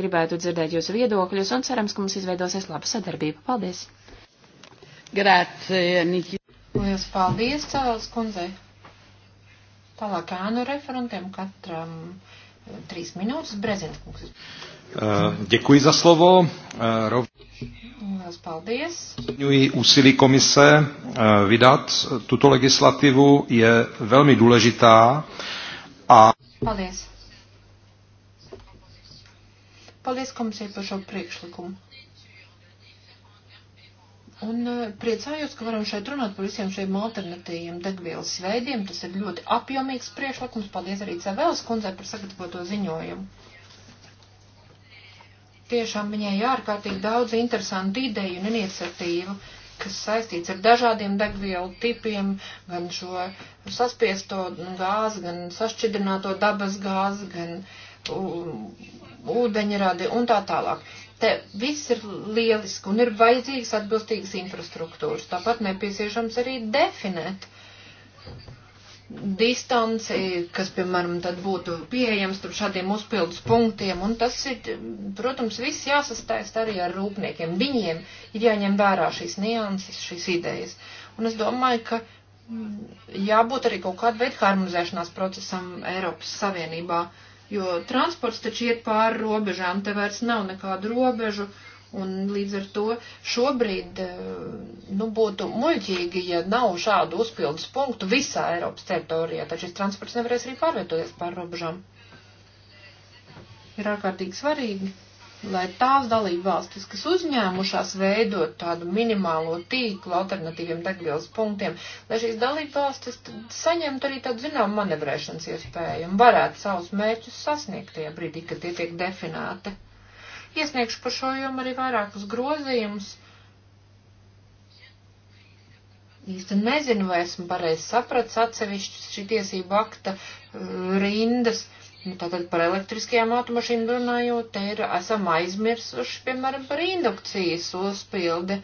gribētu dzirdēt jūsu viedokļus un cerams, ka mums izveidosies laba sadarbība. Paldies! Grācija, Niki. Lielas paldies, Cēlēs kundzei. Tālāk ānu referentiem katram eh, trīs minūtes brezinkungs. Eh, děkuji za slovo. Eh, Vás paldies. Úsilí komise eh, vydat tuto legislativu je velmi důležitá a... Paldies. Paldies komisijai par šo priekšlikumu. Un priecājos, ka varam šeit runāt par visiem šiem alternatīviem degvielas veidiem. Tas ir ļoti apjomīgs priekšlikums. Paldies arī Cevēlas kundzei par sagatavoto ziņojumu. Tiešām viņai ārkārtīgi daudz interesantu ideju un iniciatīvu, kas saistīts ar dažādiem degvielu tipiem, gan šo saspiesto gāzi, gan sašķidrināto dabas gāzi, gan ūdeņradi un tā tālāk. Te viss ir lieliski un ir vajadzīgas atbilstīgas infrastruktūras. Tāpat nepieciešams arī definēt uh, distanci, kas, piemēram, tad būtu pieejams tur šādiem uzpildus punktiem, un tas ir, protams, viss jāsastaist arī ar rūpniekiem. Viņiem ir jāņem vērā šīs nianses, šīs idejas. Un es domāju, ka mm, jābūt arī kaut kādu veidu harmonizēšanās procesam Eiropas Savienībā, jo transports taču iet pāri robežām, te vairs nav nekādu robežu, uh, Un līdz ar to šobrīd eh, nu, būtu muļķīgi, ja nav šādu uzpildus punktu visā Eiropas teritorijā, tad šis transports nevarēs arī pārvietoties pār robežām. Ir ārkārtīgi svarīgi, lai tās dalība valstis, kas uzņēmušās veidot tādu minimālo tīklu alternatīviem degvielas punktiem, lai šīs dalība valstis saņemtu arī tādu zinām manevrēšanas iespēju un varētu savus mērķus sasniegt tajā brīdī, kad tie tiek definēti. Iesniegšu par šo jomu arī vairākus grozījumus. Īsti nezinu, vai esmu pareizi sapratis atsevišķus šī tiesību akta uh, rindas. Nu, tātad par elektriskajām automašīnām runājot, te ir, esam aizmirsuši, piemēram, par indukcijas uzpildi.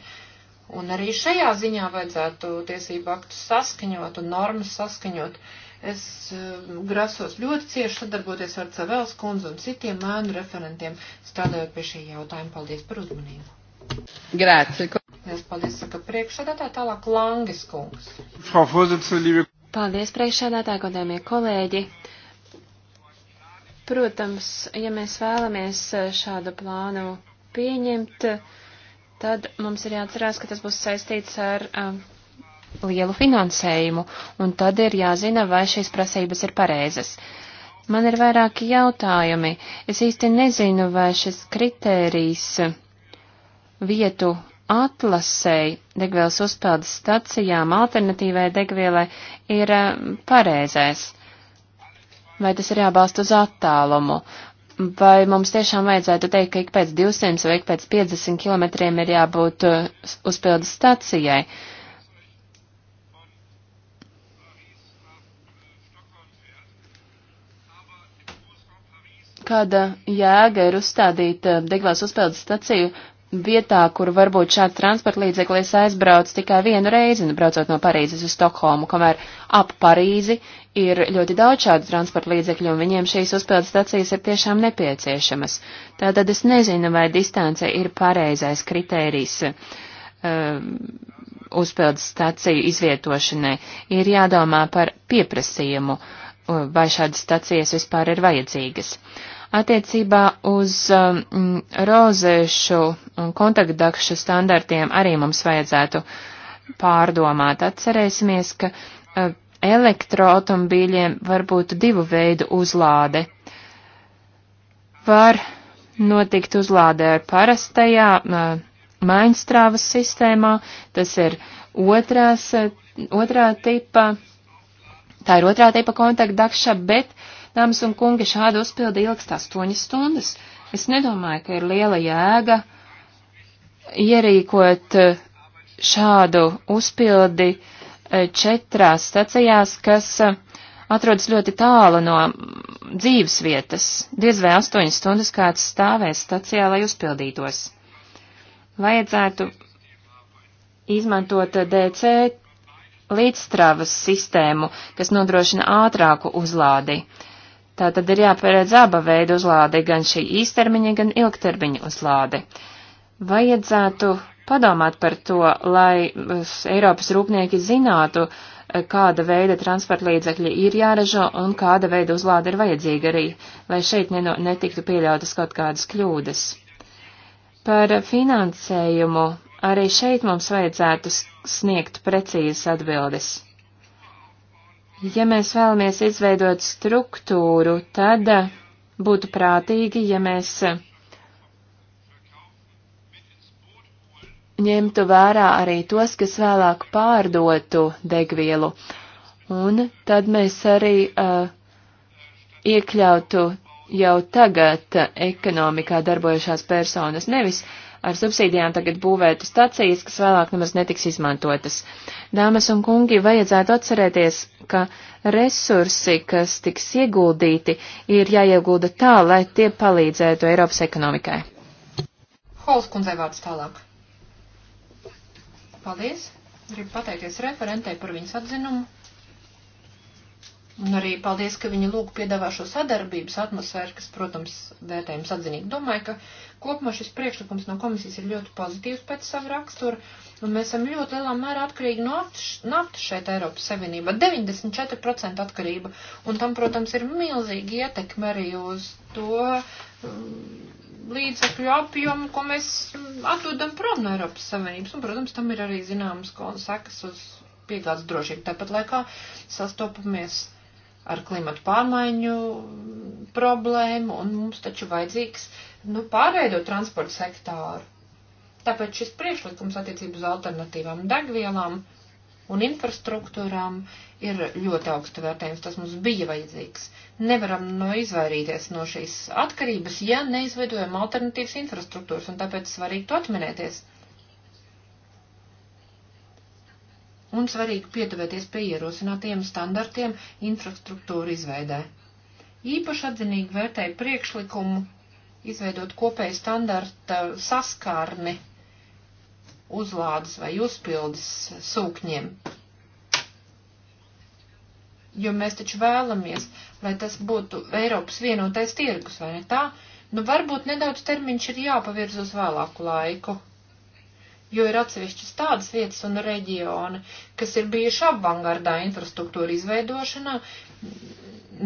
Un arī šajā ziņā vajadzētu tiesību aktus saskaņot un normas saskaņot. Uh, Es um, grasos ļoti cieši sadarboties ar Cavēls kundzu un citiem mēnu referentiem, strādājot pie šī jautājuma. Paldies par uzmanību. Grāci. Es paldies, saka priekšsēdētāji, tālāk Langis kungs. Paldies, priekšsēdētāji, godējumie kolēģi. Protams, ja mēs vēlamies uh, šādu plānu pieņemt, tad mums ir jāatcerās, ka tas būs saistīts ar uh, lielu finansējumu, un tad ir jāzina, vai šīs prasības ir pareizas. Man ir vairāki jautājumi. Es īsti nezinu, vai šis kritērijs vietu atlasēji degvielas uzpeldes stacijām alternatīvai degvielai ir eh, pareizais. Vai tas ir jābalst uz attālumu? Vai mums tiešām vajadzētu teikt, ka ik pēc 200 vai ik pēc 50 kilometriem ir jābūt eh, uzpildes stacijai? Uh, Kāda jēga ir uzstādīt eh, degvielas uzpildes staciju vietā, kur varbūt šāds transporta līdzeklis aizbrauc tikai vienu reizi, nu, braucot no Parīzes uz Stokholmu, kamēr ap Parīzi ir ļoti daudz šādu transporta līdzekļu, un viņiem šīs uzpildes stacijas ir tiešām nepieciešamas. Tātad es nezinu, vai distance ir pareizais kritērijs uh, uzpildes staciju izvietošanai. Ir jādomā par pieprasījumu, eh, vai šādas stacijas vispār ir vajadzīgas. Uh, Attiecībā uz um, rozēšu un kontaktdakšu standartiem arī mums vajadzētu pārdomāt. Atcerēsimies, ka uh, elektroautomobīļiem var būt divu veidu uzlāde. Var notikt uzlāde ar parastajā uh, maiņstrāvas sistēmā, tas ir otrās, uh, otrā tipa, tā ir otrā tipa kontaktdakša, bet uh, Dāmas un kungi, šāda uzpilda ilgst astoņas stundas. Es nedomāju, ka ir liela jēga ierīkot eh, šādu uzpildi eh, četrās stacijās, kas eh, atrodas ļoti tālu no mm, dzīves vietas. Diez vai astoņas stundas kāds stāvēs stacijā, lai uzpildītos. Vajadzētu izmantot DC līdzstravas sistēmu, kas nodrošina ātrāku uzlādi. Uh, Tā tad ir jāpēredz aba veida uzlāde, gan šī īstermiņa, gan ilgtermiņa uzlāde. Vajadzētu padomāt par to, lai Eiropas rūpnieki zinātu, e, kāda veida transporta līdzekļi ir jāražo un kāda veida uzlāde ir vajadzīga arī, lai šeit neno, netiktu pieļautas kaut kādas kļūdas. Par finansējumu arī šeit mums vajadzētu sniegt precīzas atbildes. Ja mēs vēlamies izveidot struktūru, tad eh, būtu prātīgi, ja mēs eh, ņemtu vērā arī tos, kas vēlāk pārdotu degvielu. Un tad mēs arī uh, iekļautu jau tagad ekonomikā darbojušās personas, nevis uh, ar subsīdijām tagad būvētu stacijas, kas vēlāk nemaz netiks izmantotas. Dāmas un kungi, vajadzētu atcerēties, ka resursi, kas tiks ieguldīti, ir jāiegulda tā, lai tie palīdzētu Eiropas ekonomikai. Hols kundzei vārds tālāk. Paldies! Gribu pateikties referentei par viņas atzinumu. Un arī paldies, ka viņi lūg piedāvā šo sadarbības atmosfēru, kas, protams, vērtējums atzinīgi. Domāju, ka kopumā šis priekšlikums no komisijas ir ļoti pozitīvs pēc sava rakstura, un mēs esam ļoti lielā mērā atkarīgi no naftas šeit Eiropas Savienībā. 94% atkarība, un tam, protams, ir milzīgi ietekme arī uz to mm, līdzekļu apjomu, ko mēs mm, atdodam prom no Eiropas Savienības, un, protams, tam ir arī zināmas sekas uz piegādes drošību. Tāpat laikā sastopamies ar klimatu pārmaiņu problēmu, un mums taču vajadzīgs, nu, pārveidot transporta sektāru. Tāpēc šis priekšlikums attiecību uz alternatīvām degvielām un infrastruktūrām ir ļoti augstu vērtējums. Tas mums bija vajadzīgs. Nevaram no nu, izvairīties no šīs atkarības, ja neizveidojam alternatīvas infrastruktūras, un tāpēc svarīgi to atminēties. un svarīgi pietuvēties pie ierosinātiem standartiem infrastruktūra izveidē. Īpaši atzinīgi vērtēja priekšlikumu izveidot kopēju standarta saskārni uzlādes vai uzpildes sūkņiem. Jo mēs taču vēlamies, lai tas būtu Eiropas vienotais tirgus, vai ne tā? Nu, varbūt nedaudz termiņš ir jāpavirz uz vēlāku laiku jo ir atsevišķas tādas vietas un reģioni, kas ir bijuši avangardā infrastruktūra izveidošanā,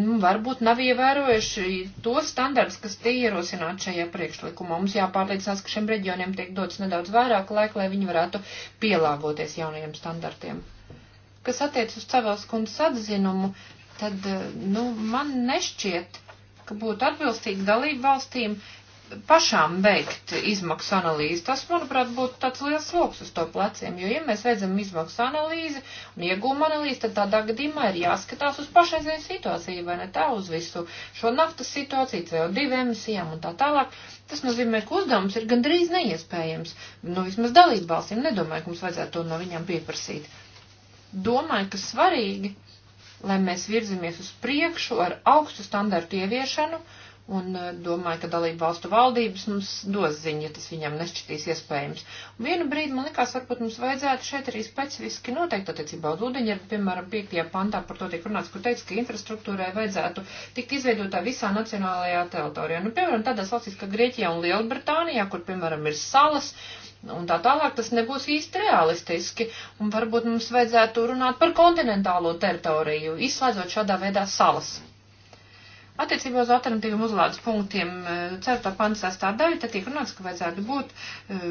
nu, varbūt nav ievērojuši tos standarts, kas tie ierosināti šajā priekšlikumā. Mums jāpārliecinās, ka šiem reģioniem tiek dots nedaudz vairāk laika, lai viņi varētu pielāgoties jaunajiem standartiem. Kas attiec uz Cavels kundzes atzinumu, tad, eh, nu, man nešķiet, ka būtu atbilstīgi dalību valstīm pašām veikt izmaksu analīzi, tas, manuprāt, būtu tāds liels sloks uz to pleciem, jo, ja mēs veicam izmaksu analīzi un iegūmu analīzi, tad tādā gadījumā ir jāskatās uz pašreizēju situāciju, vai ne tā, uz visu šo naftas situāciju, CO2 emisijām un tā tālāk. Tas nozīmē, ka uzdevums ir gandrīz neiespējams. Nu, vismaz dalību valstīm nedomāju, ka mums vajadzētu to no viņām pieprasīt. Domāju, ka svarīgi, lai mēs virzamies uz priekšu ar augstu standartu ieviešanu, uh, Un eh, domāju, ka dalību valstu valdības mums dos ziņu, ja tas viņam nešķitīs iespējams. Un vienu brīdi man likās, varbūt mums vajadzētu šeit arī specifiski noteikt attiecībā uz ūdeņu, ja, piemēram, 5. pantā par to tiek runāts, kur teica, ka infrastruktūrai vajadzētu tikt izveidotā visā nacionālajā teritorijā. Nu, piemēram, tādās valstīs kā Grieķijā un Lielbritānijā, kur, piemēram, ir salas. Un tā tālāk tas nebūs īsti realistiski, un varbūt mums vajadzētu runāt par kontinentālo teritoriju, izslēdzot šādā veidā salas. Attiecībā uz alternatīviem uzlādes punktiem, eh, ceturtā panta sastā daļa, tad tiek runāts, ka vajadzētu būt eh,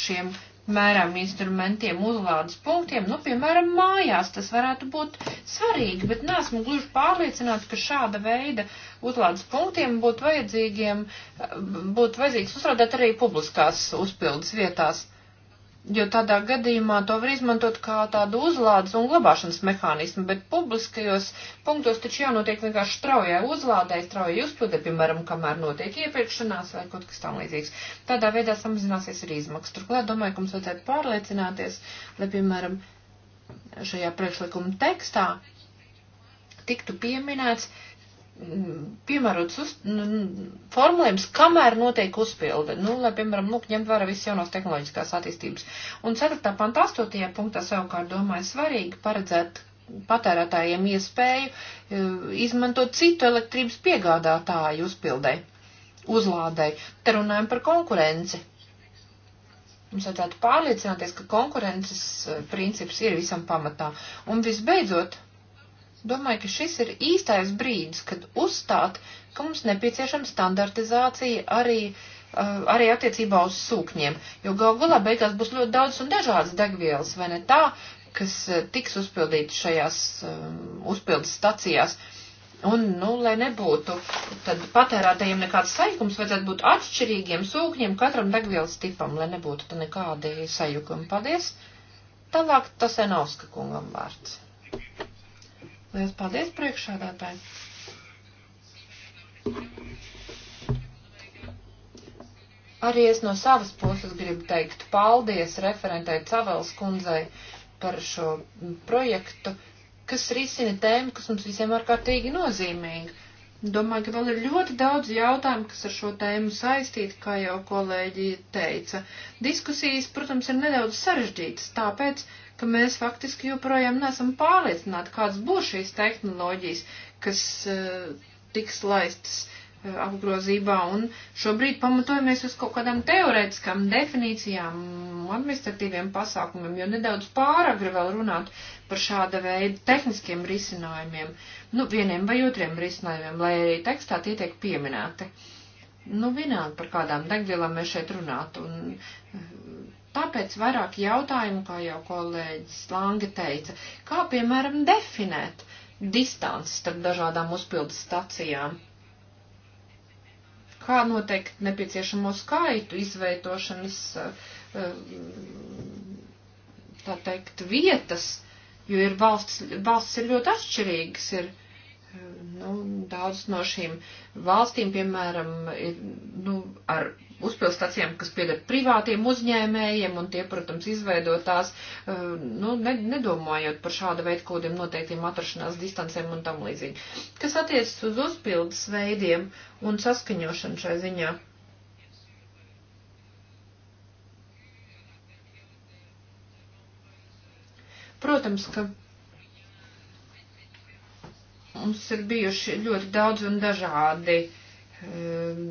šiem mērām instrumentiem, uzlādes punktiem, nu, piemēram, mājās tas varētu būt svarīgi, bet nesmu gluži pārliecināts, ka šāda veida uzlādes punktiem būtu vajadzīgiem, eh, būtu vajadzīgs uzrādēt arī publiskās uzpildes vietās jo tādā gadījumā to var izmantot kā tādu uzlādes un glabāšanas mehānismu, bet publiskajos punktos taču jānotiek vienkārši straujai uzlādē, straujai uzpildē, piemēram, kamēr notiek iepirkšanās vai kaut kas tam līdzīgs. Tādā veidā samazināsies arī izmaksas. Turklāt domāju, ka mums vajadzētu pārliecināties, lai, piemēram, šajā priekšlikuma tekstā tiktu pieminēts piemērots uz, nu, formulējums, kamēr notiek uzpilde, nu, lai, piemēram, lūk, ņemt vērā visas jaunās tehnoloģiskās attīstības. Un 4. pantā 8. punktā savukārt domāju svarīgi paredzēt patērētājiem iespēju e, izmantot citu elektrības piegādātāju uzpildē, uzlādē. Te runājam par konkurenci. Mums vajadzētu pārliecināties, ka konkurences e, princips ir visam pamatā. Un visbeidzot, Domāju, ka šis ir īstais brīdis, kad uzstāt, ka mums nepieciešama standartizācija arī, eh, arī attiecībā uz sūkņiem, jo gal galā beigās būs ļoti daudz un dažādas degvielas, vai ne tā, kas eh, tiks uzpildītas šajās eh, uzpildes stacijās. Un, nu, lai nebūtu tad patērētājiem nekāds saikums, vajadzētu būt atšķirīgiem sūkņiem katram degvielas tipam, lai nebūtu tad nekādi sajukumi. Paldies! Tālāk tas ir Nauska kungam vārds. Lielas paldies priekšādātāji! Arī es no savas puses gribu teikt paldies referentei Cavels kundzei par šo projektu, kas risina tēmu, kas mums visiem ārkārtīgi nozīmīga. Domāju, ka vēl ir ļoti daudz jautājumu, kas ar šo tēmu saistīti, kā jau kolēģi teica. Diskusijas, protams, ir nedaudz sarežģītas, tāpēc ka mēs faktiski joprojām nesam pārliecināti, kādas būs šīs tehnoloģijas, kas uh, tiks laistas uh, apgrozībā, un šobrīd pamatojamies uz kaut kādām teorētiskām definīcijām, administratīviem pasākumiem, jo nedaudz pāragri vēl runāt par šāda veida tehniskiem risinājumiem, nu, vieniem vai otriem risinājumiem, lai arī tekstā tie tiek pieminēti. Nu, vienalga par kādām degvielām mēs šeit runātu, un eh, Tāpēc vairāk jautājumu, kā jau kolēģis Lange teica, kā piemēram definēt distanci starp dažādām uzpildes stacijām kā noteikt nepieciešamo skaitu izveidošanas, eh, eh, tā teikt, vietas, jo ir valsts, valsts ir ļoti atšķirīgas, ir, eh, nu, daudz no šīm valstīm, piemēram, ir, nu, ar uzpilstacijām, kas pieder privātiem uzņēmējiem, un tie, protams, izveido tās, eh, nu, nedomājot par šāda veida kodiem noteiktiem atrašanās distancēm un tam līdzīgi. Kas attiecas uz uzpildes veidiem un saskaņošanu šai ziņā? Protams, ka mums ir bijuši ļoti daudz un dažādi uh, Um,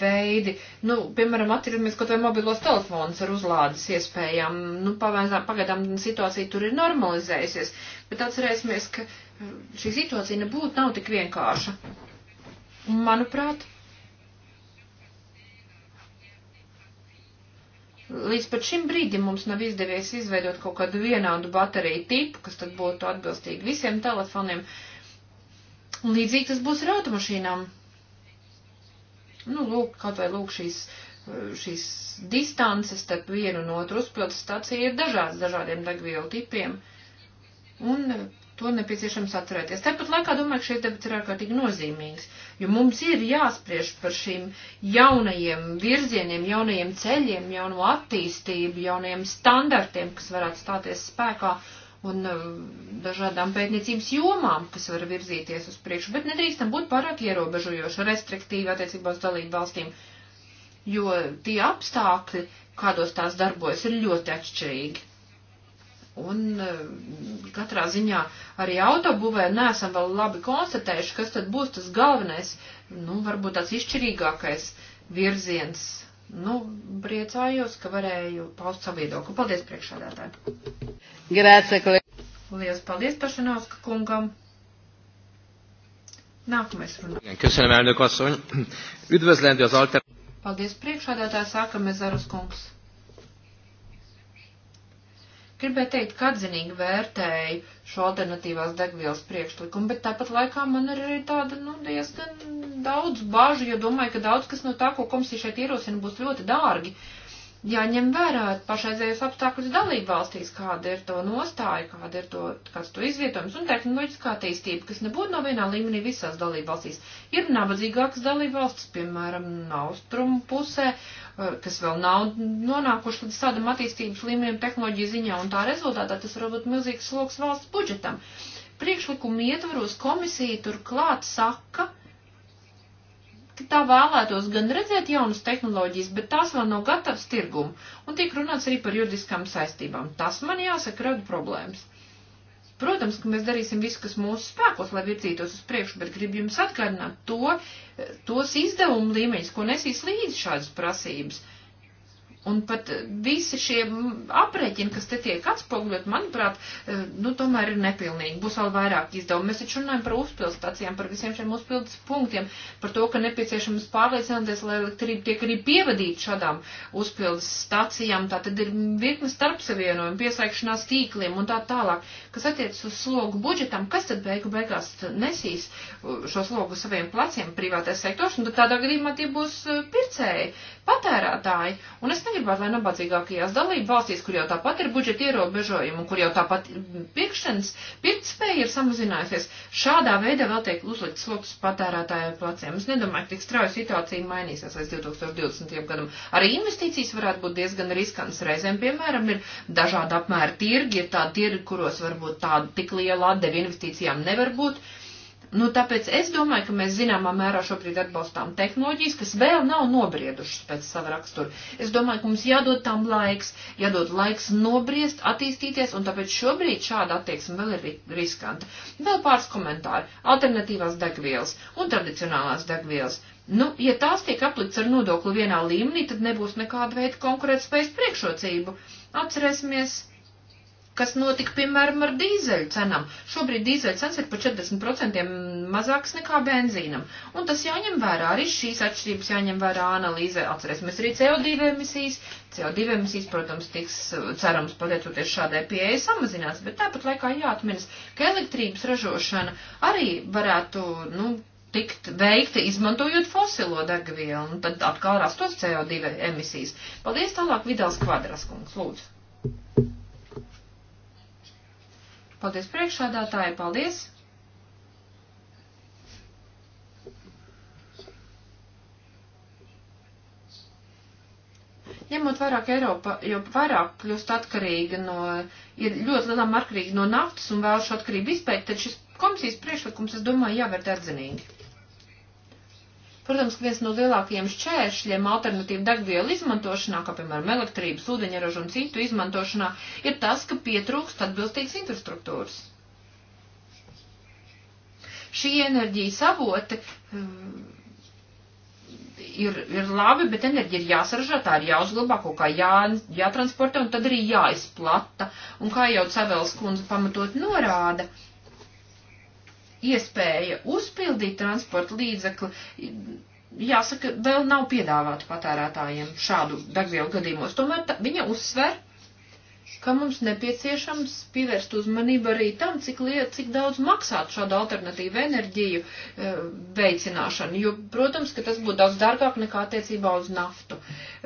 veidi. Nu, piemēram, atceramies kaut vai mobilos telefonus ar uzlādes iespējām. Nu, pamēram, pagaidām situācija tur ir normalizējusies, bet atcerēsimies, ka um, šī situācija nebūtu nav tik vienkārša. Manuprāt, līdz pat šim brīdim mums nav izdevies izveidot kaut kādu vienādu bateriju tipu, kas tad būtu atbilstīgi visiem telefoniem. Līdzīgi tas būs ar automašīnām Nu, lūk, kaut vai lūk šīs, šīs distances starp vienu un otru uzpildes stāciju ir dažādas dažādiem degvielu tipiem. Un eh, to nepieciešams atcerēties. Tāpat laikā domāju, ka šis debats ir ārkārtīgi nozīmīgs, jo mums ir jāspriež par šīm jaunajiem virzieniem, jaunajiem ceļiem, jauno attīstību, jaunajiem standartiem, kas varētu stāties spēkā un um, dažādām pētniecības jomām, kas var virzīties uz priekšu, bet nedrīkstam būt pārāk ierobežojoši, restriktīvi attiecībā uz dalību valstīm, jo tie apstākļi, kādos tās darbojas, ir ļoti atšķirīgi. Un um, katrā ziņā arī autobūvē neesam vēl labi konstatējuši, kas tad būs tas galvenais, nu, varbūt tāds izšķirīgākais virziens Nu, priecājos, ka varēju paust savu viedokli. Paldies priekšādātāji. Grāce, kolēģi. Lielas paldies Pašanovska kungam. Nākamais runājums. Köszönöm, elnök asszony. Üdvözlendő az alter... Paldies priekšādātāji, sākam Mezaras kungs. Gribēju teikt, ka atzinīgi vērtēju šo alternatīvās degvielas priekšlikumu, bet tāpat laikā man ir arī tāda, nu, diezgan daudz bažu, jo domāju, ka daudz kas no tā, ko komisija šeit ierosina, būs ļoti dārgi. Uh, jāņem vērā pašreizējos apstākļus dalību valstīs, kāda ir to nostāja, kāda ir to, kāds to izvietojums un tehnoloģiskā attīstība, kas nebūtu no vienā līmenī visās dalību valstīs. Ir nabadzīgākas dalību valstis, piemēram, austrumu pusē, eh, kas vēl nav nonākuši līdz tādam attīstības līmenim tehnoloģija ziņā, un tā rezultātā tas var būt milzīgs sloks valsts budžetam. Priekšlikumu ietvaros komisija turklāt saka, tā vēlētos gan redzēt jaunas tehnoloģijas, bet tās vēl nav gatavas tirgumu, un tiek runāts arī par juridiskām saistībām. Tas man jāsaka rada problēmas. Protams, ka mēs darīsim visu, kas mūsu spēkos, lai virzītos uz priekšu, bet gribu jums atgādināt to, tos izdevumu līmeņus, ko nesīs līdz šādas prasības. Un pat visi šie aprēķini, kas te tiek atspoguļot, manuprāt, e, nu tomēr ir nepilnīgi. Būs vēl vairāk izdevumu. Mēs taču runājam par uzpildu stācijām, par visiem šiem uzpildus punktiem, par to, ka nepieciešams pārliecināties, lai elektrība tiek arī pievadīta šādām uzpildus stācijām. Tā tad ir virkne starpsavienojumi, pieslēgšanās tīkliem un tā tālāk. Kas attiecas uz slogu budžetam, kas tad beigu beigās nesīs šo slogu saviem pleciem privātais sektors, un tad tādā gadījumā tie būs eh, pircēji, patērētāji. Un es negribētu, lai nabadzīgākajās dalību valstīs, kur jau tāpat ir budžeta ierobežojumi, un kur jau tāpat pirkšanas, pirktspēja ir samazinājusies, šādā veidā vēl tiek uzlikts sloks patērētājiem pleciem. Es nedomāju, ka tik strauji situācija mainīsies līdz 2020. gadam. Arī investīcijas varētu būt diezgan riskantas reizēm, piemēram, ir dažāda apmēra tirgi, ir tādi tirgi, kuros var varbūt tāda tik liela atdeva investīcijām nevar būt. Nu, tāpēc es domāju, ka mēs zināmā mērā šobrīd atbalstām tehnoloģijas, kas vēl nav nobriedušas pēc sava rakstura. Es domāju, ka mums jādod tam laiks, jādod laiks nobriest, attīstīties, un tāpēc šobrīd šāda attieksme vēl ir riskanta. Vēl pāris komentāri. Alternatīvās degvielas un tradicionālās degvielas. Nu, ja tās tiek aplikts ar nodokli vienā līmenī, tad nebūs nekāda veida konkurētspējas priekšrocību. Atcerēsimies kas notika, piemēram, ar dīzeļu cenām. Šobrīd dīzeļu cenas ir par 40% mazāks nekā benzīnam. Un tas jāņem vērā, arī šīs atšķirības jāņem vērā analīzē. Atcerēsimies arī CO2 emisijas. CO2 emisijas, protams, tiks uh, cerams pateicoties šādai pieeja samazinās, bet tāpat laikā jāatminas, ka elektrības ražošana arī varētu, nu, tikt veikta izmantojot fosilo degvielu, un tad atkal rastos CO2 emisijas. Paldies tālāk Vidāls Kvadraskungs, lūdzu. Paldies priekšādātāji, paldies! ņemot vairāk Eiropa, jo vairāk kļūst atkarīga no, ir ļoti lielā markarīga no naftas un vēl šo atkarību izbeigt, tad šis komisijas priekšlikums, es domāju, jāvērt atzinīgi. Protams, ka viens no lielākajiem šķēršļiem alternatīvu degvielu izmantošanā, kā piemēram elektrības, ūdeņraža un citu izmantošanā, ir tas, ka pietrūkst atbilstīgas infrastruktūras. Šī enerģijas avote um, ir, ir labi, bet enerģija ir jāsaražā, tā ir jāuzglabā, kaut kā jā, jātransportē un tad arī jāizplata. Un kā jau Cevels kundze pamatot norāda, uh, iespēja uzpildīt transporta līdzekli, jāsaka, vēl nav piedāvāta patērētājiem šādu degvielu gadījumos. Tomēr ta, viņa uzsver, ka mums nepieciešams pievērst uzmanību arī tam, cik, liet, cik daudz maksātu šādu alternatīvu enerģiju e, veicināšanu, jo, protams, ka tas būtu daudz dārgāk nekā attiecībā uz naftu.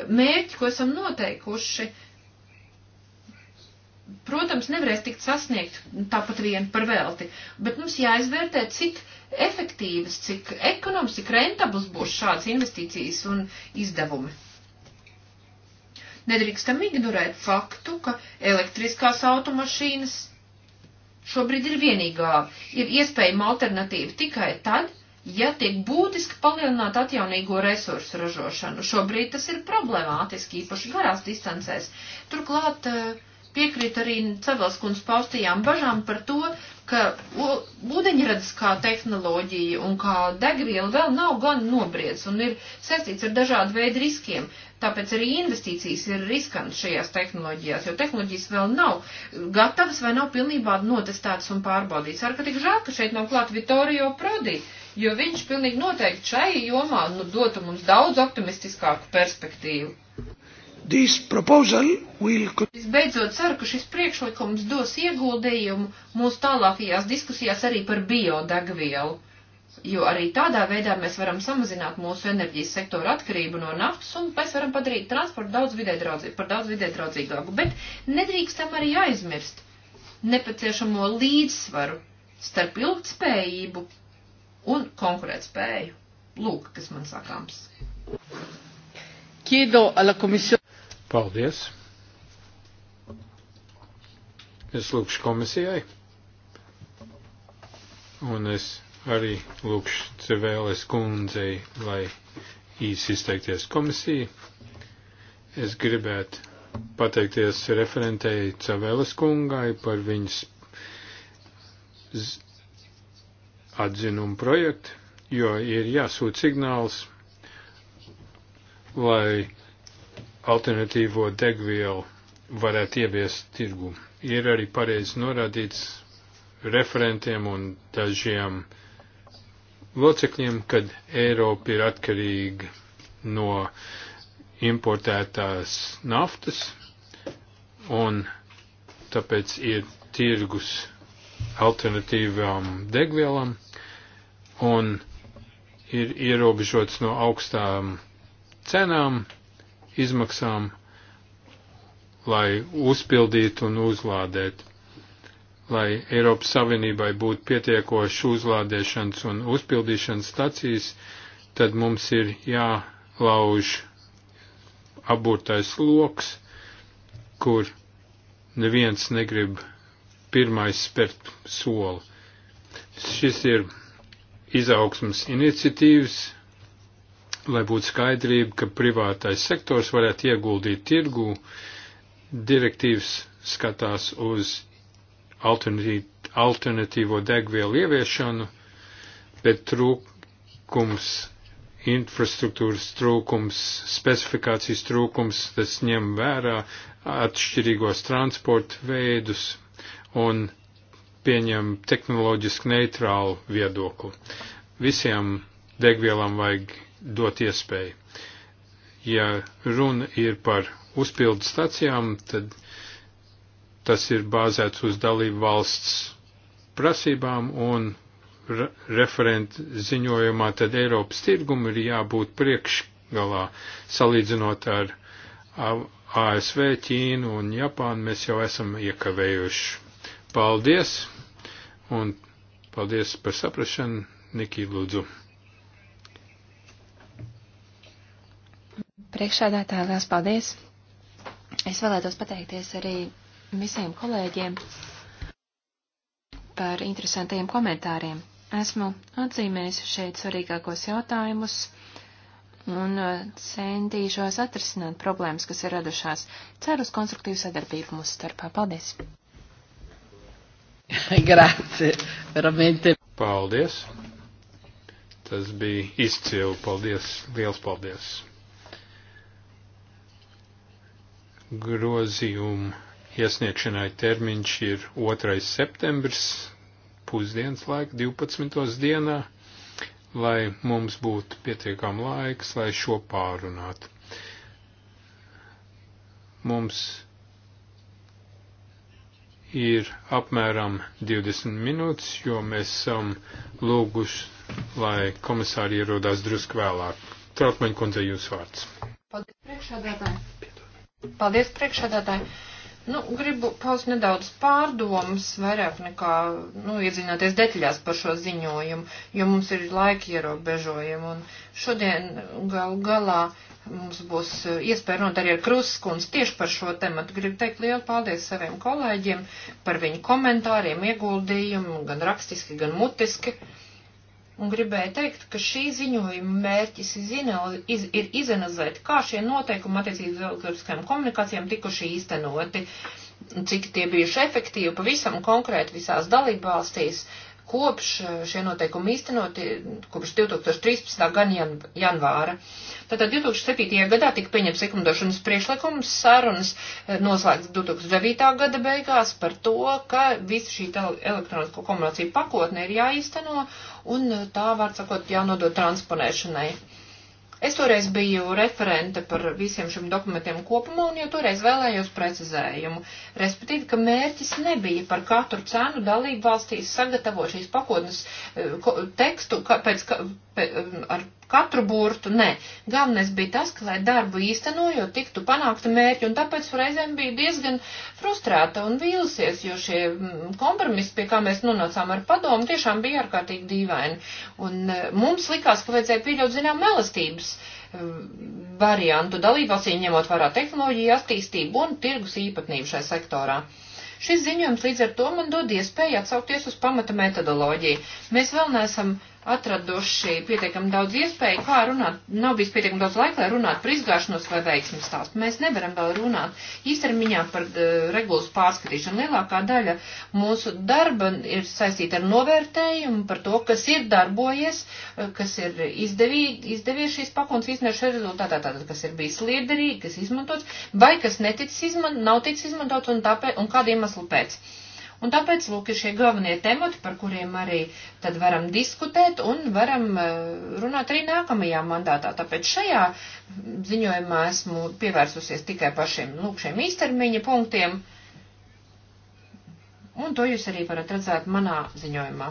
Mērķi, ko esam noteikuši, e, protams, nevarēs tikt sasniegt tāpat vien par velti, bet mums jāizvērtē, cik efektīvas, cik ekonomisks, cik rentabls būs šādas investīcijas un izdevumi. Nedrīkstam ignorēt faktu, ka elektriskās automašīnas šobrīd ir vienīgā, ir iespējama alternatīva tikai tad, ja tiek būtiski palielināt atjaunīgo resursu ražošanu. Šobrīd tas ir problemātiski, īpaši garās distancēs. Turklāt uh, Piekrīt arī Cevels kundz paustajām bažām par to, ka ūdeņradas kā tehnoloģija un kā degviela vēl nav gan nobriedz un ir saistīts ar dažādu veidu riskiem. Tāpēc arī investīcijas ir riskantas šajās tehnoloģijās, jo tehnoloģijas vēl nav gatavas vai nav pilnībā notestētas un pārbaudītas. Ar ka tik žēl, ka šeit nav klāt Vittorio Prodi, jo viņš pilnīgi noteikti šai jomā nu, dotu mums daudz optimistiskāku perspektīvu. Will... Visbeidzot, ceru, ka šis priekšlikums dos ieguldījumu mūsu tālākajās diskusijās arī par biodegvielu, jo arī tādā veidā mēs varam samazināt mūsu enerģijas sektora atkarību no naftas un mēs varam padarīt transportu daudz vidē draudzīgāku, par daudz vidē draudzīgāku, bet nedrīkstam arī aizmirst nepieciešamo līdzsvaru starp ilgtspējību un konkurētspēju. Lūk, kas man sakāms. Chiedo alla Commissione Paldies. Es lūkšu komisijai. Un es arī lūkšu Civēles kundzei, lai īsi izteikties komisiju. Es gribētu pateikties referentei Cavēles kungai par viņas atzinumu projektu, jo ir jāsūt signāls, lai alternatīvo degvielu varētu ieviest tirgu. Ir arī pareizi norādīts referentiem un dažiem locekļiem, kad Eiropa ir atkarīga no importētās naftas, un tāpēc ir tirgus alternatīvām degvielām, un ir ierobežots no augstām cenām, izmaksām, lai uzpildītu un uzlādētu, lai Eiropas Savienībai būtu pietiekoši uzlādēšanas un uzpildīšanas stacijas, tad mums ir jālauž aburtais loks, kur neviens negrib pirmais spērt soli. Šis ir izaugsmas iniciatīvas lai būtu skaidrība, ka privātais sektors varētu ieguldīt tirgu, direktīvas skatās uz alternatīvo degvielu ieviešanu, bet trūkums, infrastruktūras trūkums, specifikācijas trūkums, tas ņem vērā atšķirīgos transporta veidus un pieņem tehnoloģiski neitrālu viedokli. Visiem degvielām vajag dot iespēju. Ja runa ir par uzpildu stacijām, tad tas ir bāzēts uz dalību valsts prasībām un re referenta ziņojumā, tad Eiropas tirgumu ir jābūt priekšgalā salīdzinot ar ASV, Ķīnu un Japānu. Mēs jau esam iekavējuši. Paldies! Un paldies par saprašanu, Nikī Lūdzu! Priekšādātāji, liels paldies! Es vēlētos pateikties arī visiem kolēģiem par interesantajiem komentāriem. Esmu atzīmējis šeit svarīgākos jautājumus un uh, centīšos atrisināt problēmas, kas ir radušās. Ceru uz konstruktīvu sadarbību mūsu starpā. Paldies! [laughs] Grazie, veramente. Paldies! Tas bija izcili. Paldies! Liels paldies! Grozījumu iesniegšanai termiņš ir 2. septembris, pusdienas laika, 12. dienā, lai mums būtu pietiekam laiks, lai šo pārunātu. Mums ir apmēram 20 minūtes, jo mēs esam um, lūguši, lai komisāri ierodās drusku vēlāk. Trautmaņa kundze, jūs vārds. Paldies, priekšādātāji. Paldies priekšādātāji. Nu, gribu paust nedaudz pārdomas, vairāk nekā, nu, iedzināties detaļās par šo ziņojumu, jo mums ir laika ierobežojumi. Un šodien gal galā mums būs eh, iespēja runāt arī ar Kruskunds tieši par šo tematu. Gribu teikt lielu paldies saviem kolēģiem par viņu komentāriem, ieguldījumu, gan rakstiski, gan mutiski. Uh, Un gribēju teikt, ka šī ziņojuma mērķis ir izanalizēt, kā šie noteikumi attiecībā uz elektroniskajām komunikācijām tikuši īstenoti, cik tie bijuši efektīvi pavisam konkrēti visās dalībvalstīs, uh, kopš eh, šie noteikumi īstenoti, kopš 2013. gada jan, janvāra. Tātad 2007. gadā tika pieņems likumdošanas priekšlikums, sarunas eh, noslēgts 2009. gada beigās par to, ka visa šī elektronisko komunikāciju pakotne ir jāīsteno un eh, tā, var sakot, jānodod transponēšanai. Es toreiz biju referente par visiem šiem dokumentiem kopumā un jau toreiz vēlējos precizējumu. Respektīvi, ka mērķis nebija par katru cenu dalību valstīs sagatavot šīs pakotnes eh, tekstu, ka, pēc, ka, pe, ar katru burtu, nē. Galvenais bija tas, ka, lai darbu īstenojot, tiktu panākta mērķi, un tāpēc reizēm bija diezgan frustrēta un vīlusies, jo šie mm, kompromisi, pie kā mēs nonācām ar padomu, tiešām bija ārkārtīgi dīvaini. Un e, mums likās, ka vajadzēja pieļaut zinām melastības e, variantu dalībvalstī, ņemot vērā tehnoloģiju attīstību un tirgus īpatnību šai sektorā. Šis ziņojums līdz ar to man dod iespēju atsaukties uz pamata metodoloģiju. Mēs vēl neesam uh, atraduši pietiekami daudz iespēju, kā runāt, nav bijis pietiekami daudz laika, lai runātu par izgāšanos vai veiksmu stāstu. Mēs nevaram vēl runāt īstermiņā par uh, regulas pārskatīšanu. Lielākā daļa mūsu darba ir saistīta ar novērtējumu par to, kas ir darbojies, eh, kas ir izdevīgi, izdevies šīs pakons īstenošanas rezultātā, tātad, kas ir bijis liederīgi, kas izmantots, vai kas neticis izman, nav ticis izmantots un, tāpēc, un kādiem aslu pēc. Uh, Un tāpēc, lūk, ir šie galvenie temati, par kuriem arī tad varam diskutēt un varam eh, runāt arī nākamajā mandātā. Tāpēc šajā ziņojumā esmu pievērsusies tikai par šiem, lūk, šiem īstermiņa punktiem. Un to jūs arī varat redzēt manā ziņojumā.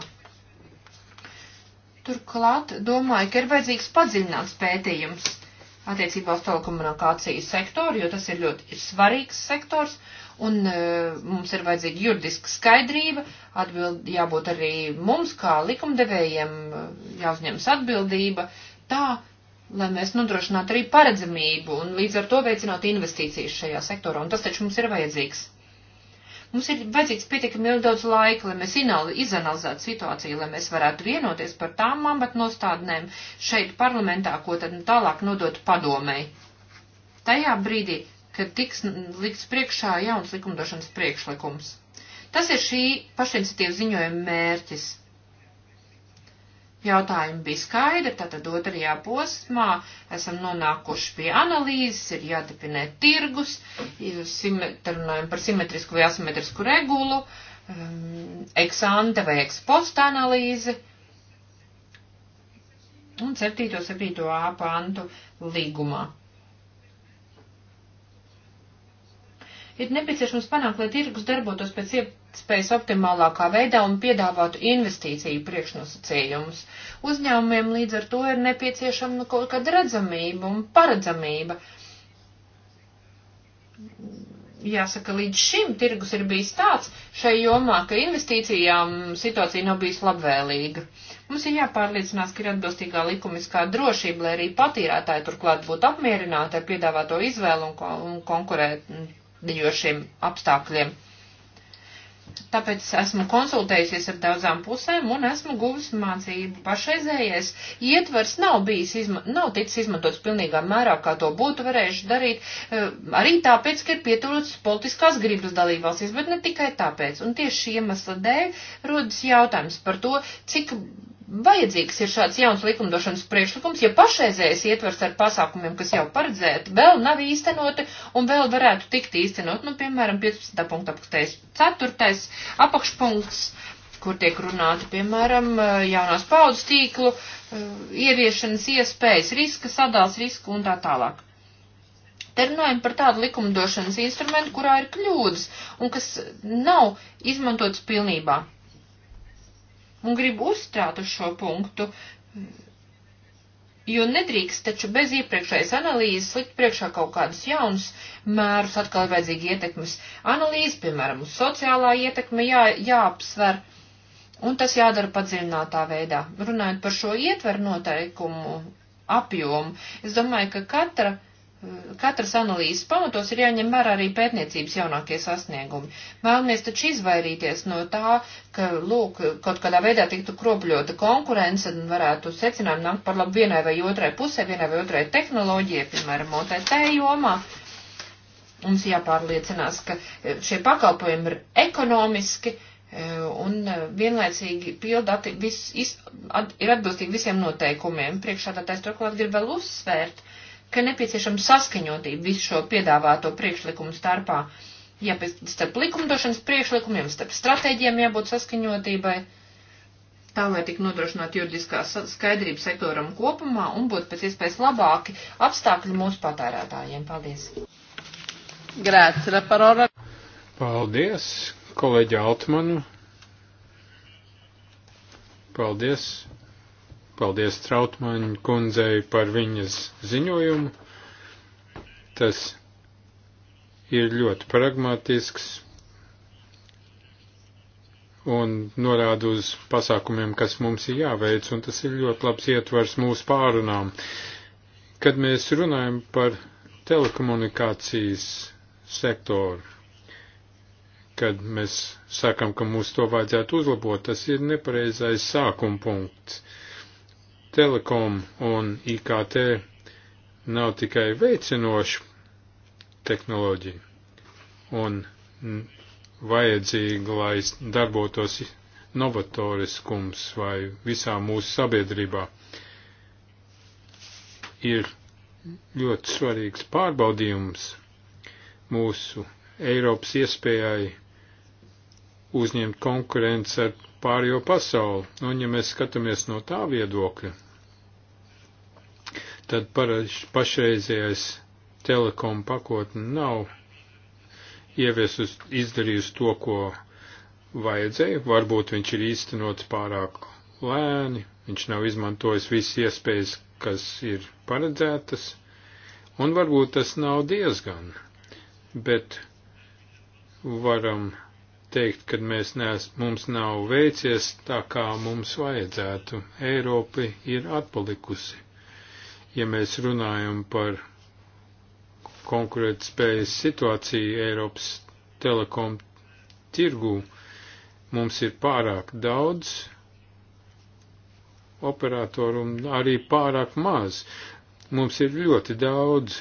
Turklāt domāju, ka ir vajadzīgs padziļināts pētījums attiecībā uz telekomunikāciju sektoru, jo tas ir ļoti svarīgs sektors un e, mums ir vajadzīga juridiska skaidrība, atbild, jābūt arī mums, kā likumdevējiem, jāuzņemas atbildība, tā, lai mēs nodrošinātu arī paredzamību un līdz ar to veicinātu investīcijas šajā sektorā, un tas taču mums ir vajadzīgs. Mums ir vajadzīgs pietiekami daudz laika, lai mēs izanalizētu situāciju, lai mēs varētu vienoties par tām ambatnostādnēm šeit parlamentā, ko tad tālāk nodot padomēji. Tajā brīdī, ka tiks likts priekšā jauns likumdošanas priekšlikums. Tas ir šī pašiniciatīva ziņojuma mērķis. Jautājumi bija skaidri, tātad otrajā posmā esam nonākuši pie analīzes, ir jādefinē tirgus, runājam par simetrisku vai asimetrisku regulu, um, eksante vai eksposta analīzi un 7.7. pāntu līgumā. ir nepieciešams panākt, lai tirgus darbotos pēc iespējas optimālākā veidā un piedāvātu investīciju priekšnosacījumus. Uzņēmumiem līdz ar to ir nepieciešama kaut kāda redzamība un paredzamība. Jāsaka, līdz šim tirgus ir bijis tāds šai jomā, ka investīcijām situācija nav bijis labvēlīga. Mums ir jāpārliecinās, ka ir atbilstīgā likumiskā drošība, lai arī patīrētāji turklāt būtu apmierināti ar piedāvāto izvēlu un, ko, un konkurēt apvidojošiem apstākļiem. Tāpēc esmu konsultējusies ar daudzām pusēm un esmu guvis mācību. Pašreizējais ietvars nav, bijis, izma nav ticis izmantots pilnīgā mērā, kā to būtu varējuši darīt, eh, arī tāpēc, ka ir pieturots politiskās gribas dalībvalstīs, bet ne tikai tāpēc. Un tieši šī iemesla dēļ rodas jautājums par to, cik vajadzīgs ir šāds jauns likumdošanas priekšlikums, ja pašreizējais ietvers ar pasākumiem, kas jau paredzēti, vēl nav īstenoti un vēl varētu tikt īstenot, nu, piemēram, 15. punkta apakstējs 4. apakšpunkts, kur tiek runāti, piemēram, eh, jaunās paudzes tīklu, eh, ieviešanas iespējas, riska sadals, risku un tā tālāk. Te runājam par tādu likumdošanas instrumentu, kurā ir kļūdas un kas nav izmantots pilnībā un gribu uzstrāt uz šo punktu, jo nedrīkst taču bez iepriekšējas analīzes likt priekšā kaut kādus jaunus mērus, atkal vajadzīgi ietekmes analīzes, piemēram, uz sociālā ietekme jā, jāapsver, un tas jādara padziļinātā veidā. Runājot par šo ietveru noteikumu apjomu, es domāju, ka katra katras analīzes pamatos ir jāņem vērā arī pētniecības jaunākie sasniegumi. Vēlamies taču izvairīties no tā, ka, lūk, kaut kādā veidā tiktu kropļota konkurence un varētu secināt nākt par labu vienai vai otrai pusē, vienai vai otrai tehnoloģijai, piemēram, OTT jomā. Mums jāpārliecinās, ka e, šie pakalpojumi ir ekonomiski e, un e, vienlaicīgi pilda vis, is, at, ir atbilstīgi visiem noteikumiem. Priekšā tā taisa turklāt grib vēl uzsvērt ka nepieciešama saskaņotība visu šo piedāvāto priekšlikumu starpā. Ja starp likumdošanas priekšlikumiem, starp stratēģiem jābūt saskaņotībai, tā lai tik nodrošinātu juridiskā skaidrība sektoram kopumā un būtu pēc iespējas labāki apstākļi mūsu patērētājiem. Paldies! Grāts, reparora! Paldies, kolēģi Altmanu! Paldies! Paldies Trautmaņa kundzei par viņas ziņojumu. Tas ir ļoti pragmatisks un norāda uz pasākumiem, kas mums ir jāveic, un tas ir ļoti labs ietvars mūsu pārunām. Kad mēs runājam par telekomunikācijas sektoru, kad mēs sakam, ka mums to vajadzētu uzlabot, tas ir nepareizais sākuma punkts. Uh, telekom un IKT nav tikai veicinoša tehnoloģija un vajadzīga, lai darbotos novatoriskums vai visā mūsu sabiedrībā, ir ļoti svarīgs pārbaudījums mūsu Eiropas iespējai uzņemt konkurenci ar pārējo pasauli. Un, ja mēs skatāmies no tā viedokļa, tad pašreizējais telekom pakotne nav ieviesus, izdarījusi to, ko vajadzēja. Varbūt viņš ir īstenots pārāk lēni, viņš nav izmantojis visas iespējas, kas ir paredzētas, un varbūt tas nav diezgan, bet varam teikt, ka mēs nees, mums nav veicies tā, kā mums vajadzētu. Eiropa ir atpalikusi ja mēs runājam par konkurētspējas situāciju Eiropas telekom tirgū, mums ir pārāk daudz operatoru un arī pārāk maz. Mums ir ļoti daudz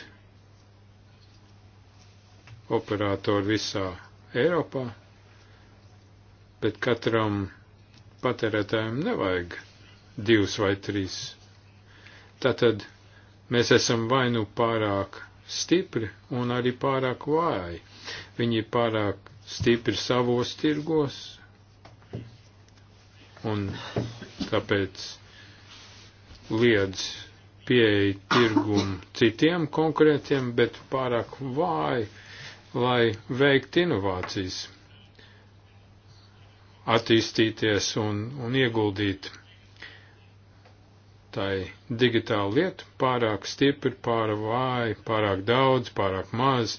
operatoru visā Eiropā, bet katram patērētājiem nevajag divus vai trīs. Tātad Mēs esam vai nu pārāk stipri un arī pārāk vāji. Viņi ir pārāk stipri savos tirgos, un tāpēc liedz pieeja tirgumu citiem konkurentiem, bet pārāk vāji, lai veikt inovācijas, attīstīties un, un ieguldīt tā ir digitāla lieta, pārāk stipri, pārāk vāji, pārāk daudz, pārāk maz,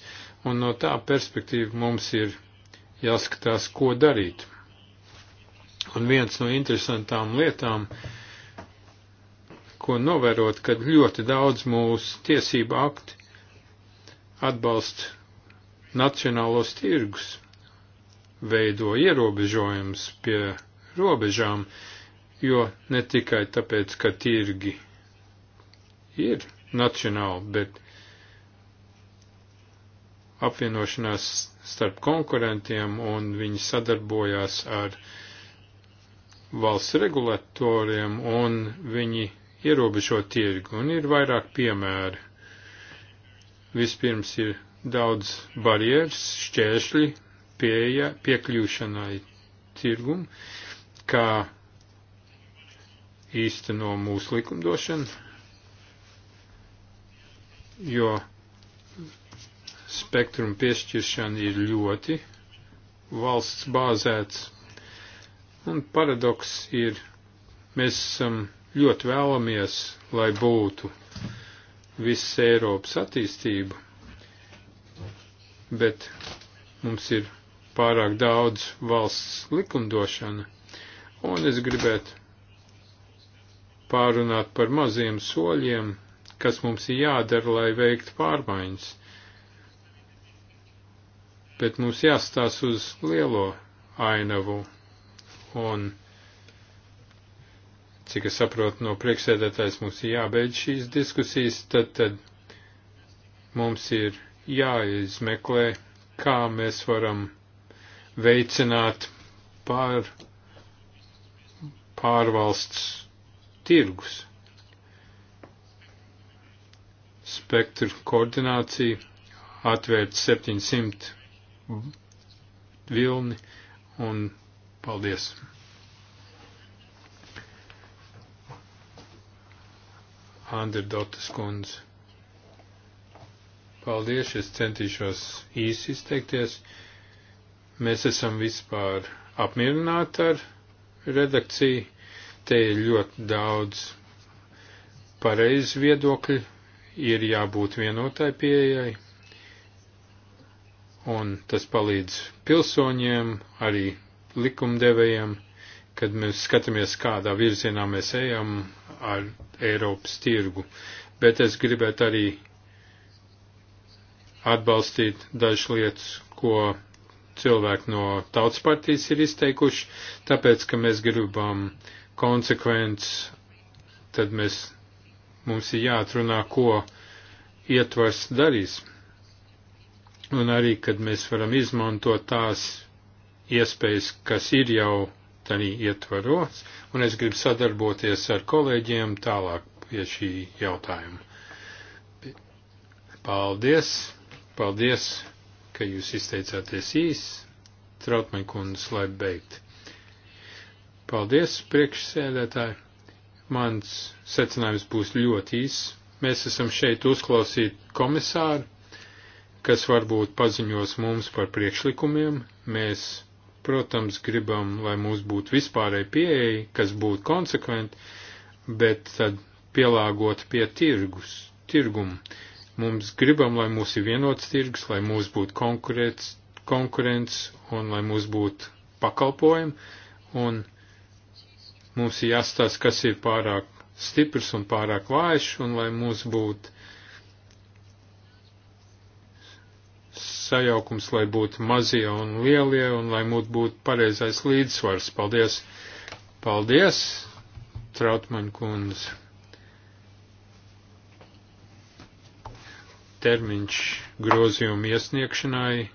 un no tā perspektīva mums ir jāskatās, ko darīt. Un viens no interesantām lietām, ko novērot, kad ļoti daudz mūsu tiesību akti atbalst nacionālos tirgus, veido ierobežojums pie robežām, uh, jo ne tikai tāpēc, ka tirgi ir nacionāli, bet apvienošanās starp konkurentiem un viņi sadarbojās ar valsts regulatoriem un viņi ierobežo tirgu un ir vairāk piemēri. Vispirms ir daudz barjeras, šķēršļi pieeja, piekļūšanai tirgum, kā īsteno mūsu likumdošanu, jo spektrum piešķiršana ir ļoti valsts bāzēts. Un paradoks ir, mēs esam ļoti vēlamies, lai būtu viss Eiropas attīstība, bet mums ir pārāk daudz valsts likumdošana, un es gribētu pārunāt par maziem soļiem, kas mums ir jādara, lai veiktu pārmaiņas. Bet mums jāstās uz lielo ainavu. Un, cik es saprotu no priekšsēdētājs, mums ir jābeidz šīs diskusijas, tad, tad mums ir jāizmeklē, kā mēs varam veicināt pār, pārvalsts tirgus, spektru koordinācija, atvērt 700 vilni un paldies! Anderdotas kundze. Paldies, es centīšos īsi izteikties. Mēs esam vispār apmierināti ar redakciju. Te ir ļoti daudz pareizi viedokļi, ir jābūt vienotai pieejai, un tas palīdz pilsoņiem, arī likumdevējiem, kad mēs skatāmies, kādā virzienā mēs ejam ar Eiropas tirgu. Bet es gribētu arī atbalstīt dažas lietas, ko cilvēki no tautas partijas ir izteikuši, tāpēc, ka mēs gribam konsekvents, tad mēs, mums ir jāatrunā, ko ietvars darīs. Un arī, kad mēs varam izmantot tās iespējas, kas ir jau tādī ietvaros, un es gribu sadarboties ar kolēģiem tālāk pie šī jautājuma. Paldies, paldies, ka jūs izteicāties īs, Trautmaņkundas, lai beigt. Paldies, priekšsēdētāji. Mans secinājums būs ļoti īss. Mēs esam šeit uzklausīt komisāru, kas varbūt paziņos mums par priekšlikumiem. Mēs, protams, gribam, lai mums būtu vispārēji pieeja, kas būtu konsekventi, bet tad pielāgot pie tirgus, tirgumu. Mums gribam, lai mūs ir vienots tirgus, lai mūs būtu konkurence un lai mūs būtu pakalpojumi. Un mums ir jāstāsta, kas ir pārāk stiprs un pārāk vājš, un lai mums būtu sajaukums, lai būtu mazie un lielie, un lai mums būtu pareizais līdzsvars. Paldies! Paldies, Trautmaņa kundze! Termiņš grozījumu iesniegšanai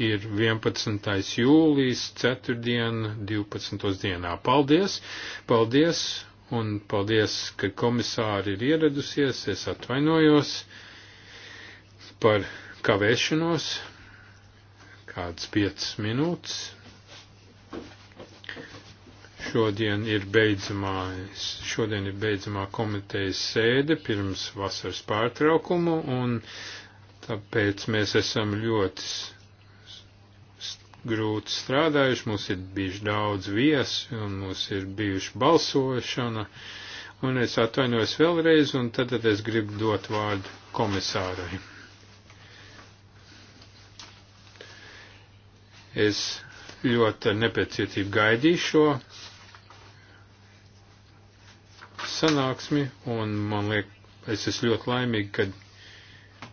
ir 11. jūlijas, 4. diena, 12. dienā. Paldies! Paldies! Un paldies, ka komisāri ir ieradusies. Es atvainojos par kavēšanos. Kāds 5 minūtes. Šodien ir beidzamā, šodien ir beidzamā komitejas sēde pirms vasaras pārtraukumu un tāpēc mēs esam ļoti grūti strādājuši, mums ir bijuši daudz viesi un mums ir bijuši balsošana, un es atvainojos vēlreiz, un tad, tad es gribu dot vārdu komisārai. Es ļoti nepacietību gaidīju šo sanāksmi, un man liek, es esmu ļoti laimīgi, kad,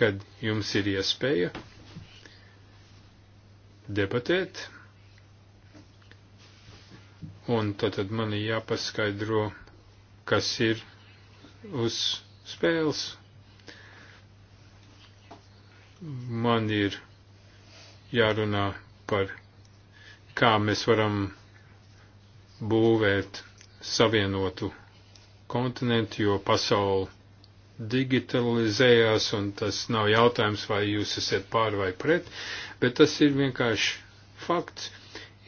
kad jums ir iespēja debatēt. Un tad, tad man ir jāpaskaidro, kas ir uz spēles. Man ir jārunā par, kā mēs varam būvēt savienotu kontinentu, jo pasauli digitalizējās, un tas nav jautājums, vai jūs esat pār vai pret, bet tas ir vienkārši fakts.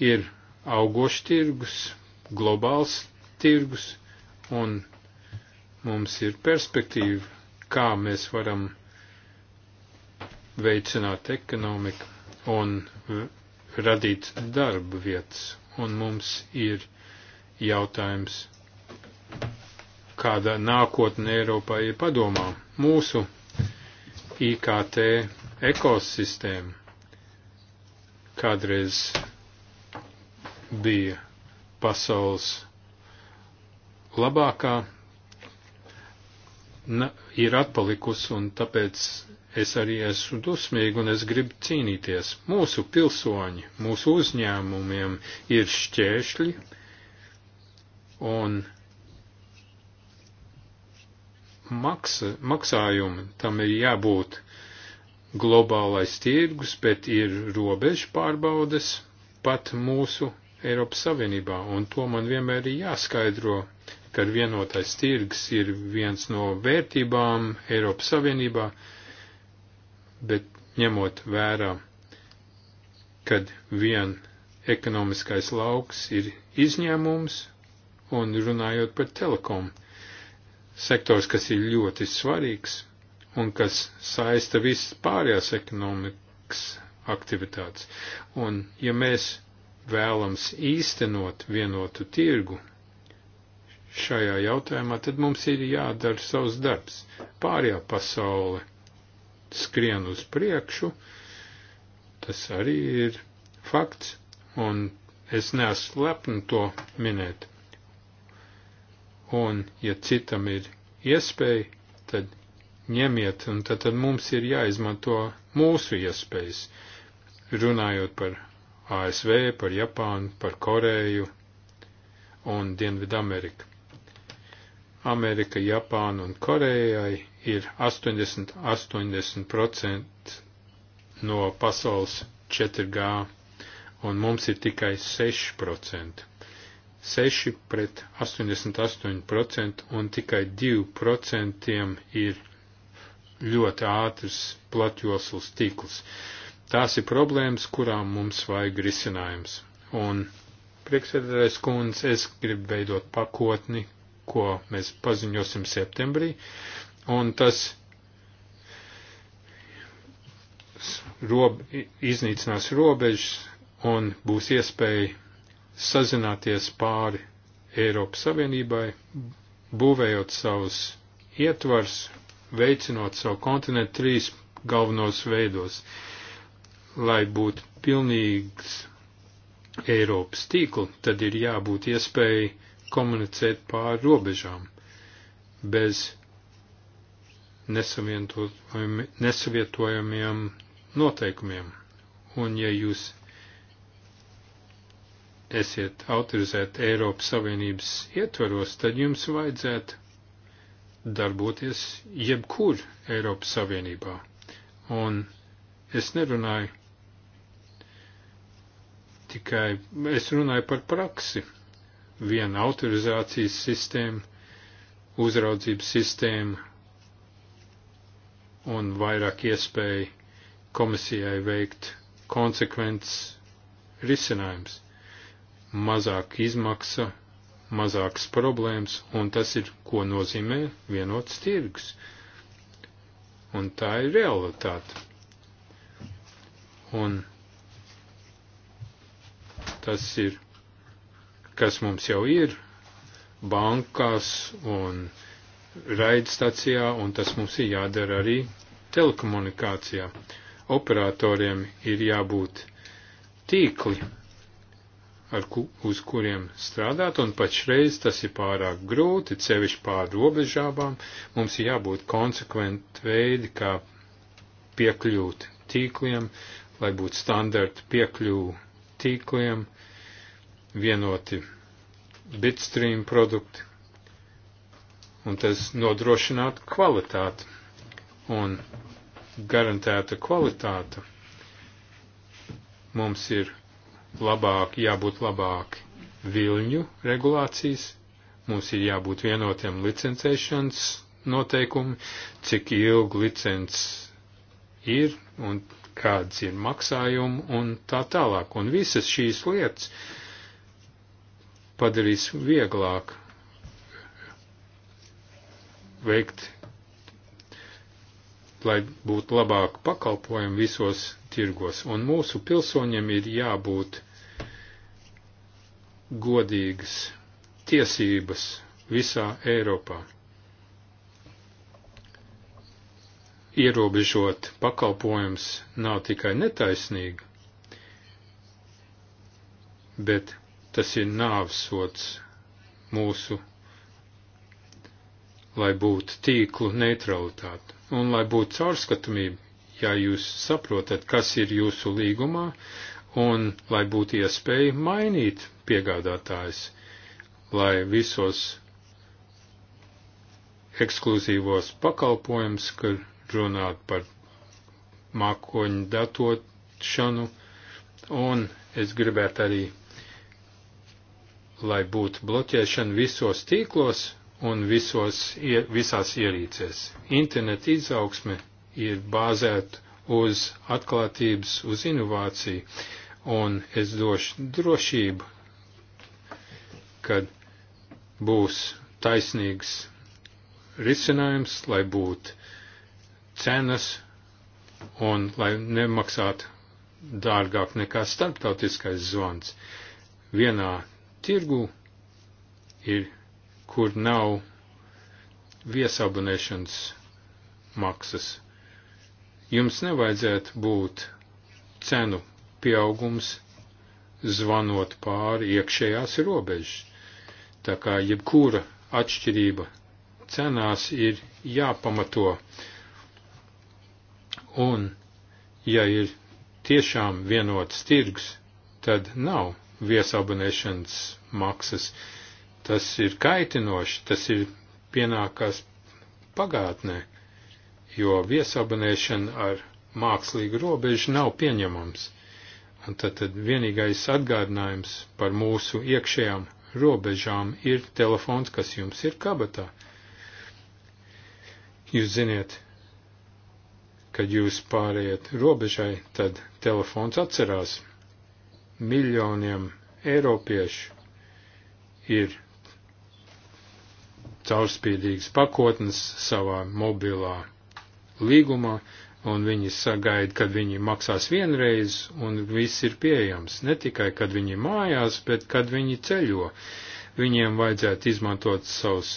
Ir augošs tirgus, globāls tirgus, un mums ir perspektīva, kā mēs varam veicināt ekonomiku un radīt darba vietas. Un mums ir jautājums kāda nākotne Eiropai ir padomā. Mūsu IKT ekosistēma kādreiz bija pasaules labākā, na, ir atpalikusi un tāpēc es arī esmu dusmīgi un es gribu cīnīties. Mūsu pilsoņi, mūsu uzņēmumiem ir šķēršļi un maksa, maksājumi, tam ir jābūt globālais tirgus, bet ir robežu pārbaudes pat mūsu Eiropas Savienībā, un to man vienmēr ir jāskaidro, ka vienotais tirgs ir viens no vērtībām Eiropas Savienībā, bet ņemot vērā, kad vien ekonomiskais lauks ir izņēmums, un runājot par telekomu, sektors, kas ir ļoti svarīgs un kas saista visas pārējās ekonomikas aktivitātes. Un ja mēs vēlams īstenot vienotu tirgu šajā jautājumā, tad mums ir jādara savs darbs. Pārējā pasaule skrien uz priekšu, tas arī ir fakts, un es neesmu lepni to minēt un ja citam ir iespēja, tad ņemiet, un tad, tad mums ir jāizmanto mūsu iespējas, runājot par ASV, par Japānu, par Koreju un Dienvidu Ameriku. Amerika, Japāna un Korejai ir 80-80% no pasaules 4G, un mums ir tikai 6%. 6 pret 88% un tikai 2% ir ļoti ātrs platjoslas tīkls. Tās ir problēmas, kurām mums vajag risinājums. Un priekšsēdētājs kundze, es gribu veidot pakotni, ko mēs paziņosim septembrī, un tas rob, iznīcinās robežas un būs iespēja sazināties pāri Eiropas Savienībai, būvējot savus ietvars, veicinot savu kontinentu trīs galvenos veidos, lai būtu pilnīgs Eiropas tīkla, tad ir jābūt iespēja komunicēt pāri robežām bez nesavietojamiem noteikumiem. Un ja jūs esiet autorizēti Eiropas Savienības ietvaros, tad jums vajadzētu darboties jebkur Eiropas Savienībā. Un es nerunāju tikai, es runāju par praksi. Viena autorizācijas sistēma, uzraudzības sistēma un vairāk iespēju komisijai veikt konsekvents risinājums mazāk izmaksa, mazākas problēmas, un tas ir, ko nozīmē vienots tirgus. Un tā ir realitāte. Un tas ir, kas mums jau ir bankās un raidstacijā, un tas mums ir jādara arī telekomunikācijā. Operatoriem ir jābūt tīkli ar ku, uz kuriem strādāt, un pašreiz tas ir pārāk grūti, cevišķi pār robežābām, mums ir jābūt konsekventi veidi, kā piekļūt tīkliem, lai būtu standarti piekļuvu tīkliem, vienoti bitstream produkti, un tas nodrošinātu kvalitāti, un garantēta kvalitāte mums ir labāk, jābūt labāk viļņu regulācijas, mums ir jābūt vienotiem licencēšanas noteikumi, cik ilgu licenc ir un kāds ir maksājumi un tā tālāk. Un visas šīs lietas padarīs vieglāk veikt lai būtu labāk pakalpojumi visos tirgos. Un mūsu pilsoņiem ir jābūt godīgas tiesības visā Eiropā. Ierobežot pakalpojums nav tikai netaisnīgi, bet tas ir nāvsots mūsu lai būtu tīklu neutralitāte un lai būtu caurskatamība, ja jūs saprotat, kas ir jūsu līgumā, un lai būtu iespēja mainīt piegādātājs, lai visos ekskluzīvos pakalpojums, kad runāt par mākoņu datošanu, un es gribētu arī, lai būtu bloķēšana visos tīklos, un visos, visās ierīcēs. Internet izaugsme ir bāzēta uz atklātības, uz inovāciju, un es došu drošību, kad būs taisnīgs risinājums, lai būtu cenas un lai nemaksātu dārgāk nekā starptautiskais zvans. Vienā tirgu ir kur nav viesabunēšanas maksas. Jums nevajadzētu būt cenu pieaugums zvanot pāri iekšējās robežas. Tā kā jebkura atšķirība cenās ir jāpamato. Un, ja ir tiešām vienots tirgs, tad nav viesabunēšanas maksas. Uh, Tas ir kaitinoši, tas ir pienākās pagātnē, jo viesabonēšana ar mākslīgu robežu nav pieņemams. Un tad, tad vienīgais atgādinājums par mūsu iekšējām robežām ir telefons, kas jums ir kabatā. Jūs ziniet, kad jūs pārējat robežai, tad telefons atcerās. Miljoniem eiropiešu ir caurspīdīgas pakotnes savā mobilā līgumā, un viņi sagaida, kad viņi maksās vienreiz, un viss ir pieejams. Ne tikai, kad viņi mājās, bet kad viņi ceļo. Viņiem vajadzētu izmantot savus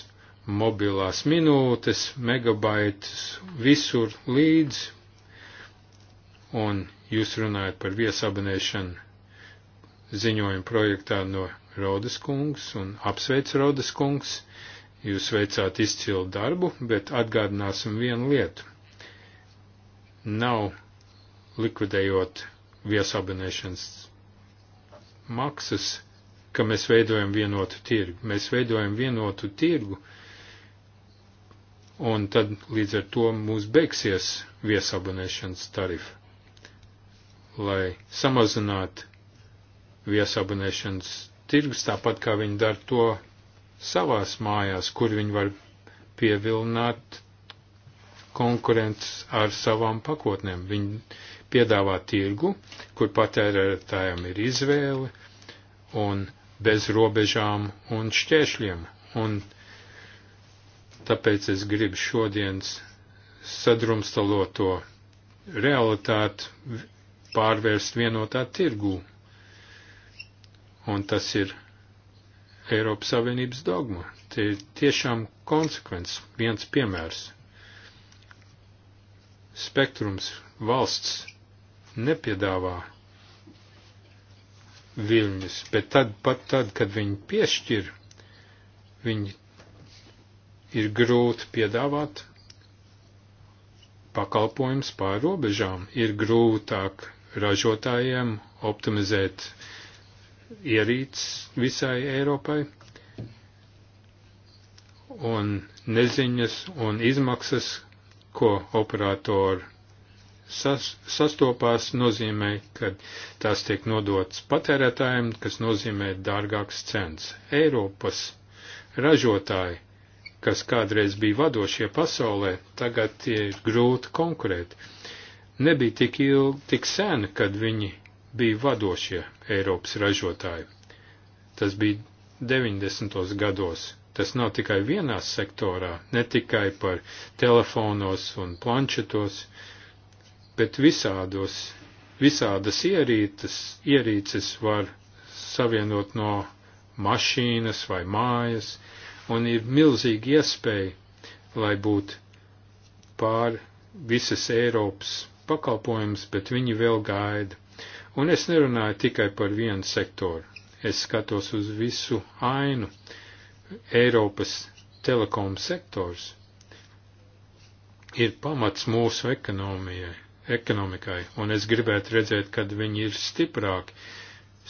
mobilās minūtes, megabaitus, visur līdz. Un jūs runājat par viesabonēšanu ziņojumu projektā no Rodas kungs un apsveic Rodas kungs. Uh, Jūs veicāt izcilu darbu, bet atgādināsim vienu lietu. Nav likvidējot viesabinēšanas maksas, ka mēs veidojam vienotu tirgu. Mēs veidojam vienotu tirgu, un tad līdz ar to mūs beigsies viesabinēšanas tarifa, lai samazinātu viesabinēšanas tirgus, tāpat kā viņi dara to savās mājās, kur viņi var pievilināt konkurences ar savām pakotnēm. Viņi piedāvā tirgu, kur patērētājiem ir izvēle un bez robežām un šķēršļiem. Un tāpēc es gribu šodienas sadrumstaloto realitāti pārvērst vienotā tirgū. Un tas ir Eiropas Savienības dogma. Tie ir tiešām konsekvences, viens piemērs. Spektrums valsts nepiedāvā viļņus, bet tad, pat tad, kad viņi piešķir, viņi ir grūti piedāvāt pakalpojums pār robežām, ir grūtāk ražotājiem optimizēt uh, ierīts visai Eiropai, un neziņas un izmaksas, ko operatori sas, sastopās, nozīmē, ka tās tiek nodotas patērētājiem, kas nozīmē dārgāks cenas. Eiropas ražotāji, kas kādreiz bija vadošie pasaulē, tagad tie ir grūti konkurēt. Nebija tik ilgi, tik sen, kad viņi bija vadošie Eiropas ražotāji. Tas bija 90. gados. Tas nav tikai vienā sektorā, ne tikai par telefonos un planšetos, bet visādos, visādas ierītas, ierīces var savienot no mašīnas vai mājas, un ir milzīga iespēja, lai būtu pār visas Eiropas pakalpojums, bet viņi vēl gaida. Un es nerunāju tikai par vienu sektoru. Es skatos uz visu ainu. Eiropas telekom sektors ir pamats mūsu ekonomijai, ekonomikai, un es gribētu redzēt, kad viņi ir stiprāki.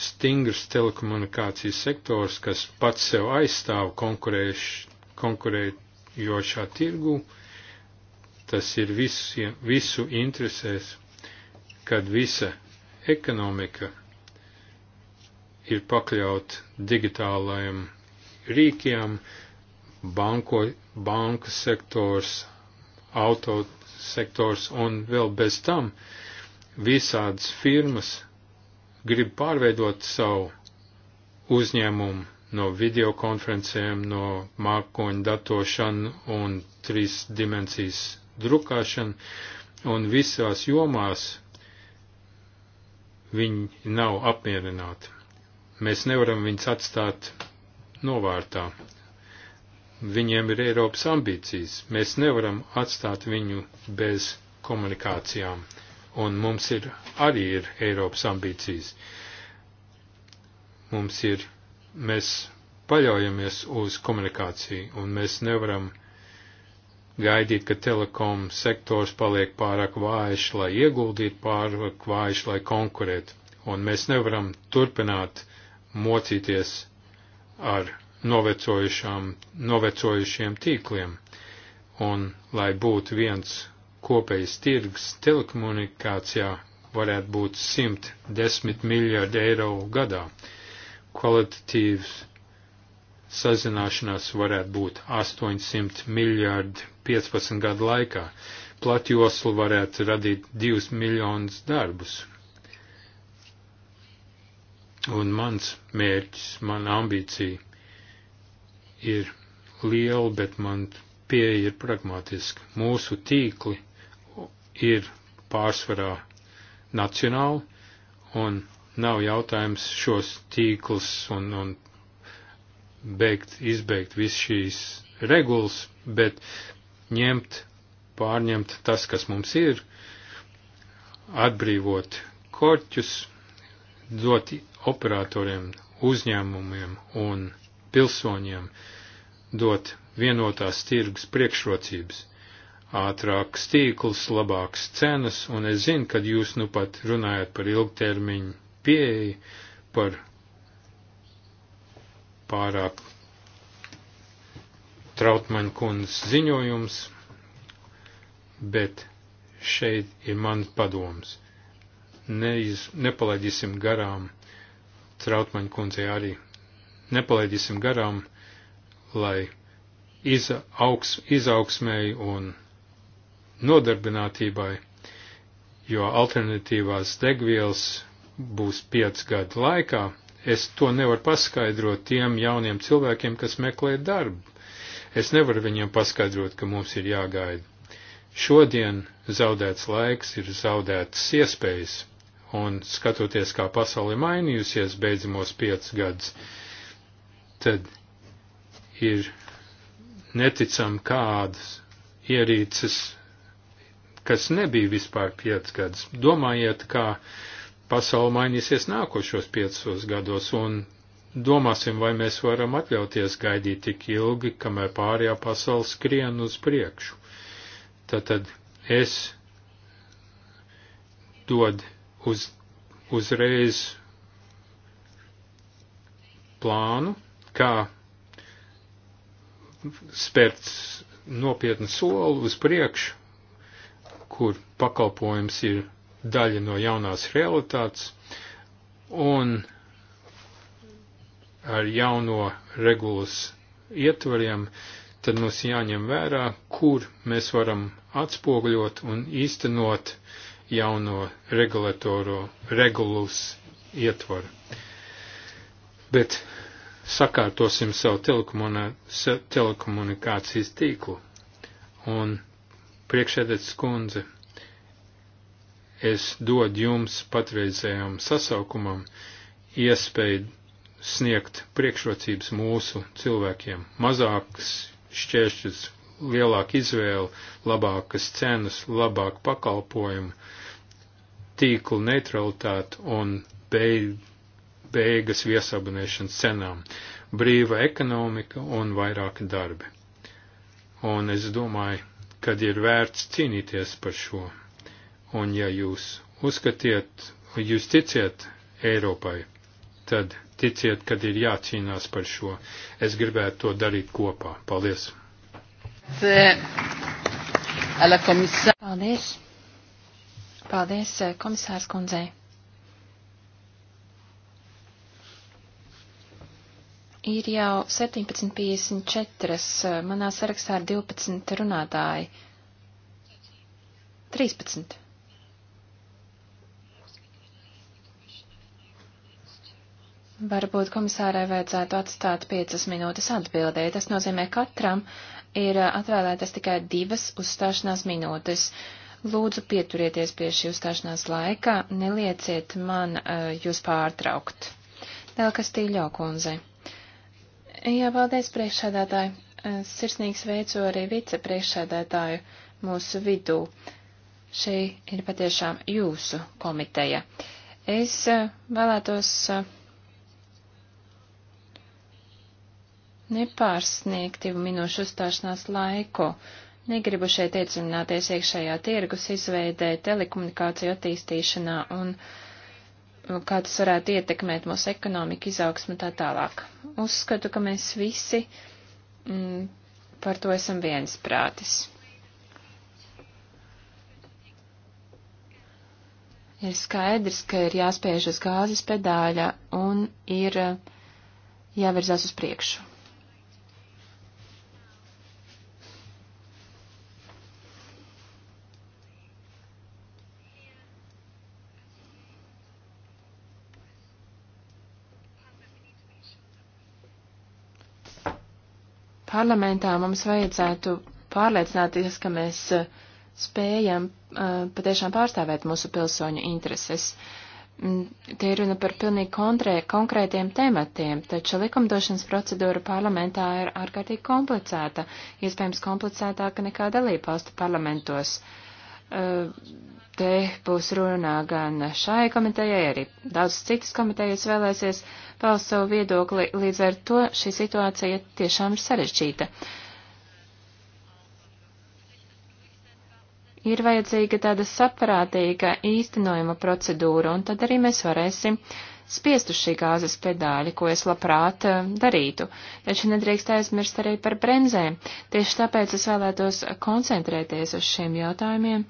Stingrs telekomunikācijas sektors, kas pats sev aizstāv konkurējošā tirgu, tas ir visu, visu interesēs, kad visa ekonomika ir pakļaut digitālajiem rīkiem, banko, banka sektors, auto sektors un vēl bez tam visādas firmas grib pārveidot savu uzņēmumu no videokonferencēm, no mākoņu datošanu un trīs dimensijas drukāšanu, un visās jomās viņi nav apmierināti. Mēs nevaram viņus atstāt novārtā. Viņiem ir Eiropas ambīcijas. Mēs nevaram atstāt viņu bez komunikācijām. Un mums ir arī ir Eiropas ambīcijas. Mums ir, mēs paļaujamies uz komunikāciju un mēs nevaram gaidīt, ka telekom sektors paliek pārāk vājš, lai ieguldītu, pārāk vājš, lai konkurētu. Un mēs nevaram turpināt mocīties ar novecojušiem tīkliem. Un, lai būtu viens kopējs tirgs telekomunikācijā, varētu būt 110 miljārdi eiro gadā. Kvalitatīvs sazināšanās varētu būt 800 miljārdi 15 gadu laikā. Platjoslu varētu radīt 2 miljonus darbus. Un mans mērķis, mana ambīcija ir liela, bet man pieeja ir pragmatiska. Mūsu tīkli ir pārsvarā nacionāli, un nav jautājums šos tīklus un, un beigt, izbeigt visu šīs regulas, bet ņemt, pārņemt tas, kas mums ir, atbrīvot korķus, dot operatoriem, uzņēmumiem un pilsoņiem, dot vienotās tirgus priekšrocības ātrāks tīkls, labāks cenas, un es zinu, kad jūs nu pat runājat par ilgtermiņu pieeju, par pārāk Trautmaņa kundas ziņojums, bet šeit ir mans padoms. Neiz, nepalaidīsim garām, Trautmaņa kundzei arī, nepalaidīsim garām, lai iza, augs, izaugsmēji un nodarbinātībai, jo alternatīvās degvielas būs 5 gadu laikā, es to nevaru paskaidrot tiem jauniem cilvēkiem, kas meklē darbu. Es nevaru viņiem paskaidrot, ka mums ir jāgaida. Šodien zaudēts laiks ir zaudētas iespējas, un skatoties, kā pasaule mainījusies beidzamos piecus gadus, tad ir neticam kādas ierīces, kas nebija vispār piecus gadus. Domājiet, kā pasaule mainīsies nākošos piecos gados, un Domāsim, vai mēs varam atļauties gaidīt tik ilgi, kamēr pārējā pasaule skrien uz priekšu. Tātad es dod uz, uzreiz plānu, kā spērt nopietnu soli uz priekšu, kur pakalpojums ir daļa no jaunās realitātes, un ar jauno regulas ietvariem, tad mums jāņem vērā, kur mēs varam atspoguļot un īstenot jauno regulatoro regulus ietvaru. Bet sakārtosim savu telekomunikācijas tīklu. Un priekšēdētas kundze, es dodu jums patreizējām sasaukumam iespēju sniegt priekšrocības mūsu cilvēkiem. Mazākas šķēršļas, lielāka izvēle, labākas cenas, labāk pakalpojumu, tīkla neutralitāte un beig beigas viesabunēšanas cenām, brīva ekonomika un vairāki darbi. Un es domāju, kad ir vērts cīnīties par šo. Un ja jūs uzskatiet, jūs ticiet Eiropai, tad ticiet, kad ir jācīnās par šo. Es gribētu to darīt kopā. Paldies! Paldies! Paldies eh, komisārs kundzei! Ir jau 17.54, eh, manā sarakstā ir 12 runātāji. 13. Varbūt komisārai vajadzētu atstāt piecas minūtes atbildēji. Tas nozīmē, katram ir atvēlētas tikai divas uzstāšanās minūtes. Lūdzu, pieturieties pie šī uzstāšanās laika, nelieciet man uh, jūs pārtraukt. Vēl kas tīļo, kundze. Jā, paldies, priekšsēdētāji. Eh, sirsnīgi sveicu arī vicepriekšsēdētāju mūsu vidū. Šī ir patiešām jūsu komiteja. Es uh, vēlētos uh, nepārsniegt divu minūšu uzstāšanās laiku. Negribu šeit iedzināties iekšējā tirgus izveidē, telekomunikāciju attīstīšanā un kā tas varētu ietekmēt mūsu ekonomiku, izaugsmu tā tālāk. Uzskatu, ka mēs visi mm, par to esam viensprātis. Ir skaidrs, ka ir jāspiež uz gāzes pedāļa un ir jāvirzās uz priekšu. parlamentā mums vajadzētu pārliecināties, ka mēs eh, spējam eh, patiešām pārstāvēt mūsu pilsoņu intereses. Mm, te ir runa par pilnīgi kontrē, konkrētiem tematiem, taču likumdošanas procedūra parlamentā ir ārkārtīgi komplicēta, iespējams komplicētāka nekā dalībvalstu parlamentos. Eh, Te būs runā gan šai komitejai, arī daudzas citas komitejas vēlēsies paust savu viedokli, līdz ar to šī situācija tiešām ir sarežģīta. Ir vajadzīga tāda saprātīga īstenojuma procedūra, un tad arī mēs varēsim spiest uz šī gāzes pedāļa, ko es labprāt eh, darītu, taču nedrīkst aizmirst arī par bremzēm. Tieši tāpēc es vēlētos koncentrēties uz šiem jautājumiem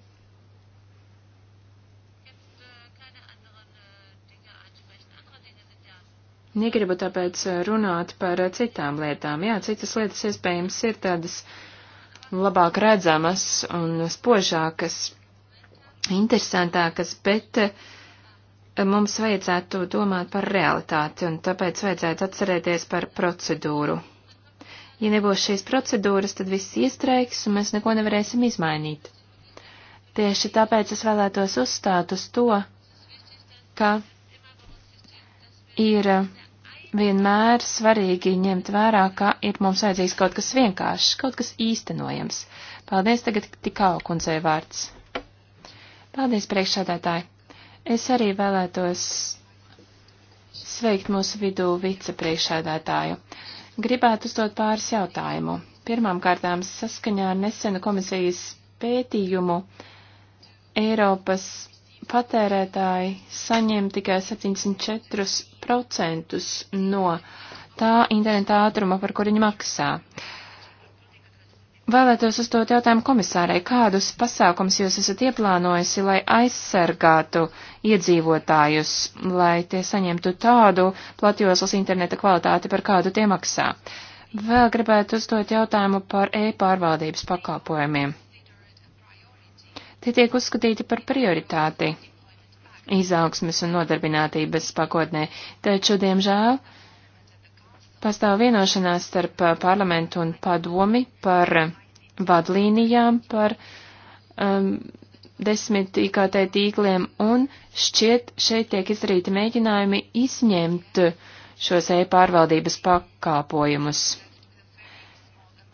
Negribu tāpēc eh, runāt par eh, citām lietām. Jā, citas lietas iespējams ir tādas labāk redzamas un spožākas, interesantākas, bet eh, mums vajadzētu domāt par realitāti un tāpēc vajadzētu atcerēties par procedūru. Ja nebūs šīs procedūras, tad viss iestrēgs un mēs neko nevarēsim izmainīt. Tieši tāpēc es vēlētos uzstāt uz to, ka ir vienmēr svarīgi ņemt vērā, ka ir mums vajadzīgs kaut kas vienkāršs, kaut kas īstenojams. Paldies tagad tikau kundzei vārds. Paldies priekšsādātāji. Es arī vēlētos sveikt mūsu vidū vicepriekšsādātāju. Gribētu uzdot pāris jautājumu. Pirmkārtām saskaņā ar nesenu komisijas pētījumu Eiropas patērētāji saņem tikai 74 5% no tā interneta ātruma, par kuru viņi maksā. Vēlētos uzdot jautājumu komisārai, kādus pasākums jūs esat ieplānojusi, lai aizsargātu iedzīvotājus, lai tie saņemtu tādu platjoslas interneta kvalitāti, par kādu tie maksā? Vēl gribētu uzdot jautājumu par e-pārvaldības pakāpojumiem. Tie tiek uzskatīti par prioritāti izaugsmes un nodarbinātības pakotnē, taču, diemžēl, pastāv vienošanās starp uh, parlamentu un padomi par vadlīnijām, par um, desmit IKT tīkliem, un šķiet šeit tiek izdarīti mēģinājumi izņemt šos e-pārvaldības pakāpojumus.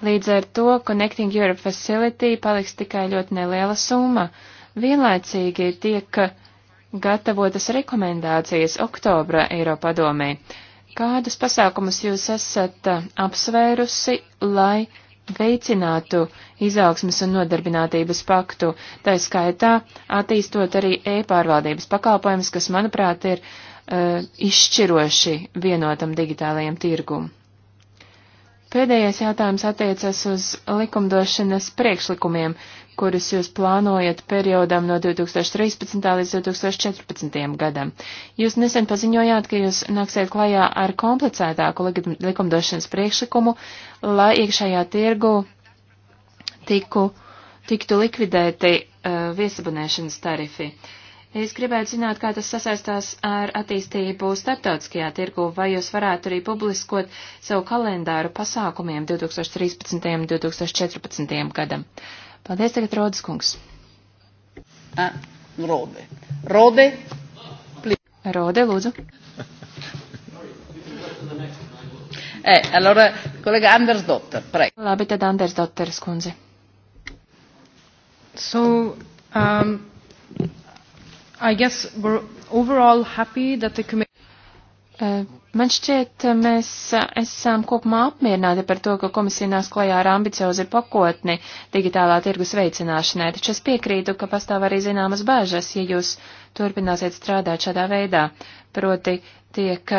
Līdz ar to Connecting Europe Facility paliks tikai ļoti neliela summa. Vienlaicīgi tiek gatavotas rekomendācijas oktobra Eiropadomē. Kādus pasākumus jūs esat eh, apsvērusi, lai veicinātu izaugsmas un nodarbinātības paktu, tā skaitā attīstot arī e-pārvaldības pakalpojumus, kas, manuprāt, ir uh, izšķiroši vienotam digitālajam tirgum. Pēdējais jautājums attiecas uz likumdošanas priekšlikumiem, uh, kurus jūs plānojat periodam no 2013. līdz 2014. gadam. Jūs nesen paziņojāt, ka jūs nāksiet klajā ar komplicētāku likumdošanas priekšlikumu, lai iekšējā tirgu tiku, tiktu likvidēti uh, viesabunēšanas tarifi. Es gribētu zināt, kā tas sasaistās ar attīstību starptautiskajā tirgu, vai jūs varētu arī publiskot savu kalendāru pasākumiem 2013. un 2014. gadam. Uh, Paldies, tagad Rodas kungs. A, Rode. Rode. Rode, lūdzu. Eh, allora, collega Anders Dotter, prego. Labi, tad Anders Dotter, skundze. So, um, I guess we're overall happy that the committee Eh, man šķiet, eh, mēs eh, esam kopumā apmierināti par to, ka komisija nāks klajā ar ambiciozi pakotni digitālā tirgus veicināšanai, taču es piekrītu, ka pastāv arī zināmas bāžas, ja jūs turpināsiet strādāt šādā veidā. Proti tiek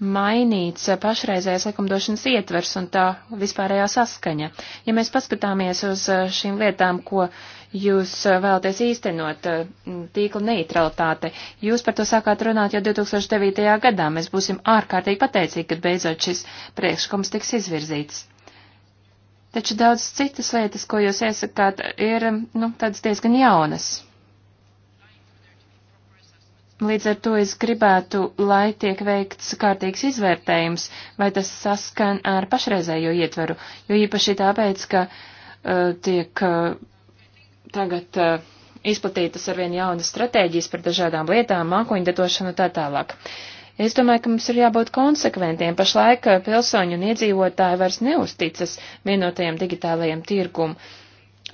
mainīts eh, pašreizējais likumdošanas ietvers un tā vispārējā saskaņa. Ja mēs paskatāmies uz eh, šīm lietām, ko jūs eh, vēlaties īstenot, tīkla neutralitāte, jūs par to sākāt runāt jau 2009. gadā. Mēs būsim ārkārtīgi pateicīgi, kad beidzot šis priekšlikums tiks izvirzīts. Taču daudz citas lietas, ko jūs iesakāt, ir nu, tādas diezgan jaunas. Līdz ar to es gribētu, lai tiek veikts kārtīgs izvērtējums, vai tas saskan ar pašreizējo ietveru, jo īpaši tāpēc, ka uh, tiek uh, tagad uh, izplatītas arvien jaunas stratēģijas par dažādām lietām, mākoņdatošanu un tā tālāk. Es domāju, ka mums ir jābūt konsekventiem. Pašlaik uh, pilsoņu un iedzīvotāji vairs neusticas vienotajam digitālajam tirgumam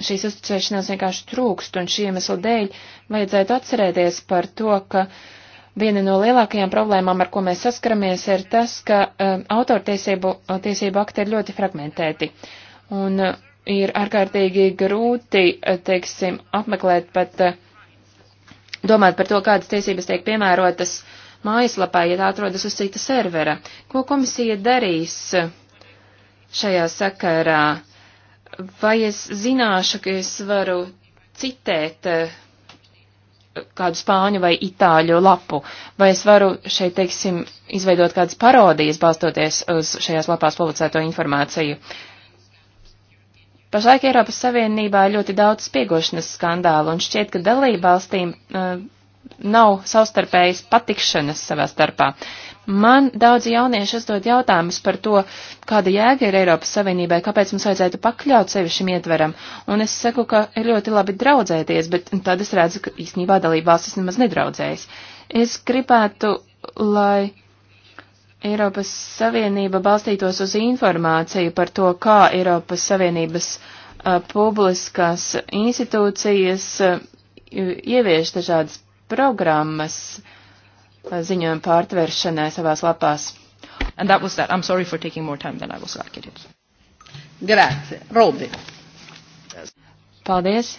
šīs uzticēšanās vienkārši trūkst, un šī iemesla dēļ vajadzētu atcerēties par to, ka viena no lielākajām problēmām, ar ko mēs saskaramies, ir tas, ka um, autortiesību tiesību akti ir ļoti fragmentēti, un uh, ir ārkārtīgi grūti, uh, teiksim, apmeklēt pat, uh, domāt par to, kādas tiesības tiek piemērotas mājaslapā, ja tā atrodas uz cita servera. Ko komisija darīs uh, šajā sakarā? vai es zināšu, ka es varu citēt eh, kādu spāņu vai itāļu lapu, vai es varu šeit, teiksim, izveidot kādas parodijas, balstoties uz šajās lapās publicēto informāciju. Pašlaik Eiropas Savienībā ir ļoti daudz spiegošanas skandālu, un šķiet, ka dalība valstīm uh, nav savstarpējas patikšanas savā starpā. Man daudzi jaunieši uzdod jautājumus par to, kāda jēga ir Eiropas Savienībai, kāpēc mums vajadzētu pakļaut sevi šim ietveram, un es saku, ka ir ļoti labi draudzēties, bet tad es redzu, ka īstenībā dalībvalstis nemaz nedraudzējas. Es gribētu, lai Eiropas Savienība balstītos uz informāciju par to, kā Eiropas Savienības uh, publiskās institūcijas uh, ievieš dažādas programmas ziņojumu pārtvēršanai savās lapās. And that was that. I'm sorry for taking more time than I was allocated. Grazie. Rodi. Paldies,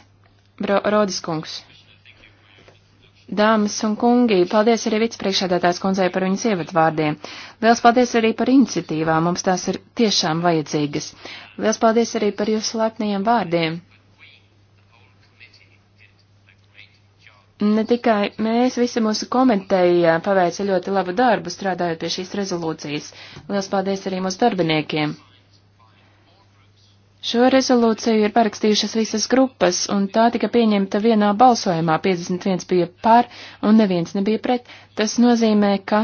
Bro Rodis kungs. Dāmas un kungi, paldies arī vicepriekšādātājs kundzei par viņas ievadvārdiem. Liels paldies arī par iniciatīvām, mums tās ir tiešām vajadzīgas. Liels paldies arī par jūsu lepniem vārdiem. Ne tikai mēs, visa mūsu komiteja paveica ļoti labu darbu strādājot pie šīs rezolūcijas. Lielas paldies arī mūsu darbiniekiem. Šo rezolūciju ir parakstījušas visas grupas, un tā tika pieņemta vienā balsojumā. 51 bija par, un neviens nebija pret. Tas nozīmē, ka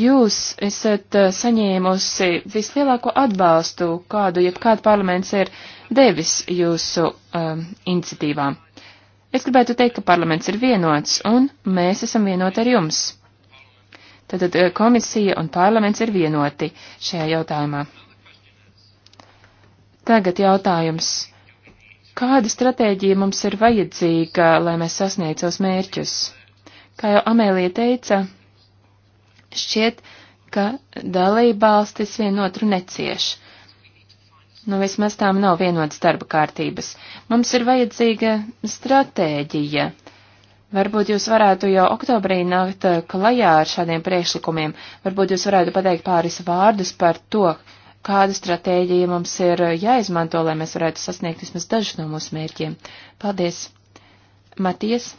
jūs esat eh, saņēmusi vislielāko atbalstu, kādu jebkāda parlaments ir devis jūsu um, iniciatīvām. Es gribētu teikt, ka parlaments ir vienots, un mēs esam vienoti ar jums. Tātad eh, komisija un parlaments ir vienoti šajā jautājumā. Tagad jautājums. Kāda stratēģija mums ir vajadzīga, lai mēs sasniegtu savus mērķus? Kā jau Amēlija teica, šķiet, ka dalībvalstis vienotru necieš. Nu, vismaz tām nav vienotas darba kārtības. Mums ir vajadzīga stratēģija. Varbūt jūs varētu jau oktobrī nākt uh, klajā ar šādiem priekšlikumiem. Varbūt jūs varētu pateikt pāris vārdus par to, kāda stratēģija mums ir uh, jāizmanto, lai mēs varētu sasniegt vismaz dažus no mūsu mērķiem. Paldies! Maties!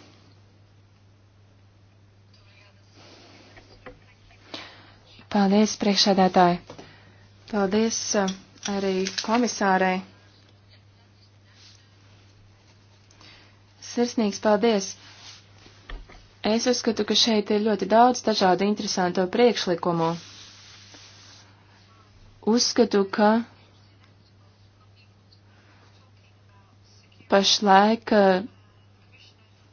Paldies, priekšsēdētāji! Paldies! Uh arī komisārei. Sirsnīgs paldies! Es uzskatu, ka šeit ir ļoti daudz dažādu interesantu priekšlikumu. Uzskatu, ka pašlaik eh,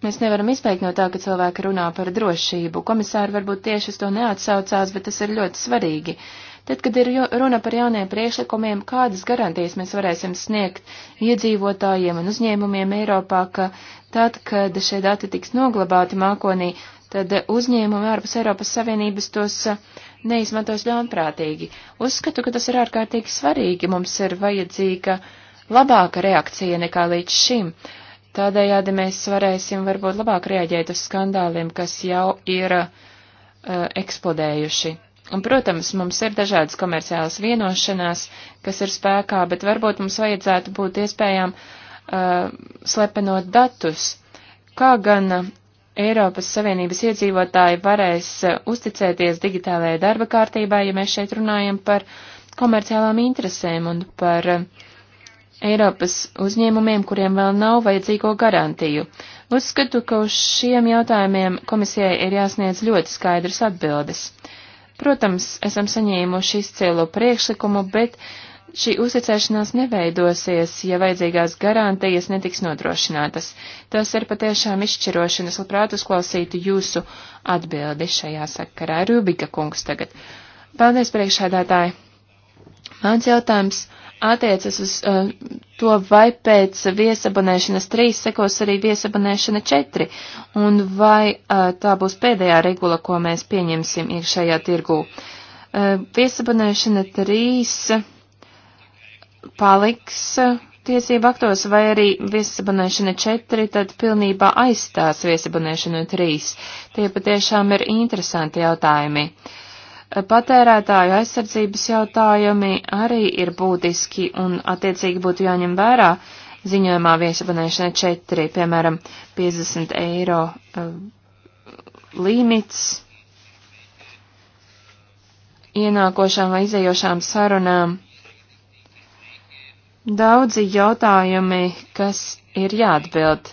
mēs nevaram izbeigt no tā, ka cilvēki runā par drošību. Komisāri varbūt tieši uz to neatsaucās, bet tas ir ļoti svarīgi. Uh, Tad, kad ir runa par jauniem priekšlikumiem, kādas garantijas mēs varēsim sniegt iedzīvotājiem un uzņēmumiem Eiropā, ka tad, kad šie dati tiks noglabāti mākonī, tad uzņēmumi ārpus Eiropas Savienības tos eh, neizmantos ļaunprātīgi. Uzskatu, ka tas ir ārkārtīgi svarīgi. Mums ir vajadzīga labāka reakcija nekā līdz šim. Tādējādi mēs varēsim varbūt labāk reaģēt uz skandāliem, kas jau ir uh, eksplodējuši. Un, protams, mums ir dažādas komerciālas vienošanās, kas ir spēkā, bet varbūt mums vajadzētu būt iespējām uh, slepenot datus. Kā gan Eiropas Savienības iedzīvotāji varēs uh, uzticēties digitālajai darba kārtībai, ja mēs šeit runājam par komerciālām interesēm un par uh, Eiropas uzņēmumiem, kuriem vēl nav vajadzīgo garantiju. Uzskatu, ka uz šiem jautājumiem komisijai ir jāsniedz ļoti skaidrs atbildes. Uh, Protams, esam saņēmuši izcēlo priekšlikumu, bet šī uzticēšanās neveidosies, ja vajadzīgās garantijas netiks nodrošinātas. Tas ir patiešām izšķiroši, un es labprāt uzklausītu jūsu atbildi šajā sakarā. Rūbiga kungs tagad. Paldies, priekšādātāji. Mans jautājums attiecas uz uh, to, vai pēc viesabonēšanas 3 sekos arī viesabonēšana 4, un vai uh, tā būs pēdējā regula, ko mēs pieņemsim iekšējā tirgū. Uh, viesabonēšana 3 paliks tiesību aktos, vai arī viesabonēšana 4 tad pilnībā aizstās viesabonēšanu 3. Tie patiešām ir interesanti jautājumi. Uh, patērētāju aizsardzības jautājumi arī ir būtiski un attiecīgi būtu jāņem vērā ziņojumā viesabonēšanai 4, piemēram, 50 eiro uh, limits ienākošām vai izējošām sarunām. Daudzi jautājumi, kas ir jāatbild,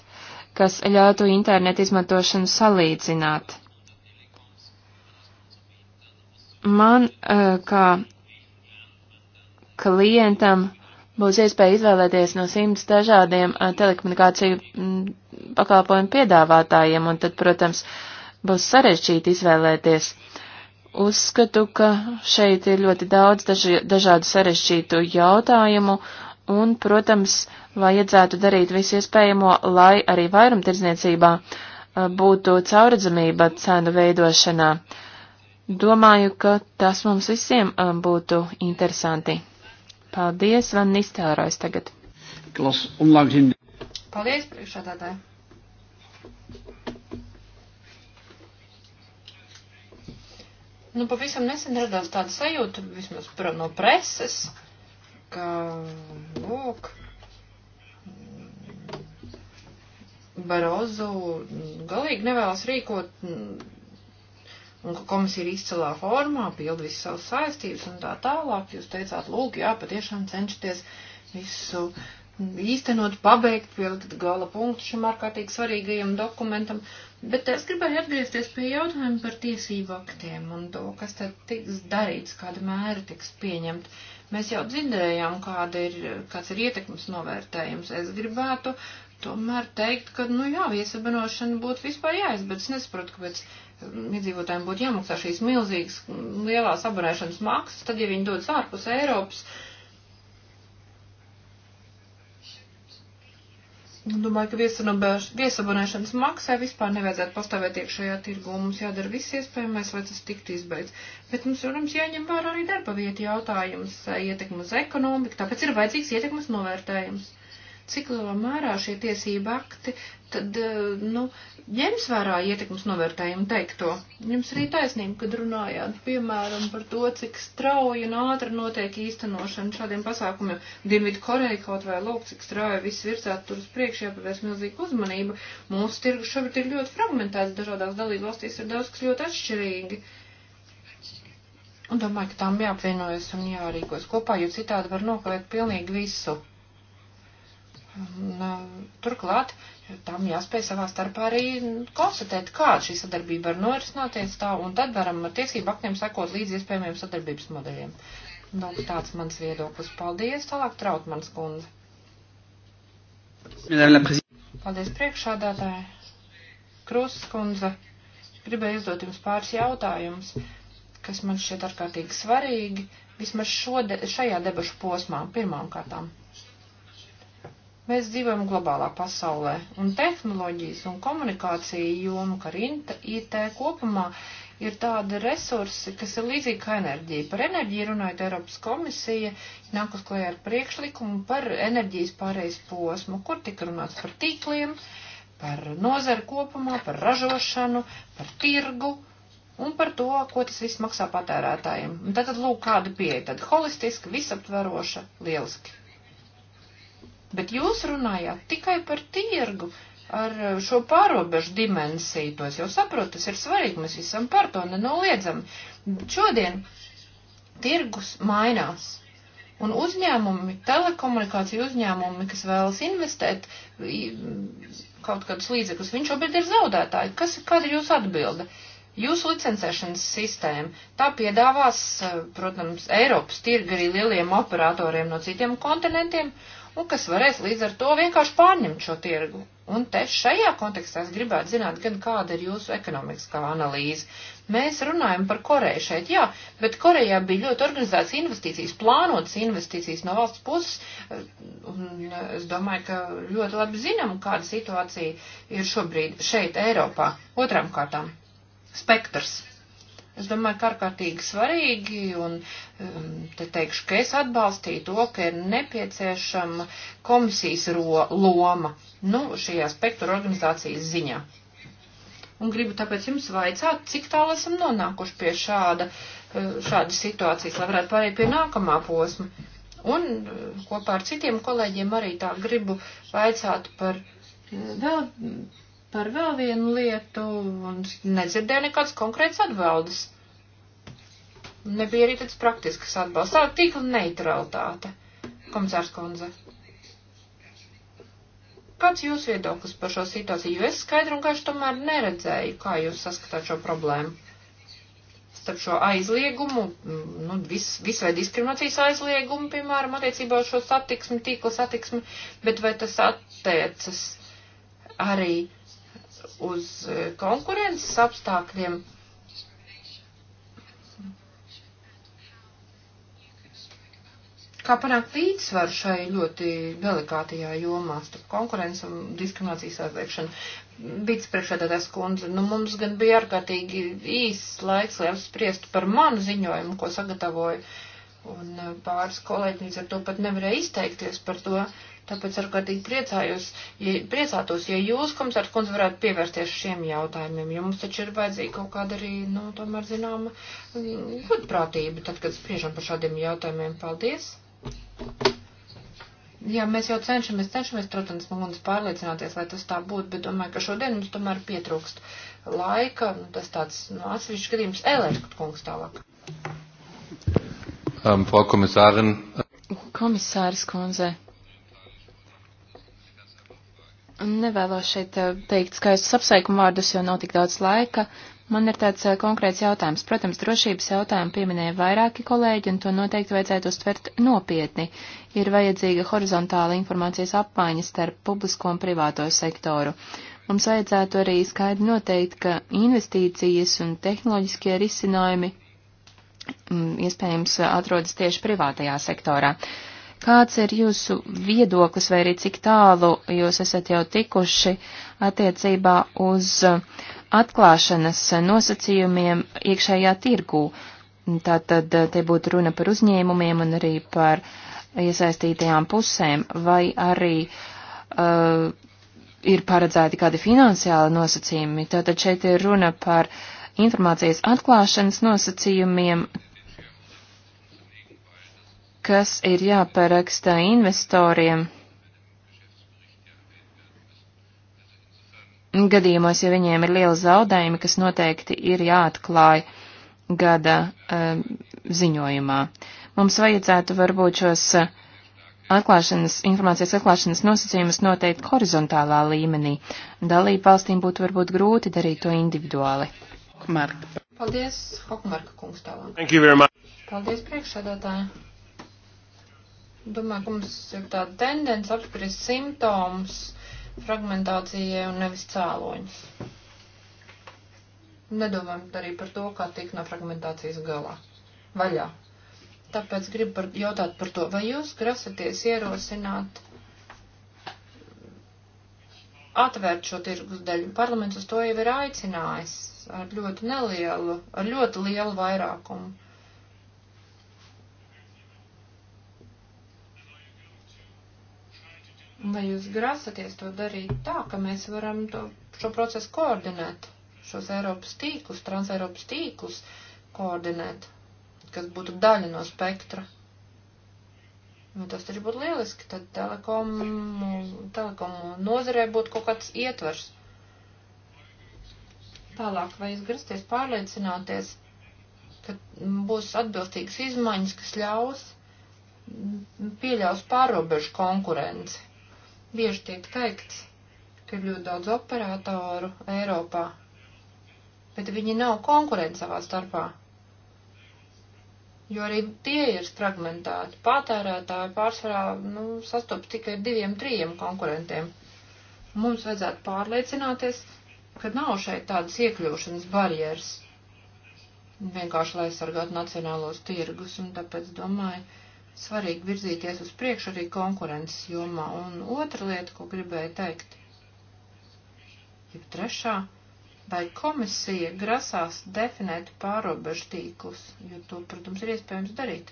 kas ļautu internetu izmantošanu salīdzināt man eh, kā klientam būs iespēja izvēlēties no simts dažādiem eh, telekomunikāciju mm, pakalpojumu piedāvātājiem, un tad, protams, būs sarežģīti izvēlēties. Uzskatu, ka šeit ir ļoti daudz daži, dažādu sarežģītu jautājumu, un, protams, vajadzētu darīt visu iespējamo, lai arī vairumtirdzniecībā eh, būtu cauradzamība cenu veidošanā. Uh, Domāju, ka tas mums visiem būtu interesanti. Paldies, Van Nistelrojs tagad. Klas, onlangs in... Paldies, priekšādātāji. Nu, pavisam nesen radās tāda sajūta, vismaz no preses, ka, lūk, Barozu galīgi nevēlas rīkot un ka komisija ir izcelā formā, pild visas savas saistības un tā tālāk. Jūs teicāt, lūk, jā, patiešām cenšaties visu īstenot, pabeigt, pielikt gala punktu šim ārkārtīgi svarīgajam dokumentam. Bet es gribēju atgriezties pie jautājuma par tiesību aktiem un to, kas tad tiks darīts, kāda mēra tiks pieņemt. Mēs jau dzirdējām, kāda ir, kāds ir ietekmes novērtējums. Es gribētu tomēr teikt, ka, nu jā, viesabinošana būtu vispār jāizbeidz. Es nesaprotu, kāpēc iedzīvotājiem būtu jāmaksā šīs milzīgas lielās abonēšanas maksas, tad, ja viņi dodas ārpus Eiropas, domāju, ka viesabonēšanas maksai vispār nevajadzētu pastāvēt iekšējā tirgū. Mums jādara viss iespējamais, lai tas tiktu izbeidz. Bet mums, protams, jāņem vērā arī darba vieta jautājums, ietekmes ekonomika, tāpēc ir vajadzīgs ietekmes novērtējums cik lielā mērā šie tiesība akti tad, eh, nu, ņems vērā ietekmes novērtējumu teikto. Jums arī taisnība, kad runājāt, piemēram, par to, cik strauji un ātri notiek īstenošana šādiem pasākumiem. Dienvidu Koreja kaut vai lūk, cik strauji viss virzās tur uz priekšu, jāpavērst milzīgu uzmanību. Mūsu tirgus šobrīd ir ļoti fragmentēts, dažādās dalību valstīs ir daudz, kas ļoti atšķirīgi. Un domāju, ka tām jāapvienojas un jārīkos kopā, jo citādi var nokavēt pilnīgi visu. Nu, turklāt tam jāspēj savā starpā arī konstatēt, kāda šī sadarbība var norisināties tā, un tad varam ar tiesību aktiem sekot līdz iespējamiem sadarbības modeļiem. Nu, tāds mans viedoklis. Paldies, tālāk Trautmans kundze. Paldies priekšādātāji. Krūzes kundze, gribēju uzdot jums pāris jautājumus, kas man šķiet ārkārtīgi svarīgi, vismaz šode, šajā debašu posmā, pirmām kārtām Mēs dzīvojam globālā pasaulē, un tehnoloģijas un komunikācija joma, kā arī IT kopumā, ir tādi resursi, kas ir līdzīgi kā enerģija. Par enerģiju runājot, Eiropas komisija nāk uz klajā ar priekšlikumu par enerģijas pārējais posmu, kur tika runāts par tīkliem, par nozaru kopumā, par ražošanu, par tirgu un par to, ko tas viss maksā patērētājiem. Un tad, tad lūk, kāda pieeja tad holistiska, visaptveroša, lieliski. Bet jūs runājāt tikai par tirgu ar eh, šo pārobežu dimensiju. To es jau saprotu, tas ir svarīgi, mēs esam par to nenoliedzami. Šodien tirgus mainās. Un uzņēmumi, telekomunikāciju uzņēmumi, kas vēlas investēt kaut kādus līdzekļus, viņš šobrīd ir zaudētāji. Kas, kāda ir jūsu atbilde? Jūsu licencēšanas sistēma, tā piedāvās, eh, protams, Eiropas tirgi arī lieliem operatoriem no citiem kontinentiem, uh, un kas varēs līdz ar to vienkārši pārņemt šo tirgu. Un te šajā kontekstā es gribētu zināt, gan kāda ir jūsu ekonomiskā analīze. Mēs runājam par Koreju šeit, jā, bet Korejā bija ļoti organizētas investīcijas, plānotas investīcijas no valsts puses, un es domāju, ka ļoti labi zinām, kāda situācija ir šobrīd šeit Eiropā. Otram kārtām - spektrs. Es domāju, ka ārkārtīgi svarīgi, un um, te teikšu, ka es atbalstīju to, ka ir nepieciešama komisijas ro, loma, nu, šī aspektu organizācijas ziņā. Un gribu tāpēc jums vaicāt, cik tālu esam nonākuši pie šāda, uh, šāda situācijas, lai varētu pārēt pie nākamā posma. Un uh, kopā ar citiem kolēģiem arī tā gribu vaicāt par uh, vēl par vēl vienu lietu un nedzirdēju nekādas konkrētas atbildes. Nebija arī tāds praktisks atbalsts. Tā tīkla neutralitāte, komisārs Konze. Kāds jūs viedoklis par šo situāciju? Jo es skaidru un gaišu tomēr neredzēju, kā jūs saskatāt šo problēmu. Starp šo aizliegumu, nu, vis, visvai diskriminācijas aizliegumu, piemēram, attiecībā uz šo satiksmi, tīkla satiksmi, bet vai tas attiecas arī uz e, konkurences apstākļiem. Kā panākt līdzsvaru šai ļoti delikātajā jomā starp konkurences un diskriminācijas aizliekšanu? Vicepriekšēdētājs kundze, nu mums gan bija ārkārtīgi īsts laiks, lai apspriestu par manu ziņojumu, ko sagatavoju, un e, pāris kolēģi līdz ar to pat nevarēja izteikties par to. Uh, Tāpēc ārkārtīgi priecājos, ja, priecātos, ja jūs, komisārs kundze, varētu pievērsties šiem jautājumiem, jo mums taču ir vajadzīga kaut kāda arī, nu, tomēr zināma mm, godprātība, tad, kad spriežam par šādiem jautājumiem. Paldies! Jā, mēs jau cenšamies, cenšamies, protams, mums pārliecināties, lai tas tā būtu, bet domāju, ka šodien mums tomēr pietrūkst laika, nu, tas tāds, nu, atsevišķi gadījums, Elērkt kungs tālāk. Um, Frau Komisārin. Komisārs kundze, Nevēlos šeit eh, teikt skaistus apsveikumu vārdus, jo nav tik daudz laika. Man ir tāds eh, konkrēts jautājums. Protams, drošības jautājumu pieminēja vairāki kolēģi, un to noteikti vajadzētu uztvert nopietni. Ir vajadzīga horizontāla informācijas apmaiņa starp publisko un privāto sektoru. Mums vajadzētu arī skaidri noteikt, ka investīcijas un tehnoloģiskie risinājumi mm, iespējams atrodas tieši privātajā sektorā. Uh, Kāds ir jūsu viedoklis vai arī cik tālu jūs esat jau tikuši attiecībā uz atklāšanas nosacījumiem iekšējā tirgū? Tātad eh, te būtu runa par uzņēmumiem un arī par iesaistītajām pusēm vai arī uh, ir paredzēti kādi finansiāli nosacījumi. Tātad šeit ir runa par informācijas atklāšanas nosacījumiem, kas ir jāparakstā investoriem gadījumos, ja viņiem ir liela zaudējumi, kas noteikti ir jāatklāj gada uh, ziņojumā. Mums vajadzētu varbūt šos eh, atklāšanas, informācijas atklāšanas nosacījumus noteikt horizontālā līmenī. Dalību valstīm būtu varbūt grūti darīt to individuāli. Hokmark. Paldies, Hokmarka kungs tālāk. Paldies, priekšsēdētāji. Domāju, ka mums ir tāda tendence apspriest simptomus fragmentācijai un nevis cēloņus. Nedomājam arī par to, kā tikt no fragmentācijas galā, vaļā. Tāpēc gribu par, jautāt par to, vai jūs grasaties ierosināt atvērt šo tirgus daļu. Parlaments uz to jau ir aicinājis ar ļoti nelielu, ar ļoti lielu vairākumu. Vai jūs grasaties to darīt tā, ka mēs varam to, šo procesu koordinēt, šos Eiropas tīklus, transeiropas tīklus koordinēt, kas būtu daļa no spektra? Nu, tas taču būtu lieliski, tad telekomu, telekomu nozarē būtu kaut kāds ietvers. Tālāk, vai jūs grasties pārliecināties, ka būs atbilstīgas izmaiņas, kas ļaus, pieļaus pārobežu konkurenci? Bieži tiek teikts, ka ir ļoti daudz operatoru Eiropā, bet viņi nav konkurenti savā starpā. Jo arī tie ir fragmentēti. Patērētāji pārsvarā nu, sastopas tikai ar diviem, trījiem konkurentiem. Mums vajadzētu pārliecināties, ka nav šeit tādas iekļūšanas barjeras. Vienkārši, lai aizsargātu nacionālos tirgus, un tāpēc domāju, svarīgi virzīties uz priekšu arī konkurences jomā. Un otra lieta, ko gribēju teikt, jau trešā, vai komisija grasās definēt pārobežu tīklus, jo to, protams, ir iespējams darīt,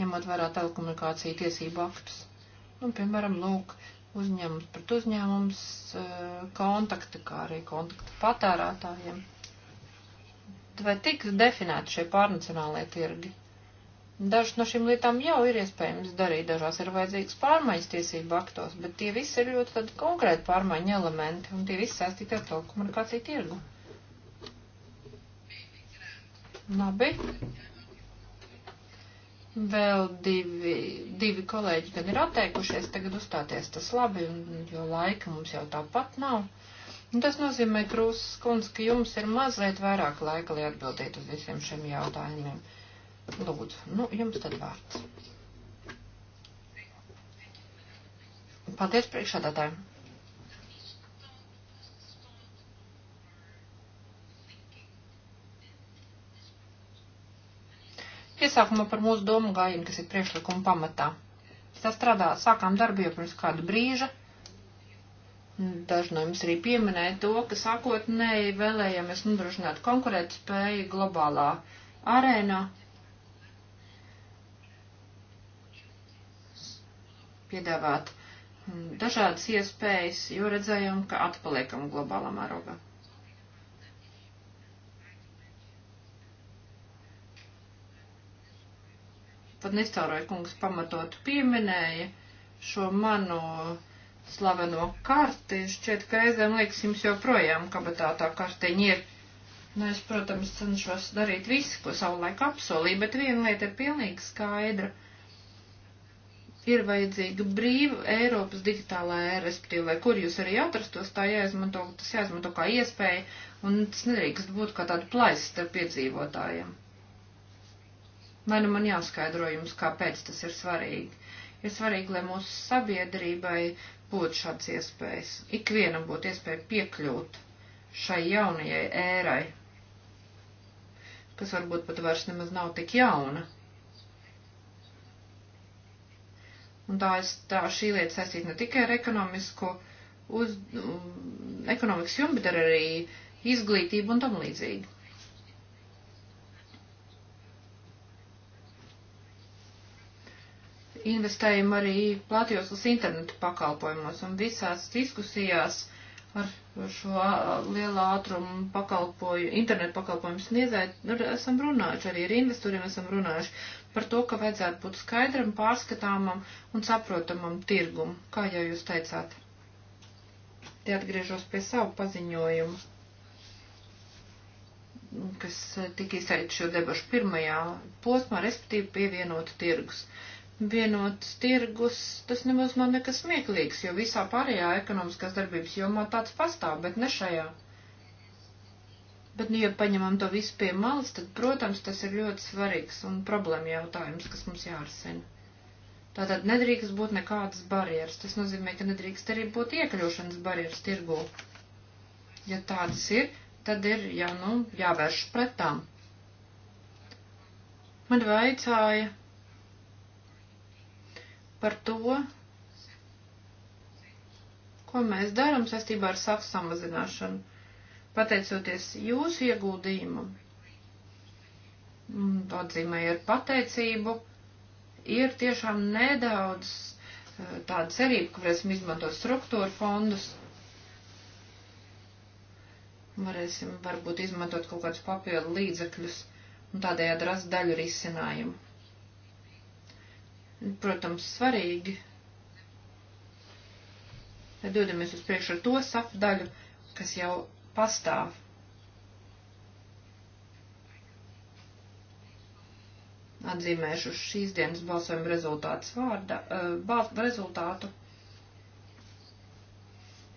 ņemot vērā telekomunikāciju tiesību aktus. Nu, piemēram, lūk, uzņēmums pret uzņēmums eh, kontakti, kā arī kontakti patērētājiem. Vai tiks definēti šie pārnacionālie tirgi? Dažas no šīm lietām jau ir iespējams darīt, dažās ir vajadzīgas pārmaiņas tiesību aktos, bet tie visi ir ļoti tādi konkrēti pārmaiņu elementi, un tie visi saistīti ar telekomunikāciju tirgu. Labi. Vēl divi, divi kolēģi gan ir atteikušies tagad uzstāties, tas labi, un, jo laika mums jau tāpat nav. Un tas nozīmē, Krūzes kundze, ka jums ir mazliet vairāk laika, lai atbildētu uz visiem šiem jautājumiem. Nu, lūdzu, nu, jums tad vārds. Paldies priekšādātājiem. Iesākumā par mūsu domu gājienu, kas ir priekšlikuma pamatā. Tā strādā, sākām darbu jau pirms kādu brīža. Daži no jums arī pieminēja to, ka sākotnēji vēlējāmies nodrošināt konkurētspēju globālā arēnā piedāvāt mm, dažādas iespējas, jo redzējām, ka atpaliekam globālā mērogā. Pat Nistāroja kungs pamatot pieminēja šo manu slaveno karti. Šķiet, ka aizēm liekas jums joprojām kabatā tā kartiņa ir. Nu, es, protams, cenšos darīt visu, ko savulaik apsolīju, bet viena lieta ir pilnīgi skaidra ir vajadzīga brīva Eiropas digitālā ēra, respektīvi, lai kur jūs arī atrastos, tā jāizmanto, tas jāizmanto kā iespēja, un tas nedrīkst būt kā tāda plaisa starp piedzīvotājiem. Vai nu man jāskaidro jums, kāpēc tas ir svarīgi? Ir svarīgi, lai mūsu sabiedrībai būtu šāds iespējas. Ikvienam būtu iespēja piekļūt šai jaunajai ērai, kas varbūt pat vairs nemaz nav tik jauna Un tā, es, tā šī lieta saistīta ne tikai ar ekonomisko, uz, mm, ekonomikas jomu, bet arī izglītību un tam līdzīgi. investējam arī platjoslas internetu pakalpojumos un visās diskusijās ar šo lielā ātrumu pakalpoju, internetu pakalpojumu sniedzēju, nu, esam runājuši, arī ar investoriem esam runājuši par to, ka vajadzētu būt skaidram, pārskatāmam un saprotamam tirgum, kā jau jūs teicāt. Te atgriežos pie savu paziņojumu, kas eh, tika izteikts šo debašu pirmajā posmā, respektīvi pievienot tirgus. Vienots tirgus, tas nemaz nav nekas smieklīgs, jo visā pārējā ekonomiskās darbības jomā tāds pastāv, bet ne šajā. Bet, nu, ja paņemam to visu pie malas, tad, protams, tas ir ļoti svarīgs un problēma jautājums, kas mums jārisina. Tātad nedrīkst būt nekādas barjeras. Tas nozīmē, ka nedrīkst arī būt iekļūšanas barjeras tirgū. Ja tādas ir, tad ir jā, nu, jāvērš pret tām. Man vaicāja par to, ko mēs darām saistībā ar savu samazināšanu pateicoties jūsu ieguldījumu, mm, to atzīmēju ar pateicību, ir tiešām nedaudz eh, tāda cerība, ka varēsim izmantot struktūra fondus. Varēsim varbūt izmantot kaut kādus papildu līdzekļus un tādējādi rast daļu risinājumu. Protams, svarīgi. Ja dodamies uz priekšu ar to sap daļu, kas jau pastāv. Atzīmēšu šīs dienas balsojuma rezultātus vārda, eh, bal, rezultātu.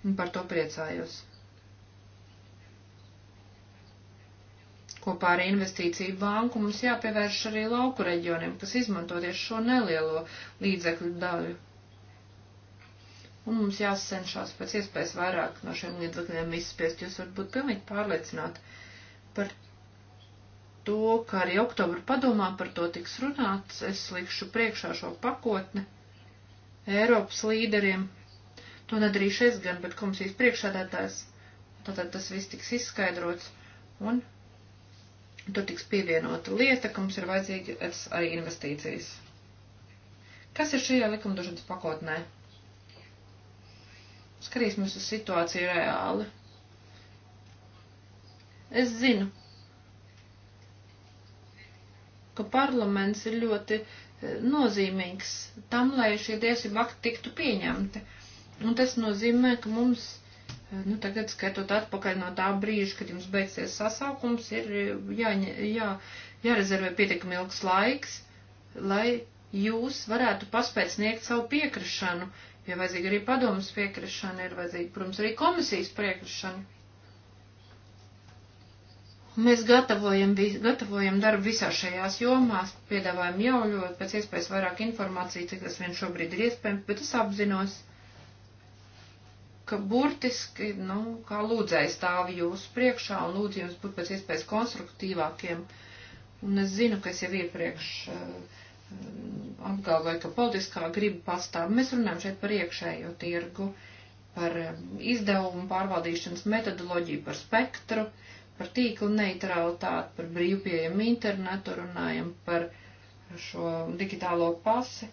Un par to priecājos. Kopā ar investīciju banku mums jāpievērš arī lauku reģioniem, kas izmanto tieši šo nelielo līdzekļu daļu un mums jāsenšās pēc iespējas vairāk no šiem līdzekļiem izspiest. Jūs varat būt pilnīgi pārliecināti par to, ka arī oktobra padomā par to tiks runāts. Es likšu priekšā šo pakotni Eiropas līderiem. To nedarīšu es gan, bet komisijas priekšādātājs. Tātad tas viss tiks izskaidrots un tur tiks pievienota lieta, ka mums ir vajadzīgas arī investīcijas. Kas ir šajā likumdošanas pakotnē? Skatīsimies uz situāciju reāli. Es zinu, ka parlaments ir ļoti eh, nozīmīgs tam, lai šie tiesību akti tiktu pieņemti. Un tas nozīmē, ka mums, eh, nu tagad skatot atpakaļ no tā brīža, kad jums beigsies sasaukums, ir eh, jā, jā, jārezervē pietiekami ilgs laiks, lai jūs varētu paspēt sniegt savu piekrišanu Ja vajadzīga arī padomas piekrišana, ir vajadzīga, protams, arī komisijas piekrišana. Mēs gatavojam, gatavojam darbu visā šajās jomās, piedāvājam jau ļoti pēc iespējas vairāk informāciju, cik tas vien šobrīd ir iespējams, bet es apzinos, ka burtiski, nu, kā lūdzēji stāv jūsu priekšā un lūdzu jums būt pēc iespējas konstruktīvākiem. Un es zinu, ka es jau iepriekš uh, apgalvoja, ka politiskā griba pastāv. Mēs runājam šeit par iekšējo tirgu, par um, izdevumu pārvaldīšanas metodoloģiju, par spektru, par tīklu neutralitāti, par brīvpieejamu internetu, runājam par šo digitālo pasi.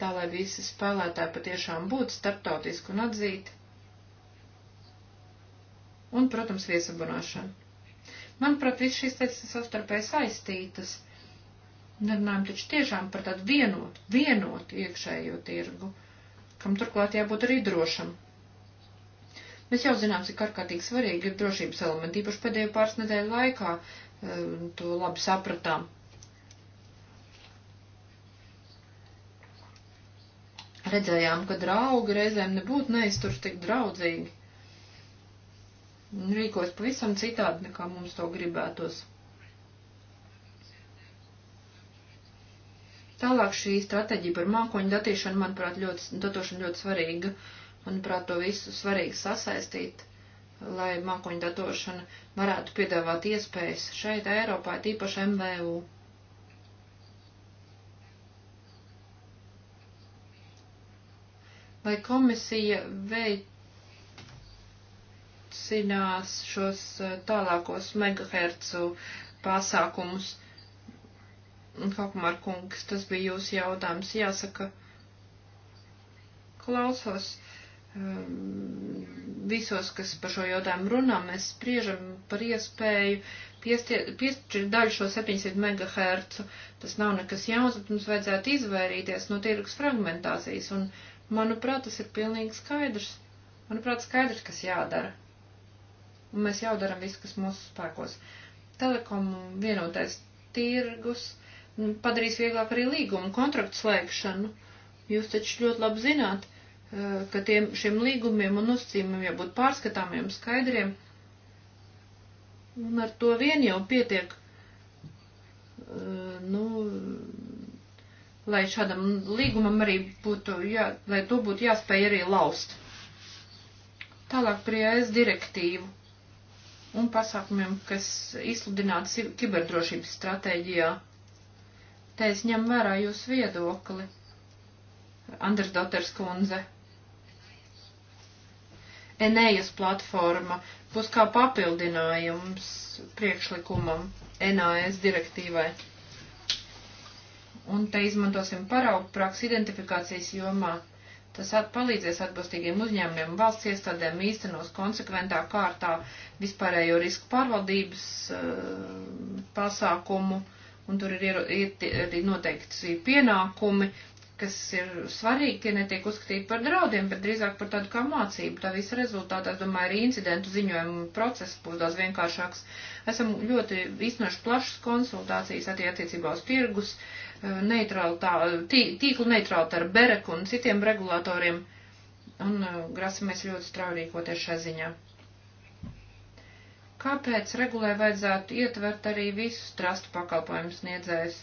Tā, lai visi spēlētāji patiešām būtu starptautiski un atzīti. Un, protams, viesabunāšana. Manuprāt, viss šīs lietas ir savstarpēji saistītas Nerunājam taču tiešām par tādu vienotu, vienotu iekšējo tirgu, kam turklāt jābūt arī drošam. Mēs jau zinām, cik ārkārtīgi svarīgi ir drošības elementi, īpaši pēdējo pāris nedēļu laikā eh, to labi sapratām. Redzējām, ka draugi reizēm nebūtu neizturši tik draudzīgi. Rīkos pavisam citādi, nekā mums to gribētos. Tālāk šī stratēģija par mākoņu datīšanu, manuprāt, ļoti, datošana ļoti svarīga. Manuprāt, to visu svarīgi sasaistīt, lai mākoņu datošana varētu piedāvāt iespējas šeit, Eiropā, tīpaši MVU. Vai komisija veicinās šos eh, tālākos megahercu pasākumus? Hopmar kungs, tas bija jūsu jautājums. Jāsaka, klausos um, visos, kas par šo jautājumu runā, mēs spriežam par iespēju piešķirt daļu šo 700 MHz. Tas nav nekas jauns, bet mums vajadzētu izvairīties no tirgus fragmentācijas. Un, manuprāt, tas ir pilnīgi skaidrs. Manuprāt, skaidrs, kas jādara. Un mēs jau darām visu, kas mūsu spēkos. Telekom vienotais tirgus. Uh, padarīs vieglāk arī līgumu kontraktu slēgšanu. Jūs taču ļoti labi zināt, eh, ka tiem, šiem līgumiem un nosacījumiem jābūt pārskatāmiem, skaidriem. Un ar to vien jau pietiek, eh, nu, lai šādam līgumam arī būtu, jā, lai to būtu jāspēj arī laust. Tālāk prie AS direktīvu un pasākumiem, kas izsludināti kiberdrošības stratēģijā. Te es ņem vērā jūsu viedokli, Andrs Doters kundze. Enējas platforma būs kā papildinājums priekšlikumam NAS direktīvai. Un te izmantosim paraugu praksu identifikācijas jomā. Tas at palīdzēs atbilstīgiem uzņēmumiem un valsts iestādēm īstenos konsekventā kārtā vispārējo risku pārvaldības uh, pasākumu uh, un tur ir arī noteikti pienākumi, kas ir svarīgi, tie netiek uzskatīti par draudiem, bet drīzāk par tādu kā mācību. Tā visa rezultātā, es domāju, arī incidentu ziņojumu process būs daudz vienkāršāks. Esam ļoti iznoši plašas konsultācijas attiecībā uz tirgus, eh, neutralitā, tī, tīklu neutralitāti ar Bereku un citiem regulatoriem, un eh, grasamies ļoti strauji rīkoties šai ziņā. Kāpēc regulē vajadzētu ietvert arī visus trastu pakalpojumu sniedzējus?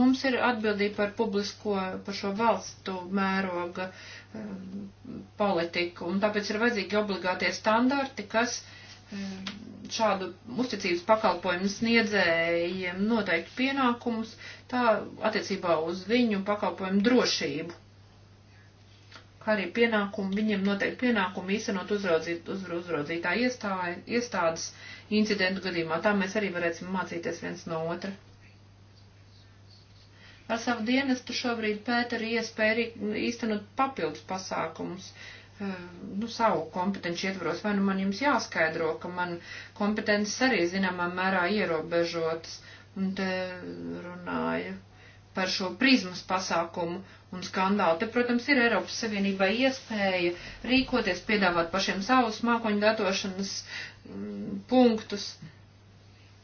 Mums ir atbildība par publisko, par šo valstu mēroga um, politiku, un tāpēc ir vajadzīgi obligātie standarti, kas um, šādu uzticības pakalpojumu sniedzējiem noteikti pienākumus, tā attiecībā uz viņu pakalpojumu drošību kā arī pienākumu, viņiem noteikti pienākumu īstenot uzraudzīt, uz, uzraudzītā iestāja, iestādes incidentu gadījumā. Tā mēs arī varēsim mācīties viens no otra. Ar savu dienestu šobrīd pēta arī iespēja arī īstenot papildus pasākumus, eh, nu, savu kompetenci ietvaros. Vai nu man jums jāskaidro, ka man kompetences arī zināmā mērā ierobežotas, un te runāju par šo prizmas pasākumu un skandālu. Te, protams, ir Eiropas Savienībai iespēja rīkoties, piedāvāt pašiem savus mākoņu datošanas mm, punktus.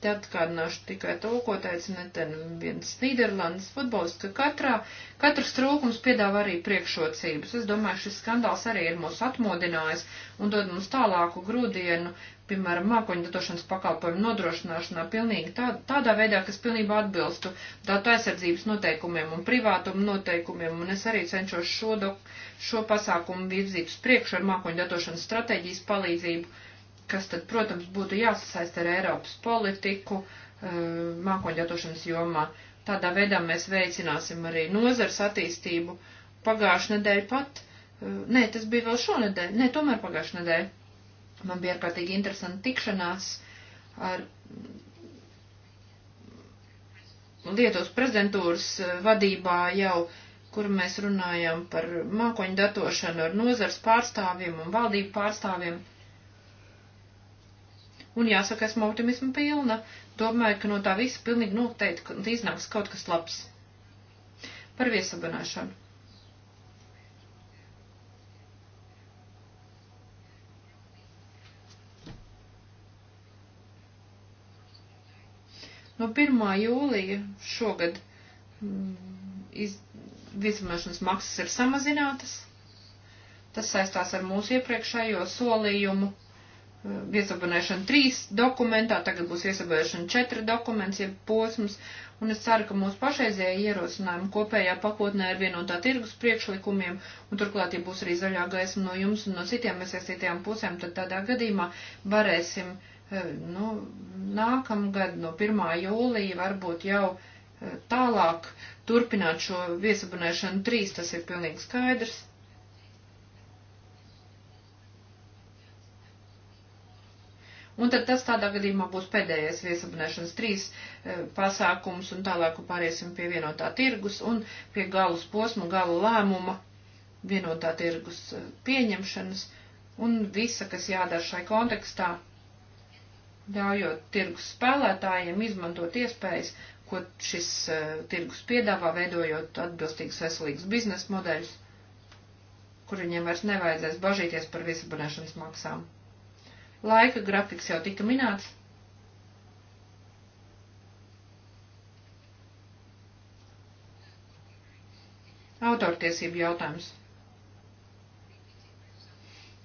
Te atkārdināšu tikai to, ko teica neten viens Nīderlandes futbolists, ka katrā, katrs trūkums piedāvā arī priekšrocības. Es domāju, šis skandāls arī ir mūs atmodinājis un dod mums tālāku grūdienu piemēram, mākoņu datošanas pakalpojumu nodrošināšanā pilnīgi tā, tādā veidā, kas pilnībā atbilstu datu aizsardzības noteikumiem un privātuma noteikumiem, un es arī cenšos šo, do, šo pasākumu virzīt uz priekšu ar mākoņu datošanas stratēģijas palīdzību, kas tad, protams, būtu jāsasaist ar Eiropas politiku eh, mākoņu datošanas jomā. Tādā veidā mēs veicināsim arī nozars attīstību pagājušajā nedēļā pat. Eh, nē, tas bija vēl šonadēļ, nē, tomēr pagājušajā nedēļā Man bija ārkārtīgi interesanti tikšanās ar Lietuvas prezidentūras eh, vadībā jau, kur mēs runājam par mākoņu datošanu ar nozars pārstāvjiem un valdību pārstāvjiem. Un jāsaka, esmu optimismu pilna. Domāju, ka no tā visa pilnīgi noteikti iznāks kaut kas labs. Par viesabunāšanu. 1. jūlija šogad mm, iz, viesmīlošanas maksas ir samazinātas. Tas saistās ar mūsu iepriekšējo solījumu viesabonēšana mm, 3 dokumentā, tagad būs viesabonēšana 4 dokuments, jeb posms, un es ceru, ka mūsu pašreizējie ierosinājumi kopējā pakotnē ar vienotā tirgus priekšlikumiem, un turklāt, ja būs arī zaļā gaisma no jums un no citiem iesaistītajām pusēm, tad tādā gadījumā varēsim uh, Eh, nu, nākamgad no 1. jūlija varbūt jau eh, tālāk turpināt šo viesabunēšanu trīs, tas ir pilnīgi skaidrs. Un tad tas tādā gadījumā būs pēdējais viesabunēšanas trīs eh, pasākums, un tālāk pāriesim pie vienotā tirgus un pie galus posmu, galu lēmuma, vienotā tirgus pieņemšanas un visa, kas jādara šai kontekstā ļaujot tirgus spēlētājiem izmantot iespējas, ko šis uh, tirgus piedāvā, veidojot atbilstīgus veselīgus biznesa modeļus, kur viņiem vairs nevajadzēs bažīties par viesabonēšanas maksām. Laika grafiks jau tika minēts. Autortiesību jautājums.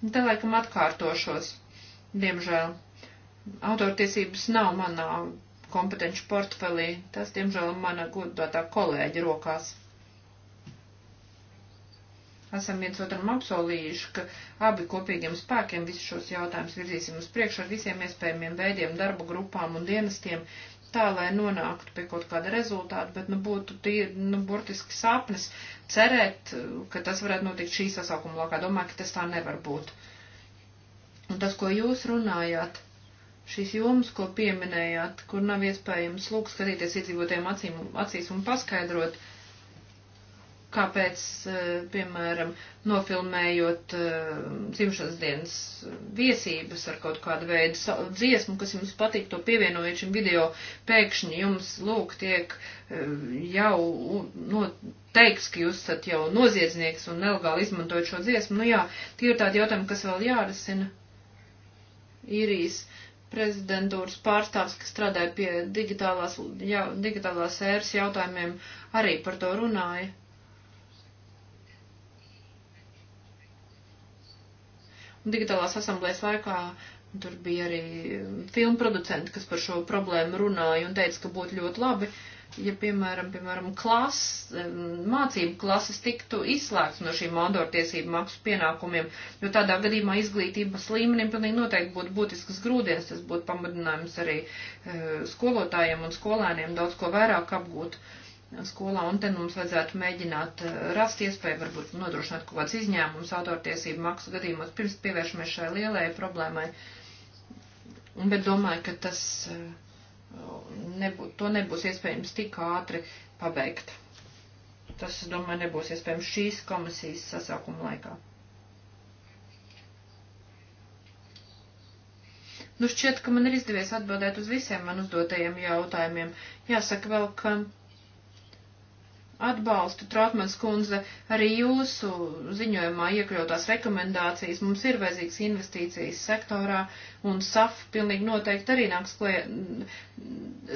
Te laikam atkārtošos, diemžēl. Autortiesības nav manā kompetenci portfelī. Tas, diemžēl, mana godotā kolēģa rokās. Esam viens otram apsolījuši, ka abi kopīgiem spēkiem visus šos jautājumus virzīsim uz priekšu ar visiem iespējamiem veidiem, darba grupām un dienestiem, tā, lai nonāktu pie kaut kāda rezultāta, bet, nu, būtu tie, nu, burtiski sapnis cerēt, ka tas varētu notikt šī sasaukuma lokā. Domāju, ka tas tā nevar būt. Un tas, ko jūs runājāt, šīs jomas, ko pieminējāt, kur nav iespējams lūk skatīties iedzīvotiem acīm, acīs un paskaidrot, kāpēc, eh, piemēram, nofilmējot eh, dzimšanas dienas viesības ar kaut kādu veidu dziesmu, kas jums patīk, to pievienojot šim video, pēkšņi jums, lūk, tiek eh, jau no, teiks, ka jūs esat jau noziedznieks un nelegāli izmantojot šo dziesmu. Nu jā, tie ir tādi jautājumi, kas vēl jārisina. Irijas prezidentūras pārstāvs, kas strādāja pie digitālās, jā, digitālās ēras jautājumiem, arī par to runāja. Un digitālās asamblēs laikā tur bija arī um, filmu producenti, kas par šo problēmu runāja un teica, ka būtu ļoti labi, uh, ja, piemēram, piemēram klas, mācību klases tiktu izslēgts no šīm mandortiesību maksu pienākumiem, jo tādā gadījumā izglītības līmenim pilnīgi noteikti būtu būtiskas grūdienas, tas būtu pamudinājums arī eh, skolotājiem un skolēniem daudz ko vairāk apgūt skolā, un te mums vajadzētu mēģināt eh, rast iespēju, varbūt nodrošināt kaut kādas izņēmumus autortiesību maksu gadījumos, pirms pievēršamies šai lielai problēmai. Bet domāju, ka tas. Uh, nebū, to nebūs iespējams tik ātri pabeigt. Tas, es domāju, nebūs iespējams šīs komisijas sasaukuma laikā. Nu, šķiet, ka man ir izdevies atbildēt uz visiem man uzdotajiem jautājumiem. Jāsaka vēl, ka atbalstu, Trautmans kundze, arī jūsu ziņojumā iekļautās rekomendācijas. Mums ir vajadzīgs investīcijas sektorā, un SAF pilnīgi noteikti arī nāks klē.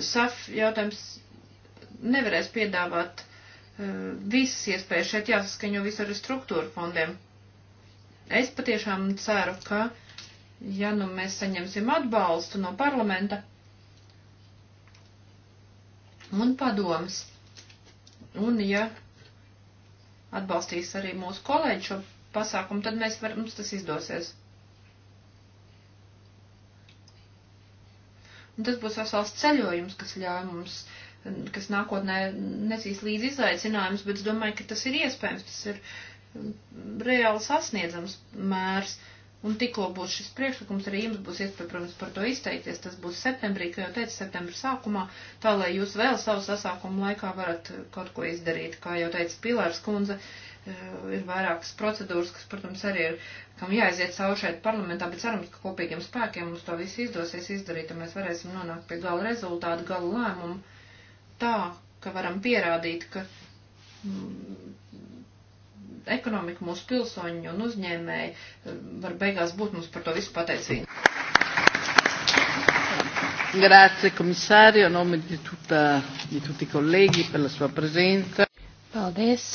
SAF jautājums nevarēs piedāvāt uh, visas iespējas. Šeit jāsaskaņo visu ar struktūru fondiem. Es patiešām ceru, ka, ja nu mēs saņemsim atbalstu no parlamenta un padomas, Un, ja atbalstīs arī mūsu kolēģi šo pasākumu, tad mēs varam, mums tas izdosies. Un tas būs vesels ceļojums, kas ļauj mums, kas nākotnē nesīs līdz izaicinājums, bet es domāju, ka tas ir iespējams, tas ir reāli sasniedzams mērs. Uh, Un tikko būs šis priekšlikums, arī jums būs iespēja, protams, par to izteikties. Tas būs septembrī, kā jau teicu, septembra sākumā, tā lai jūs vēl savu sasākumu laikā varat eh, kaut ko izdarīt. Kā jau teica Pilārs Kunze, eh, ir vairākas procedūras, kas, protams, arī ir, kam jāaiziet savu šeit parlamentā, bet cerams, ka kopīgiem spēkiem mums to visu izdosies izdarīt, un mēs varēsim nonākt pie gala rezultātu, gala lēmumu tā, ka varam pierādīt, ka mm, ekonomika, mūsu pilsoņi un uzņēmēji eh, var beigās būt mums par to visu pateicīgi. Grazie komisārio, nome di, tutta, di tutti i colleghi per la sua presenza. Paldies,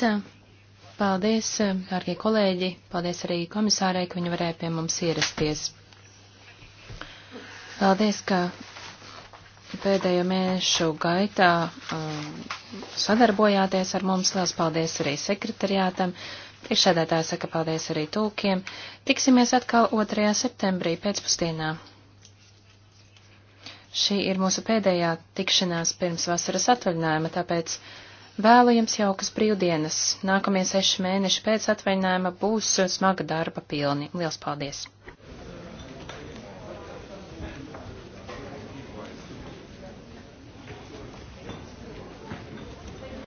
paldies, dārgie kolēģi, paldies arī komisārai, ka viņa varēja pie mums ierasties. Paldies, ka pēdējo mēnešu gaitā um, sadarbojāties ar mums. Lielas paldies arī sekretariātam. Priekšsēdētāja saka paldies arī tūkiem. Tiksimies atkal 2. septembrī pēcpusdienā. Šī ir mūsu pēdējā tikšanās pirms vasaras atvaļinājuma, tāpēc vēlu jums jaukas brīvdienas. Nākamie seši mēneši pēc atvaļinājuma būs smaga darba pilni. Lielas paldies!